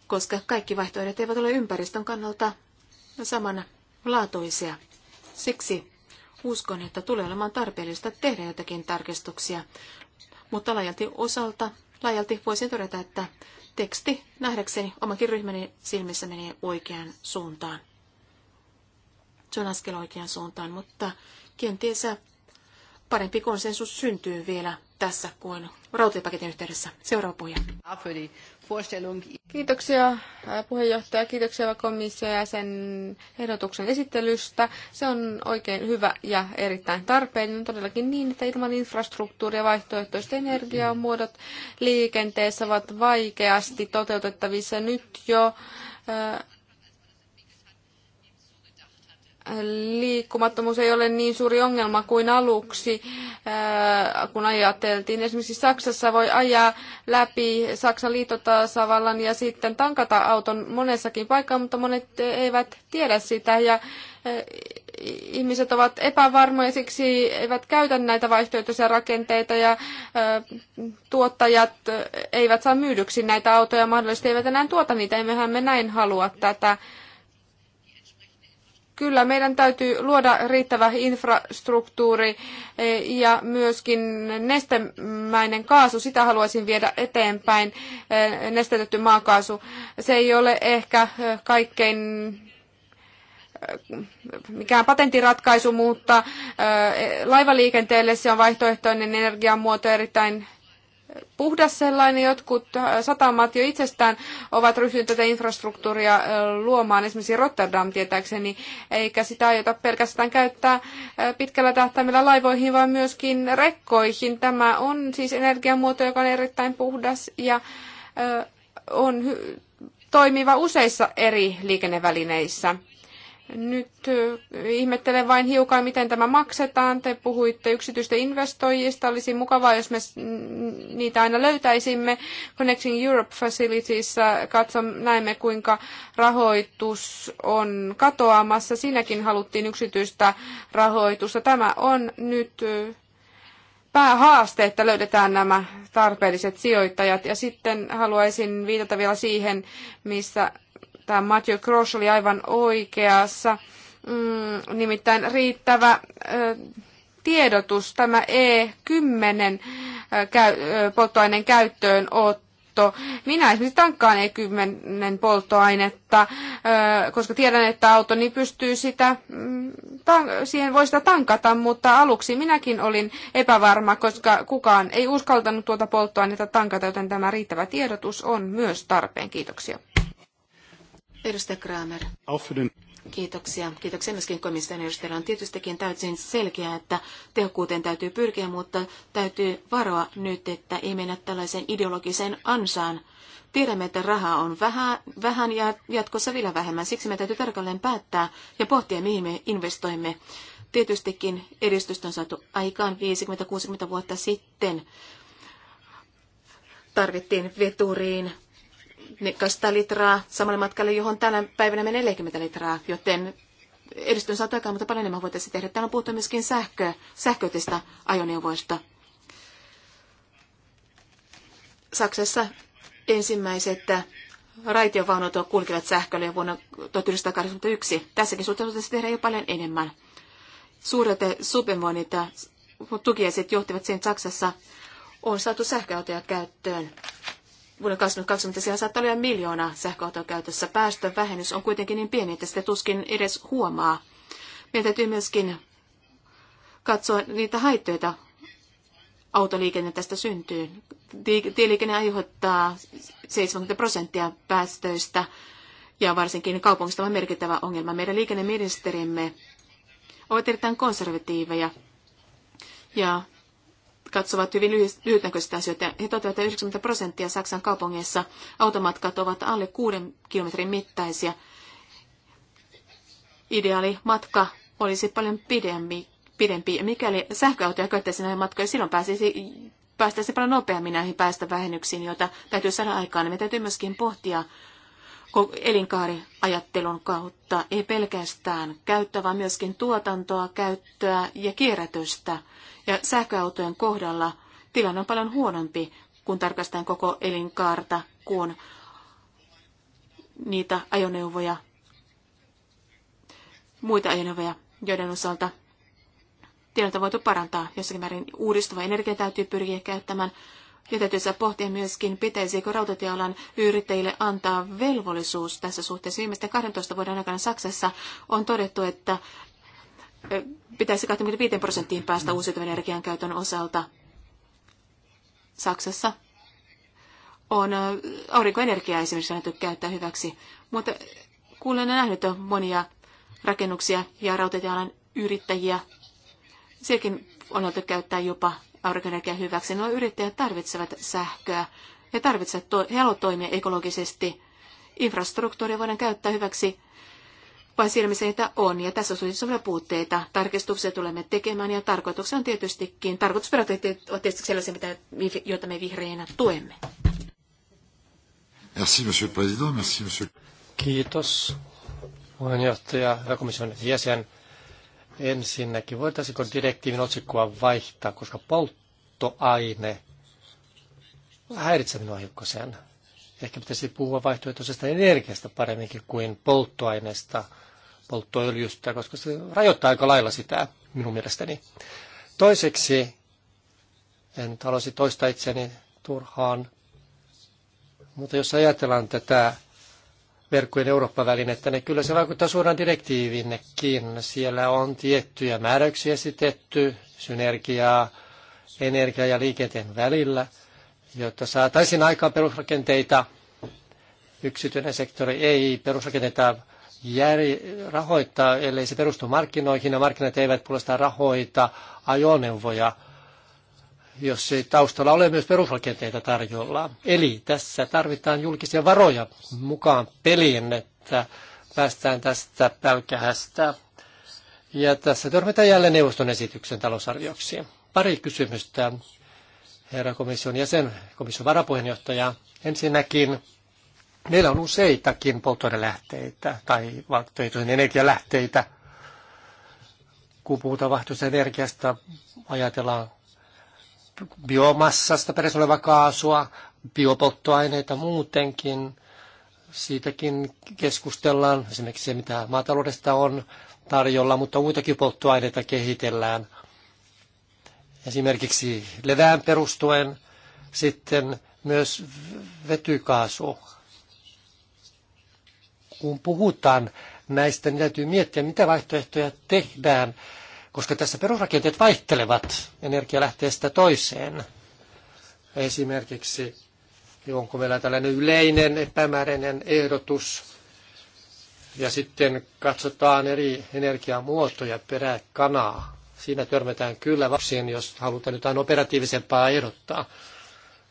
koska kaikki vaihtoehdot eivät ole ympäristön kannalta samanlaatuisia. Siksi uskon, että tulee olemaan tarpeellista tehdä jotakin tarkistuksia, mutta laajalti osalta, laajalti voisin todeta, että teksti nähdäkseni omankin ryhmäni silmissä menee oikeaan suuntaan. Se on askel oikeaan suuntaan, mutta kenties parempi konsensus syntyy vielä tässä kuin rautatiepaketin yhteydessä. Seuraava puhuja. Kiitoksia puheenjohtaja, kiitoksia komissio ja sen ehdotuksen esittelystä. Se on oikein hyvä ja erittäin tarpeellinen. Todellakin niin, että ilman infrastruktuuria vaihtoehtoiset energiamuodot liikenteessä ovat vaikeasti toteutettavissa nyt jo. Äh, liikkumattomuus ei ole niin suuri ongelma kuin aluksi, äh, kun ajateltiin. Esimerkiksi Saksassa voi ajaa läpi Saksan liitotasavallan ja sitten tankata auton monessakin paikkaa, mutta monet eivät tiedä sitä ja äh, ihmiset ovat epävarmoja, siksi eivät käytä näitä vaihtoehtoisia rakenteita ja äh, tuottajat eivät saa myydyksi näitä autoja, mahdollisesti eivät enää tuota niitä, emmehän me näin halua tätä kyllä meidän täytyy luoda riittävä infrastruktuuri eh, ja myöskin nestemäinen kaasu, sitä haluaisin viedä eteenpäin, eh, nestetetty maakaasu. Se ei ole ehkä eh, kaikkein mikään patenttiratkaisu, mutta laivaliikenteelle se on vaihtoehtoinen energiamuoto erittäin puhdas sellainen. Jotkut äh, satamat jo itsestään ovat ryhtyneet tätä infrastruktuuria äh, luomaan, esimerkiksi Rotterdam tietääkseni, eikä sitä aiota pelkästään käyttää äh, pitkällä tähtäimellä laivoihin, vaan myöskin rekkoihin. Tämä on siis energiamuoto, joka on erittäin puhdas ja on toimiva useissa eri liikennevälineissä. Nyt ihmettelen vain hiukan, miten tämä maksetaan. Te puhuitte yksityistä investoijista. Olisi mukavaa, jos me niitä aina löytäisimme. Connecting Europe Facilitiesissa katson, näemme, kuinka rahoitus on katoamassa. Siinäkin haluttiin yksityistä rahoitusta. Tämä on nyt päähaaste, että löydetään nämä tarpeelliset sijoittajat. Ja sitten haluaisin viitata vielä siihen, missä Tämä Mathieu Grosch oli aivan oikeassa. Mm, nimittäin riittävä ö, tiedotus, tämä E10 käy, polttoaineen käyttöönotto Minä esimerkiksi tankkaan E10 polttoainetta, koska tiedän, että auto niin pystyy sitä, mm, siihen voi sitä tankata, mutta aluksi minäkin olin epävarma, koska kukaan ei uskaltanut tuota polttoainetta tankata, joten tämä riittävä tiedotus on myös tarpeen. Kiitoksia. Edustaja Kramer. Kiitoksia. Kiitoksia myöskin komission edustajalle. On tietystikin täysin selkeää, että tehokkuuteen täytyy pyrkiä, mutta täytyy varoa nyt, että ei mennä tällaiseen ideologiseen ansaan. Tiedämme, että rahaa on vähän, vähän ja jatkossa vielä vähemmän. Siksi me täytyy tarkalleen päättää ja pohtia, mihin me investoimme. Tietystikin edistystä on saatu aikaan 50-60 vuotta sitten. Tarvittiin veturiin, 100 litraa samalle matkalle, johon tänä päivänä menee 40 litraa, joten edistön saa aikaa, mutta paljon enemmän voitaisiin tehdä. Täällä on puhuttu myöskin sähkö, sähköistä ajoneuvoista. Saksassa ensimmäiset raitiovaunut kulkevat sähköllä jo vuonna 1981. Tässäkin suhteessa tehdä jo paljon enemmän. Suuret subvenvoinnit ja tukiaiset johtivat sen Saksassa on saatu sähköautoja käyttöön vuonna 2020 siellä saattaa olla miljoona sähköautoa käytössä. päästövähennys on kuitenkin niin pieni, että sitä tuskin edes huomaa. Meidän täytyy myöskin katsoa niitä haittoja, autoliikenne tästä syntyy. Tieliikenne aiheuttaa 70 prosenttia päästöistä ja varsinkin kaupungista on merkittävä ongelma. Meidän liikenneministerimme ovat erittäin konservatiiveja ja katsovat hyvin lyhytnäköistä asioita. He toteavat, että 90 prosenttia Saksan kaupungeissa automatkat ovat alle 6 kilometrin mittaisia. Ideaali matka olisi paljon pidempi. pidempi. Mikäli sähköautoja käyttäisi näihin matkoihin, silloin pääsisi, päästäisiin paljon nopeammin näihin päästövähennyksiin, joita täytyy saada aikaan. Me täytyy myöskin pohtia elinkaariajattelun kautta, ei pelkästään käyttöä, vaan myöskin tuotantoa, käyttöä ja kierrätystä ja sähköautojen kohdalla tilanne on paljon huonompi, kun tarkastetaan koko elinkaarta, kun niitä ajoneuvoja, muita ajoneuvoja, joiden osalta tilannetta on voitu parantaa. Jossakin määrin uudistuva energia täytyy pyrkiä käyttämään. Ja täytyy saa pohtia myöskin, pitäisikö rautatiealan yrittäjille antaa velvollisuus tässä suhteessa. Viimeisten 12 vuoden aikana Saksassa on todettu, että pitäisi 25 prosenttiin päästä uusiutuvan energian käytön osalta. Saksassa on aurinkoenergiaa esimerkiksi annettu käyttää hyväksi, mutta kuulen ja nähnyt monia rakennuksia ja rautatiealan yrittäjiä. Sielläkin on oltu käyttää jopa aurinkoenergiaa hyväksi. Nuo yrittäjät tarvitsevat sähköä ja tarvitsevat to- he toimia ekologisesti. Infrastruktuuria voidaan käyttää hyväksi vai siellä, missä niitä on. Ja tässä on siis puutteita. Tarkistuksia tulemme tekemään ja tarkoituksena on tietystikin, tarkoitusperät ovat tietysti sellaisia, mitä, joita me vihreinä tuemme. Merci, monsieur le président. Merci, monsieur... Kiitos, puheenjohtaja ja komission jäsen. Ensinnäkin, voitaisiinko direktiivin otsikkoa vaihtaa, koska polttoaine häiritsee minua hiukkasen ehkä pitäisi puhua vaihtoehtoisesta energiasta paremminkin kuin polttoaineesta, polttoöljystä, koska se rajoittaa aika lailla sitä minun mielestäni. Toiseksi, en haluaisi toista itseni turhaan, mutta jos ajatellaan tätä verkkojen Eurooppa-välinettä, niin kyllä se vaikuttaa suoraan direktiivinnekin. Siellä on tiettyjä määräyksiä esitetty, synergiaa energia- ja liikenteen välillä, jotta saataisiin aikaan perusrakenteita. Yksityinen sektori ei perusrakenteita jär- rahoittaa, ellei se perustu markkinoihin, ja markkinat eivät puolestaan rahoita ajoneuvoja, jos ei taustalla ole myös perusrakenteita tarjolla. Eli tässä tarvitaan julkisia varoja mukaan peliin, että päästään tästä pälkähästä. Ja tässä törmätään jälleen neuvoston esityksen talousarvioksi. Pari kysymystä, herra komission jäsen, komission varapuheenjohtaja. Ensinnäkin, Meillä on useitakin polttoainelähteitä tai vaihtoehtoisen energialähteitä. Kun puhutaan vaihtoehtoisesta energiasta, ajatellaan biomassasta perässä olevaa kaasua, biopolttoaineita muutenkin. Siitäkin keskustellaan, esimerkiksi se mitä maataloudesta on tarjolla, mutta muitakin polttoaineita kehitellään. Esimerkiksi levään perustuen sitten myös vetykaasu kun puhutaan näistä, niin täytyy miettiä, mitä vaihtoehtoja tehdään, koska tässä perusrakenteet vaihtelevat energialähteestä toiseen. Esimerkiksi onko meillä tällainen yleinen epämääräinen ehdotus, ja sitten katsotaan eri energiamuotoja peräkanaa. Siinä törmätään kyllä vapsiin, jos halutaan jotain operatiivisempaa ehdottaa.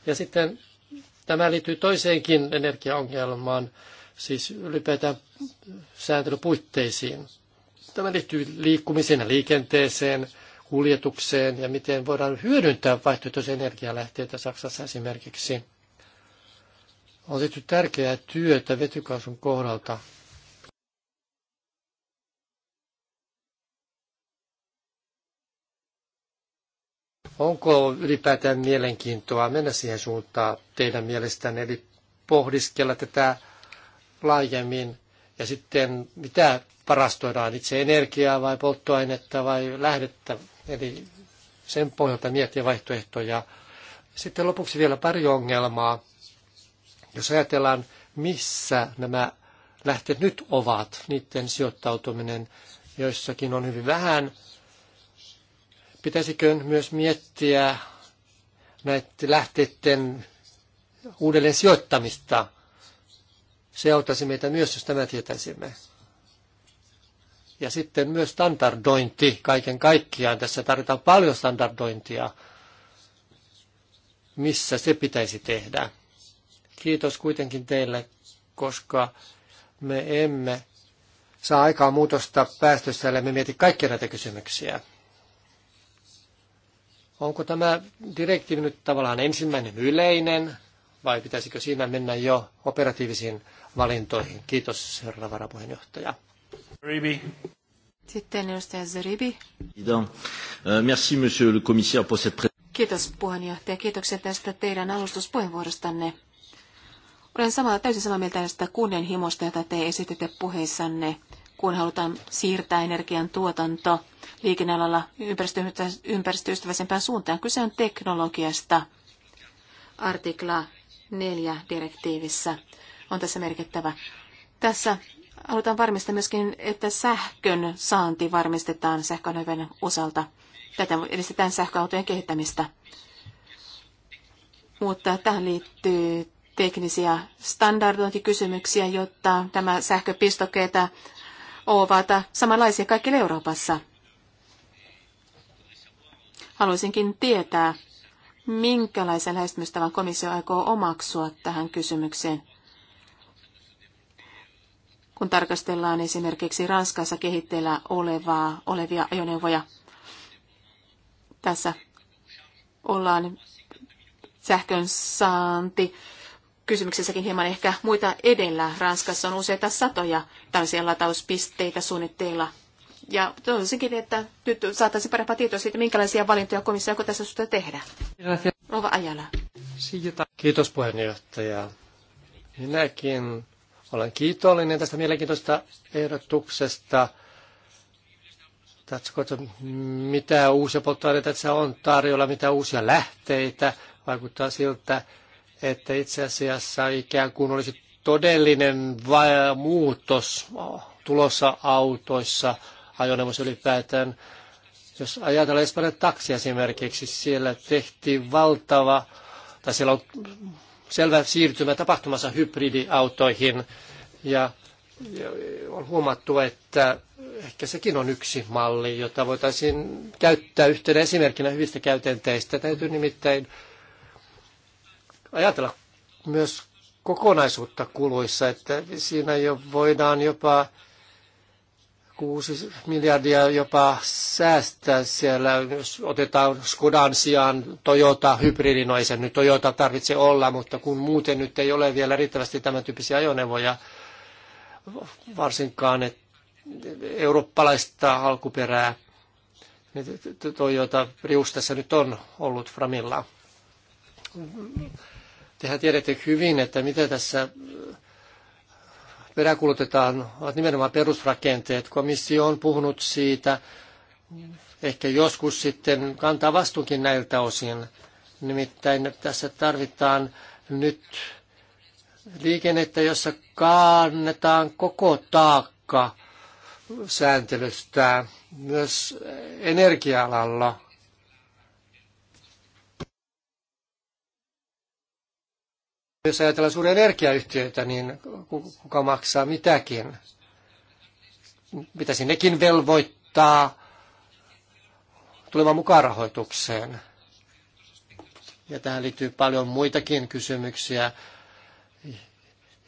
Ja sitten tämä liittyy toiseenkin energiaongelmaan, siis ylipäätään sääntelypuitteisiin. Tämä liittyy liikkumiseen ja liikenteeseen, kuljetukseen ja miten voidaan hyödyntää vaihtoehtoisia energialähteitä Saksassa esimerkiksi. On tehty tärkeää työtä vetykaasun kohdalta. Onko ylipäätään mielenkiintoa mennä siihen suuntaan teidän mielestänne, eli pohdiskella tätä laajemmin ja sitten mitä varastoidaan, itse energiaa vai polttoainetta vai lähdettä, eli sen pohjalta miettiä vaihtoehtoja. Sitten lopuksi vielä pari ongelmaa. Jos ajatellaan, missä nämä lähteet nyt ovat, niiden sijoittautuminen joissakin on hyvin vähän, pitäisikö myös miettiä näiden lähteiden uudelleen sijoittamista – se auttaisi meitä myös, jos tämä tietäisimme. Ja sitten myös standardointi kaiken kaikkiaan. Tässä tarvitaan paljon standardointia, missä se pitäisi tehdä. Kiitos kuitenkin teille, koska me emme saa aikaa muutosta päästössä, ellei me mieti kaikkia näitä kysymyksiä. Onko tämä direktiivi nyt tavallaan ensimmäinen yleinen vai pitäisikö siinä mennä jo operatiivisiin valintoihin? Kiitos, herra varapuheenjohtaja. Ribi. Sitten edustaja Zeribi. Euh, merci, monsieur le commissaire, pour cette Kiitos puheenjohtaja. Kiitoksia tästä teidän alustuspuheenvuorostanne. Olen sama, täysin samaa mieltä tästä kunnianhimosta, jota te esititte puheissanne, kun halutaan siirtää energian tuotanto liikennealalla ympäristöystävällisempään suuntaan. Kyse on teknologiasta. Artikla 4 direktiivissä on tässä merkittävä. Tässä halutaan varmistaa myöskin, että sähkön saanti varmistetaan sähkönhyvän osalta. Tätä edistetään sähköautojen kehittämistä. Mutta tähän liittyy teknisiä standardointikysymyksiä, jotta tämä sähköpistokkeet ovat samanlaisia kaikille Euroopassa. Haluaisinkin tietää, minkälaisen lähestymistavan komissio aikoo omaksua tähän kysymykseen. Kun tarkastellaan esimerkiksi Ranskassa kehitteillä olevaa, olevia ajoneuvoja, tässä ollaan sähkön saanti kysymyksessäkin hieman ehkä muita edellä. Ranskassa on useita satoja tällaisia latauspisteitä suunnitteilla ja toivoisinkin, että nyt saataisiin parempaa tietoa siitä, minkälaisia valintoja komissio aikoo tässä suhteen tehdä. Rova Ajala. Kiitos puheenjohtaja. Minäkin olen kiitollinen tästä mielenkiintoista ehdotuksesta. Katsokoon, mitä uusia polttoaineita tässä on tarjolla, mitä uusia lähteitä. Vaikuttaa siltä, että itse asiassa ikään kuin olisi todellinen muutos tulossa autoissa – ajoneuvossa ylipäätään. Jos ajatellaan Espanjan taksi esimerkiksi, siellä tehtiin valtava, tai siellä on selvä siirtymä tapahtumassa hybridiautoihin, ja on huomattu, että ehkä sekin on yksi malli, jota voitaisiin käyttää yhtenä esimerkkinä hyvistä käytänteistä. Täytyy nimittäin ajatella myös kokonaisuutta kuluissa, että siinä jo voidaan jopa kuusi miljardia jopa säästää siellä, jos otetaan Skodan sijaan Toyota hybridi, no ei se nyt Toyota tarvitse olla, mutta kun muuten nyt ei ole vielä riittävästi tämän tyyppisiä ajoneuvoja, varsinkaan että eurooppalaista alkuperää, niin Toyota Prius tässä nyt on ollut Framilla. Tehän tiedätte hyvin, että mitä tässä peräkulutetaan, ovat nimenomaan perusrakenteet. Komissio on puhunut siitä, ehkä joskus sitten kantaa vastuunkin näiltä osin. Nimittäin tässä tarvitaan nyt liikennettä, jossa kaannetaan koko taakka sääntelystä myös energia-alalla Jos ajatellaan suuria energiayhtiöitä, niin kuka maksaa mitäkin? Pitäisi nekin velvoittaa tulemaan mukaan rahoitukseen. Ja tähän liittyy paljon muitakin kysymyksiä,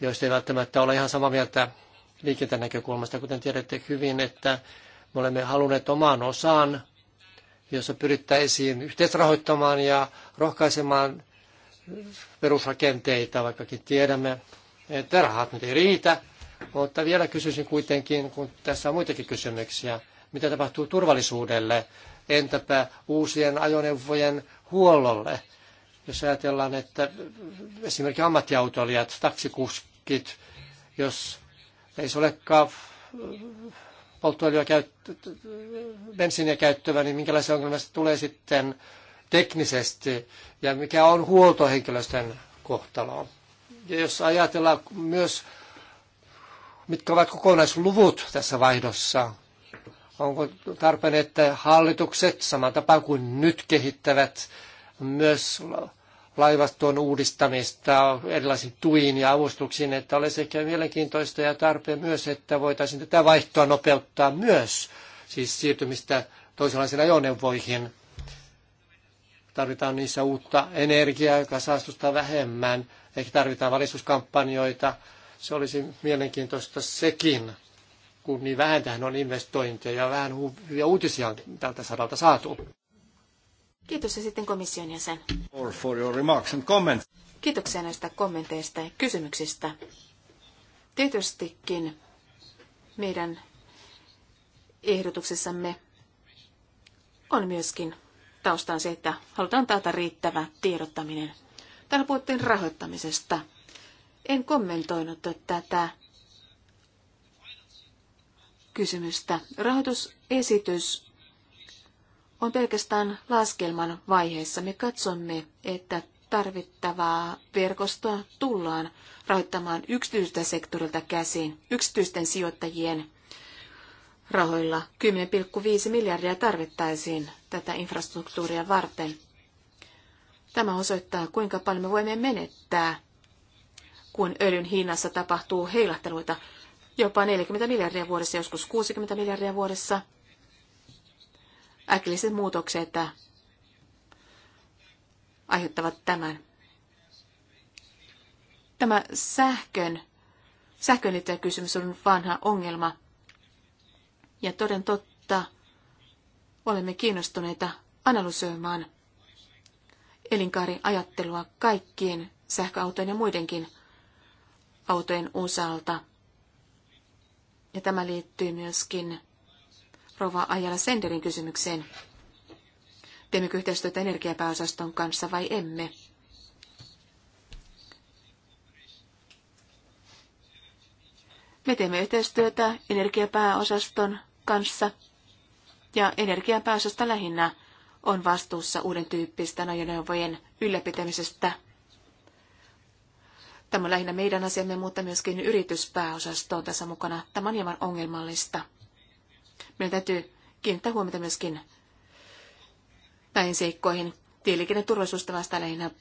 joista ei välttämättä ole ihan samaa mieltä liikenteen näkökulmasta, kuten tiedätte hyvin, että me olemme halunneet omaan osaan, jossa pyrittäisiin yhteisrahoittamaan ja rohkaisemaan perusrakenteita, vaikkakin tiedämme, että rahat nyt ei riitä. Mutta vielä kysyisin kuitenkin, kun tässä on muitakin kysymyksiä, mitä tapahtuu turvallisuudelle, entäpä uusien ajoneuvojen huollolle? Jos ajatellaan, että esimerkiksi ammattiautoilijat, taksikuskit, jos ei se olekaan äh, polttoöljyä käyttö, bensiiniä käyttävä, niin minkälaisia ongelmia tulee sitten teknisesti ja mikä on huoltohenkilöstön kohtalo. Ja jos ajatellaan myös, mitkä ovat kokonaisluvut tässä vaihdossa, onko tarpeen, että hallitukset saman tapaan kuin nyt kehittävät myös laivaston uudistamista erilaisiin tuin ja avustuksiin, että olisi ehkä mielenkiintoista ja tarpeen myös, että voitaisiin tätä vaihtoa nopeuttaa myös, siis siirtymistä toisenlaisiin ajoneuvoihin. Tarvitaan niissä uutta energiaa, joka saastuttaa vähemmän. Ehkä tarvitaan valistuskampanjoita. Se olisi mielenkiintoista sekin, kun niin vähän tähän on investointeja ja vähän hyviä uutisia on tältä saralta saatu. Kiitos ja sitten komission jäsen. For your remarks and comments. Kiitoksia näistä kommenteista ja kysymyksistä. Tietystikin meidän ehdotuksessamme on myöskin taustaan se, että halutaan taata riittävä tiedottaminen. Täällä puhuttiin rahoittamisesta. En kommentoinut tätä kysymystä. Rahoitusesitys on pelkästään laskelman vaiheessa. Me katsomme, että tarvittavaa verkostoa tullaan rahoittamaan yksityistä sektorilta käsin, yksityisten sijoittajien rahoilla. 10,5 miljardia tarvittaisiin tätä infrastruktuuria varten. Tämä osoittaa, kuinka paljon me voimme menettää, kun öljyn hinnassa tapahtuu heilahteluita jopa 40 miljardia vuodessa, joskus 60 miljardia vuodessa. Äkilliset muutokset aiheuttavat tämän. Tämä sähkön, sähkön kysymys on vanha ongelma ja toden totta olemme kiinnostuneita analysoimaan elinkaariajattelua kaikkien sähköautojen ja muidenkin autojen osalta. Ja tämä liittyy myöskin Rova Ajala Senderin kysymykseen. Teemmekö yhteistyötä energiapääosaston kanssa vai emme? Me teemme yhteistyötä energiapääosaston kanssa. Ja energian pääsystä lähinnä on vastuussa uuden tyyppisten ajoneuvojen ylläpitämisestä. Tämä on lähinnä meidän asiamme, mutta myöskin yrityspääosasto on tässä mukana. Tämä on hieman ongelmallista. Meidän täytyy kiinnittää huomiota myöskin näihin seikkoihin. Tieliikenneturvallisuus vastaa lähinnä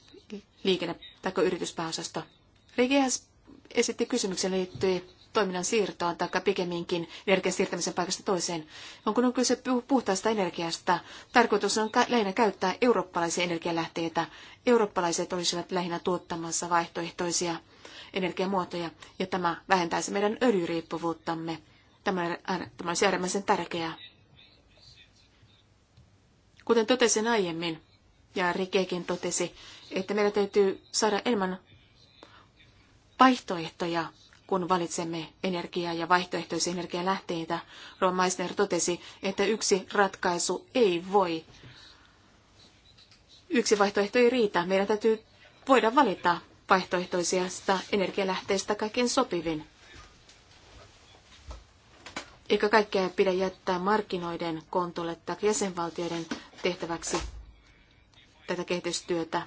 liikenne- tai yrityspääosasto. Rikias esitti kysymyksen liittyen toiminnan siirtoon tai pikemminkin energian siirtämisen paikasta toiseen. On kun on kyse puhtaasta energiasta, tarkoitus on lähinnä käyttää eurooppalaisia energialähteitä. Eurooppalaiset olisivat lähinnä tuottamassa vaihtoehtoisia energiamuotoja, ja tämä vähentäisi meidän öljyriippuvuuttamme. Tämä, olisi äärimmäisen tärkeää. Kuten totesin aiemmin, ja Rikekin totesi, että meidän täytyy saada enemmän vaihtoehtoja kun valitsemme energiaa ja vaihtoehtoisia energialähteitä. Ron Meissner totesi, että yksi ratkaisu ei voi. Yksi vaihtoehto ei riitä. Meidän täytyy voida valita vaihtoehtoisista energialähteistä kaikkein sopivin. Eikä kaikkea pidä jättää markkinoiden kontolle tai jäsenvaltioiden tehtäväksi tätä kehitystyötä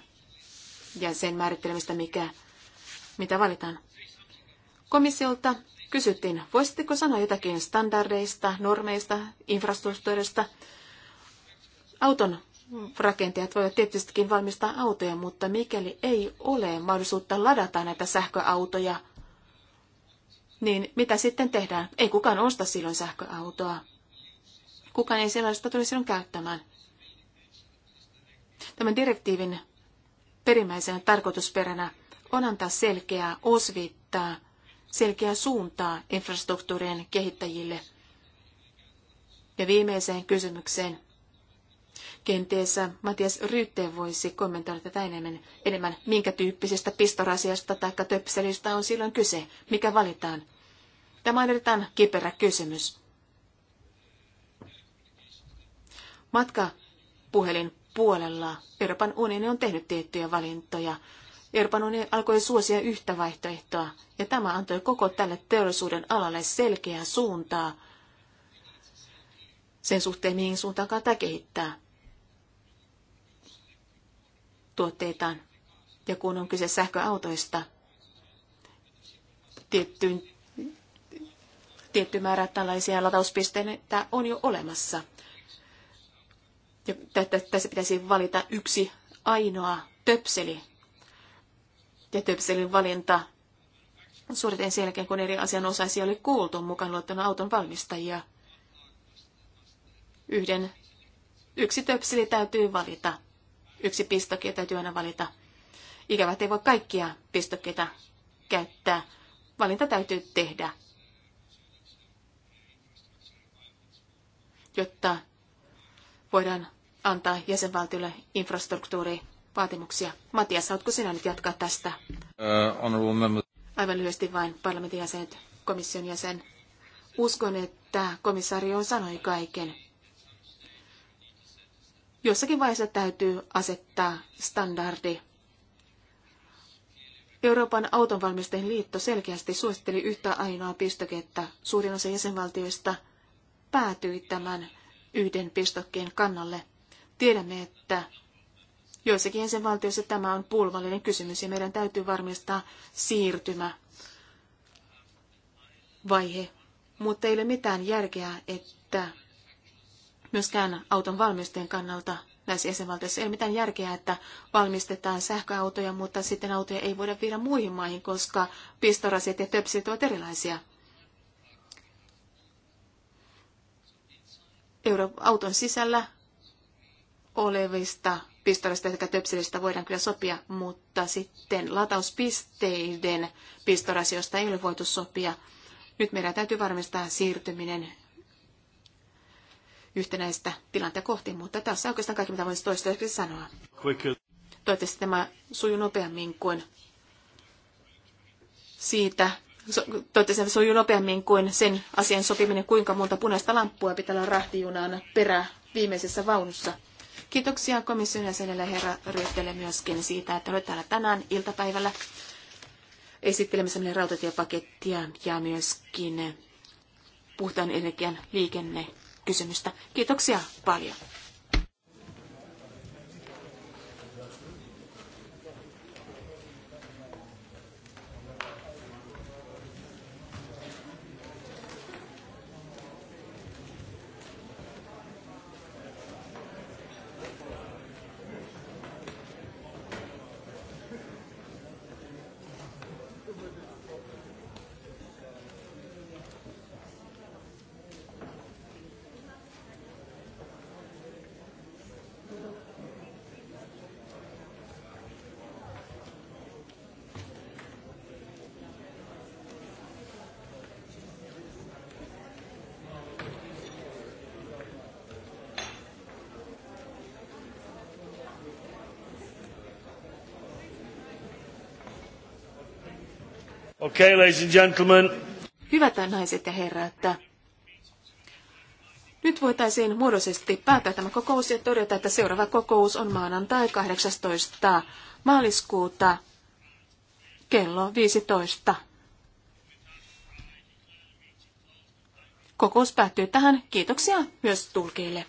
ja sen määrittelemistä, mikä, mitä valitaan. Komissiolta kysyttiin, voisitteko sanoa jotakin standardeista, normeista, infrastruktuurista. Auton rakentajat voivat tietystikin valmistaa autoja, mutta mikäli ei ole mahdollisuutta ladata näitä sähköautoja, niin mitä sitten tehdään? Ei kukaan osta silloin sähköautoa. Kukaan ei sellaista tule silloin käyttämään. Tämän direktiivin perimmäisenä tarkoitusperänä on antaa selkeää osvittaa selkeää suuntaa infrastruktuurien kehittäjille. Ja viimeiseen kysymykseen. Kenties Matias Ryytteen voisi kommentoida tätä enemmän, enemmän, minkä tyyppisestä pistorasiasta tai töpselistä on silloin kyse, mikä valitaan. Tämä on erittäin kiperä kysymys. Matka puhelin puolella Euroopan unioni on tehnyt tiettyjä valintoja Euroopan unioni alkoi suosia yhtä vaihtoehtoa, ja tämä antoi koko tälle teollisuuden alalle selkeää suuntaa sen suhteen, mihin suuntaan kannattaa kehittää tuotteitaan. Ja kun on kyse sähköautoista, tiettyyn, tietty määrä tällaisia latauspisteitä on jo olemassa. Ja tässä pitäisi valita yksi ainoa töpseli ja töpselin valinta suoritin sen jälkeen, kun eri asianosaisia oli kuultu mukaan luettuna auton valmistajia. Yhden, yksi töpseli täytyy valita. Yksi pistokki täytyy aina valita. Ikävät ei voi kaikkia pistokkeita käyttää. Valinta täytyy tehdä, jotta voidaan antaa jäsenvaltiolle infrastruktuuri vaatimuksia. Matias, saatko sinä nyt jatkaa tästä? Uh, Aivan lyhyesti vain parlamentin jäsenet, komission jäsen. Uskon, että komissaari on sanoi kaiken. Jossakin vaiheessa täytyy asettaa standardi. Euroopan autonvalmistajien liitto selkeästi suositteli yhtä ainoa pistokettä. Suurin osa jäsenvaltioista päätyi tämän yhden pistokkeen kannalle. Tiedämme, että Joissakin jäsenvaltioissa tämä on pulmallinen kysymys ja meidän täytyy varmistaa siirtymä vaihe. Mutta ei ole mitään järkeä, että myöskään auton valmisteen kannalta näissä jäsenvaltioissa ei ole mitään järkeä, että valmistetaan sähköautoja, mutta sitten autoja ei voida viedä muihin maihin, koska pistorasit ja töpsit ovat erilaisia. Euro- auton sisällä olevista pistolista sekä töpselistä voidaan kyllä sopia, mutta sitten latauspisteiden pistorasioista ei ole voitu sopia. Nyt meidän täytyy varmistaa siirtyminen yhtenäistä tilannetta kohti, mutta tässä on oikeastaan kaikki, mitä voisin toistaiseksi sanoa. Toivottavasti tämä sujuu nopeammin kuin siitä, toivottavasti se sujuu nopeammin kuin sen asian sopiminen, kuinka monta punaista lamppua pitää olla rahtijunan perä viimeisessä vaunussa. Kiitoksia komission jäsenelle herra Ryöttele myöskin siitä, että olet täällä tänään iltapäivällä esittelemässä meidän rautatiepakettia ja myöskin puhtaan energian liikennekysymystä. Kiitoksia paljon. Okay, ladies and gentlemen. Hyvät naiset ja herrat, nyt voitaisiin muodollisesti päättää tämä kokous ja todeta, että seuraava kokous on maanantai 18. maaliskuuta kello 15. Kokous päättyy tähän. Kiitoksia myös tulkeille.